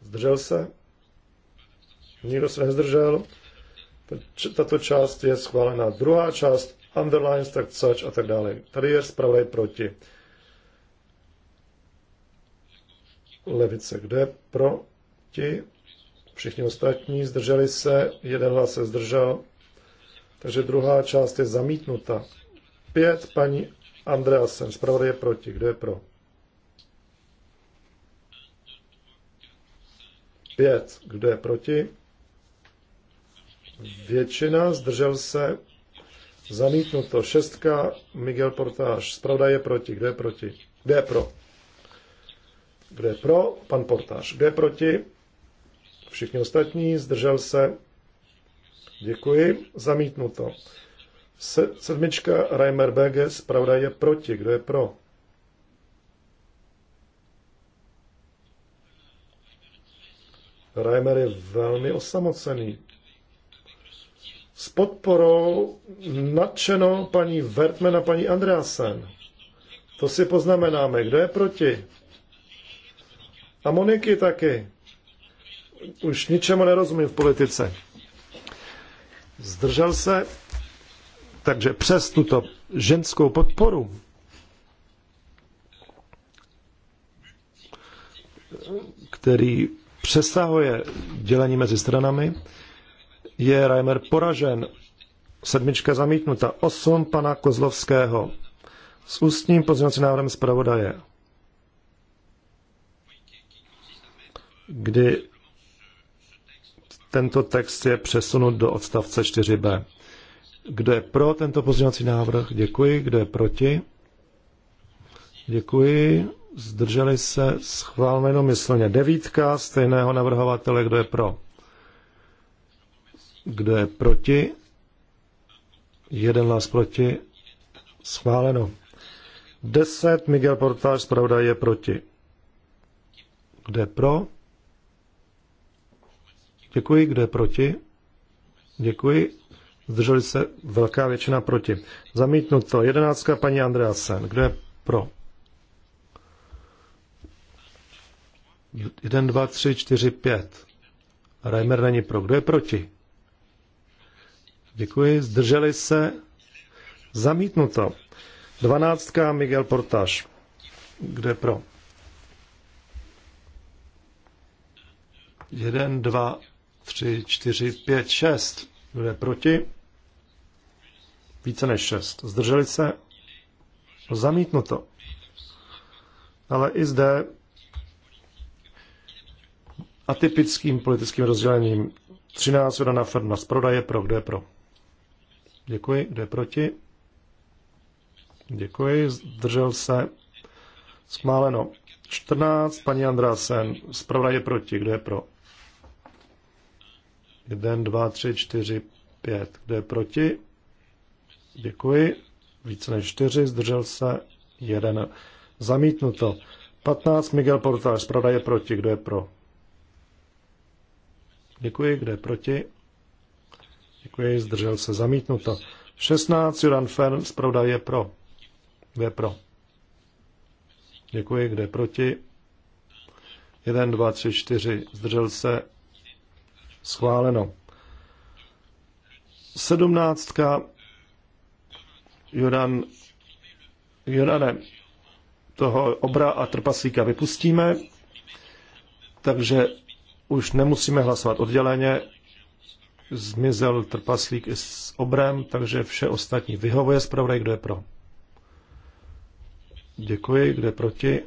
Zdržel se? Nikdo se nezdržel. Tato část je schválená. Druhá část, underlines, tak such a tak dále. Tady je zpravodaj proti. Levice, kde proti? Všichni ostatní zdrželi se, jeden hlas se zdržel. Takže druhá část je zamítnuta. Pět, paní Andreasen, zpravodaj je proti. Kdo je pro? 5. Kdo je proti? Většina zdržel se. Zamítnuto. Šestka. Miguel Portáž. Spravda je proti. Kdo je proti? Kdo je pro? Kdo je pro? Pan Portáž. Kdo je proti? Všichni ostatní. Zdržel se. Děkuji. Zamítnuto. sedmička. Reimer BG. Spravda je proti. Kdo je pro? Reimer je velmi osamocený. S podporou nadšeno paní Wertmann a paní Andreasen. To si poznamenáme. Kdo je proti? A Moniky taky. Už ničemu nerozumím v politice. Zdržel se, takže přes tuto ženskou podporu který přesahuje dělení mezi stranami. Je Reimer poražen, sedmička zamítnuta, osm pana Kozlovského s ústním pozměňovacím návrhem zpravodaje, kdy tento text je přesunut do odstavce 4b. Kdo je pro tento pozměňovací návrh? Děkuji. Kdo je proti? Děkuji zdrželi se, schváleno myslně. Devítka stejného navrhovatele, kdo je pro. Kdo je proti? Jeden hlas proti. Schváleno. Deset Miguel Portáž, zpravodaj je proti. kde je pro? Děkuji. kde je proti? Děkuji. Zdrželi se velká většina proti. Zamítnuto. Jedenáctka paní Andreasen. kde je pro? 1, 2, 3, 4, 5. Reimer není pro. Kdo je proti? Děkuji. Zdrželi se. Zamítnuto. Dvanáctka Miguel Portáš. Kdo je pro? Jeden, dva, tři, čtyři, pět, šest. Kdo je proti? Více než šest. Zdrželi se? Zamítnuto. Ale i zde atypickým politickým rozdělením. 13 na Ferna z prodaje pro, kdo je pro? Děkuji, kdo je proti? Děkuji, zdržel se. Schmáleno. 14, paní Andrásen, zpravodaj je proti, kdo je pro? 1, 2, 3, 4, 5, kdo je proti? Děkuji. Více než 4, zdržel se 1. Zamítnuto. 15, Miguel Portal, zpravodaj je proti, kdo je pro? Děkuji, kdo je proti? Děkuji, zdržel se, zamítnuto. 16, Juran Fern, zpravda je pro. Kdo je pro? Děkuji, kdo je proti? 1, 2, 3, 4, zdržel se, schváleno. 17. Juran, Jurane, toho obra a trpasíka vypustíme, takže už nemusíme hlasovat odděleně. Zmizel trpaslík i s obrem, takže vše ostatní vyhovuje zpravodaj, kdo je pro. Děkuji, kdo je proti.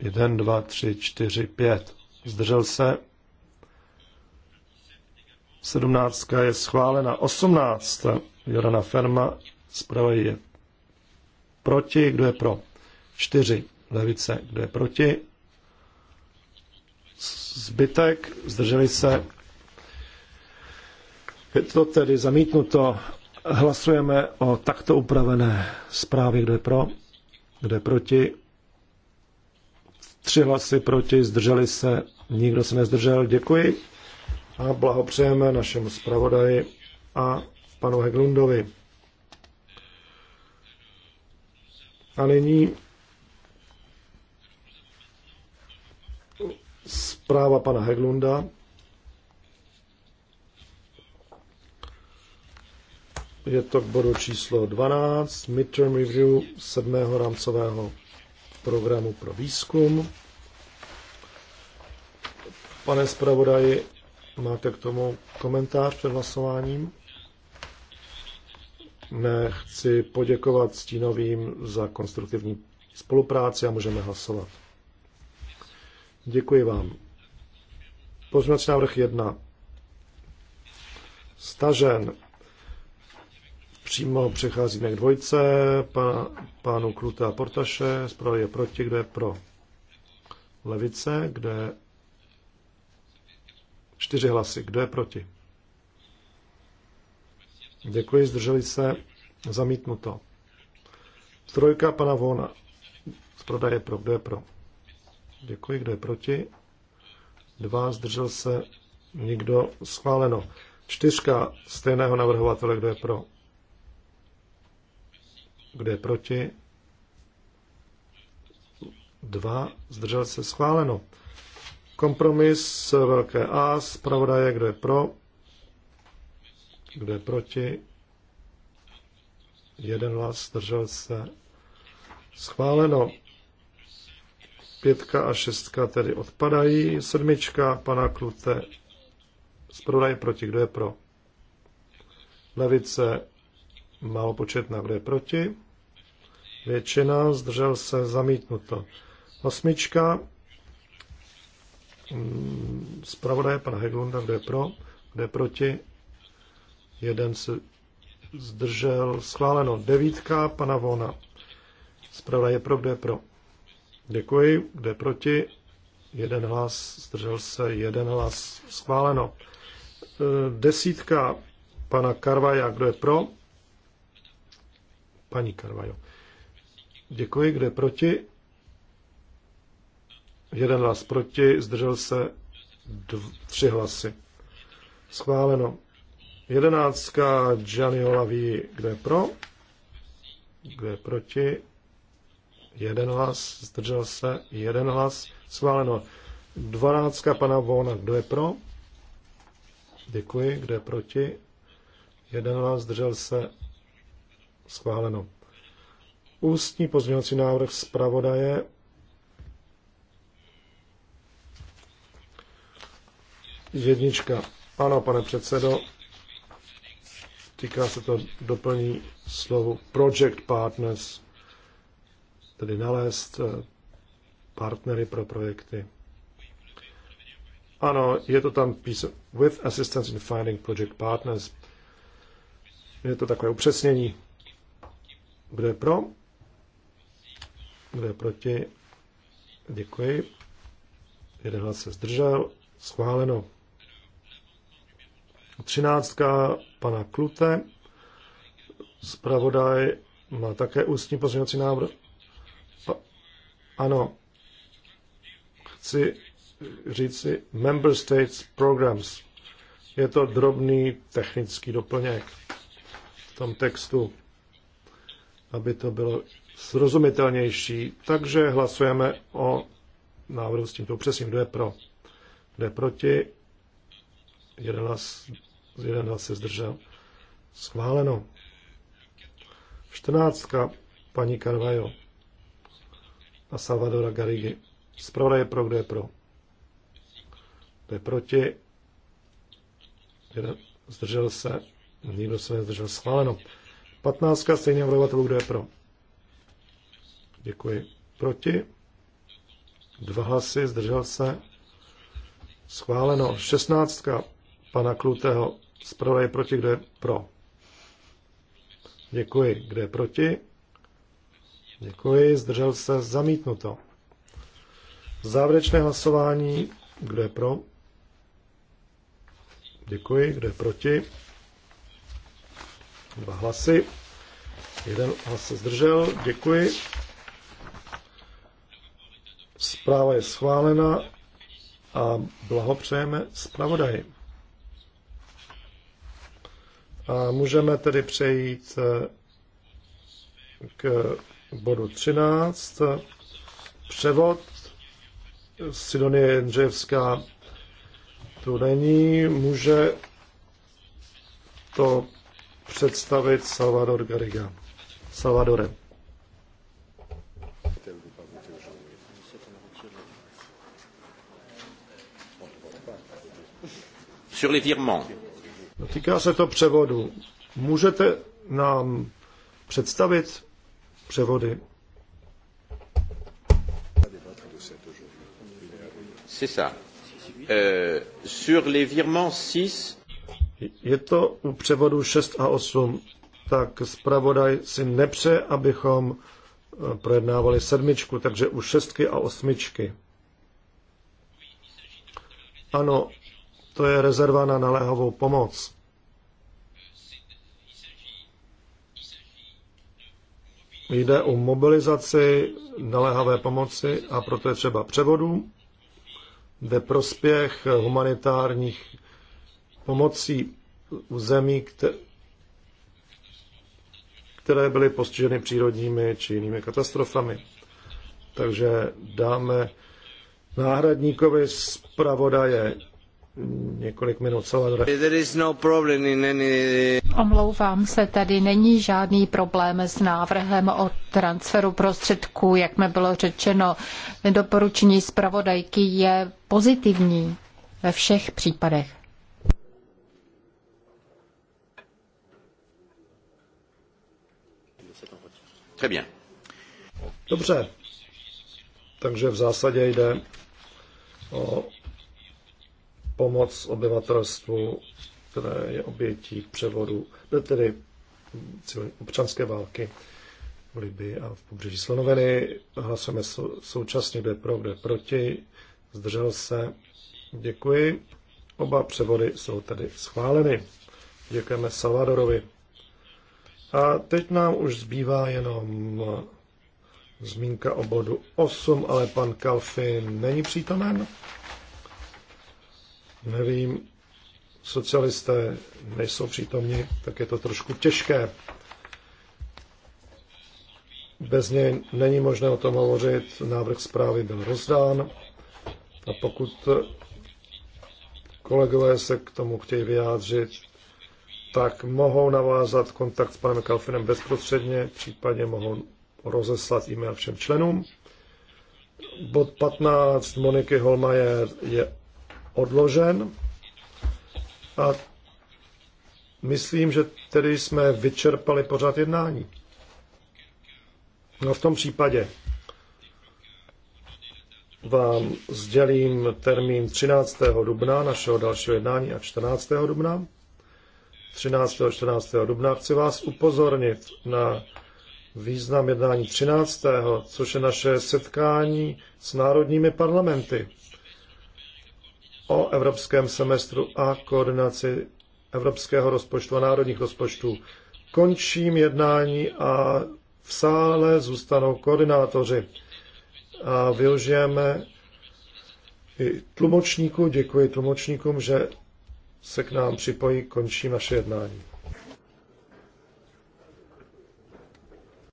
1, 2, 3, 4, 5. Zdržel se. 17 je schválena. 18. Jorana Ferma. Zprava je proti. Kdo je pro? 4. Levice. Kdo je proti? zbytek, zdrželi se. Je to tedy zamítnuto. Hlasujeme o takto upravené zprávě, kdo je pro, kdo je proti. Tři hlasy proti, zdrželi se, nikdo se nezdržel. Děkuji a blahopřejeme našemu zpravodaji a panu Heglundovi. A nyní Zpráva pana Heglunda. Je to k bodu číslo 12, midterm review sedmého rámcového programu pro výzkum. Pane zpravodaji, máte k tomu komentář před hlasováním? Ne, chci poděkovat stínovým za konstruktivní spolupráci a můžeme hlasovat. Děkuji vám. Pozměňovací návrh 1. Stažen. Přímo přecházíme k dvojce, Pana, pánu Kruta Portaše, zprava je proti, kde je pro levice, kde čtyři hlasy, kdo je proti. Děkuji, zdrželi se, zamítnuto. Trojka pana Vona, zprava je pro, kdo je pro. Děkuji, kdo je proti. 2, zdržel se nikdo, schváleno. Čtyřka stejného navrhovatele, kdo je pro, kdo je proti, Dva, zdržel se, schváleno. Kompromis velké A, zpravodaje, kdo je pro, kdo je proti, jeden hlas, zdržel se, schváleno. Pětka a šestka tedy odpadají. Sedmička pana Klute. Zpravodaj proti. Kdo je pro? Levice malopočetná. Kdo je proti? Většina zdržel se zamítnuto. Osmička mm, zpravodaje pana Heglunda, kdo je pro, kdo je proti. Jeden se zdržel. Schváleno. Devítka pana Vona. Zpravodaje pro, kdo je pro Děkuji. Kde proti? Jeden hlas. Zdržel se jeden hlas. Schváleno. E, desítka pana Karvaja. Kdo je pro? Paní Karvajo. Děkuji. Kde proti? Jeden hlas proti. Zdržel se dv- tři hlasy. Schváleno. Jedenáctka Gianni Olavi. Kdo je pro? Kdo je proti? jeden hlas, zdržel se jeden hlas, schváleno. Dvanáctka pana Vona, kdo je pro? Děkuji, kdo je proti? Jeden hlas, zdržel se schváleno. Ústní pozměňovací návrh zpravodaje. Jednička. Ano, pane předsedo, týká se to doplní slovu Project Partners tedy nalézt eh, partnery pro projekty. Ano, je to tam píse with assistance in finding project partners. Je to takové upřesnění. Kdo je pro? Kdo je proti? Děkuji. Jeden hlas se zdržel. Schváleno. Třináctka pana Klute. Zpravodaj má také ústní pozměňovací návrh. Ano, chci říci Member States Programs. Je to drobný technický doplněk v tom textu, aby to bylo srozumitelnější. Takže hlasujeme o návrhu s tímto přesným. Kdo je pro? Kdo je proti? Jeden hlas, jeden hlas se zdržel. Schváleno. 14. Paní Carvajo a Salvadora Garrigy. Zpravodaj je pro, kdo je pro. Kdo je proti? Jeden zdržel se, nikdo se nezdržel schváleno. 15. stejně navrhovatelů, kdo je pro. Děkuji. Proti? Dva hlasy, zdržel se. Schváleno. 16. pana Klutého. Zpravodaj je proti, kdo je pro. Děkuji. Kdo je proti? Děkuji, zdržel se, zamítnuto. Závěrečné hlasování, kdo je pro? Děkuji, kdo je proti? Dva hlasy. Jeden hlas se zdržel, děkuji. Zpráva je schválena a blahopřejeme zpravodaji. A můžeme tedy přejít eh, k bodu 13. Převod Sidonie Jendřejevská tu není. Může to představit Salvador Garriga. Salvadore. Sur les virements. Týká se to převodu. Můžete nám představit převody. C'est ça. Euh, sur les virements 6. Je to u převodu 6 a 8. Tak zpravodaj si nepře, abychom eh, projednávali sedmičku, takže u šestky a osmičky. Ano, to je rezerva na naléhavou pomoc. Jde o mobilizaci naléhavé pomoci a proto je třeba převodu ve prospěch humanitárních pomocí u zemí, které byly postiženy přírodními či jinými katastrofami. Takže dáme náhradníkovi zpravodaje několik minut. celé. Omlouvám se, tady není žádný problém s návrhem o transferu prostředků, jak mi bylo řečeno. Doporučení zpravodajky je pozitivní ve všech případech. Dobře. Takže v zásadě jde o pomoc obyvatelstvu které je obětí převodu, tedy občanské války v Libii a v pobřeží Slonoviny. Hlasujeme současně, kde pro, kde proti. Zdržel se. Děkuji. Oba převody jsou tedy schváleny. Děkujeme Salvadorovi. A teď nám už zbývá jenom zmínka o bodu 8, ale pan Kalfin není přítomen. Nevím, socialisté nejsou přítomni, tak je to trošku těžké. Bez něj není možné o tom hovořit. Návrh zprávy byl rozdán. A pokud kolegové se k tomu chtějí vyjádřit, tak mohou navázat kontakt s panem Kalfinem bezprostředně, případně mohou rozeslat e-mail všem členům. Bod 15 Moniky Holmajer je odložen. A myslím, že tedy jsme vyčerpali pořád jednání. No v tom případě vám sdělím termín 13. dubna našeho dalšího jednání a 14. dubna. 13. a 14. dubna chci vás upozornit na význam jednání 13., což je naše setkání s národními parlamenty o evropském semestru a koordinaci evropského rozpočtu a národních rozpočtů. Končím jednání a v sále zůstanou koordinátoři. A využijeme i tlumočníku. Děkuji tlumočníkům, že se k nám připojí. Končí naše jednání.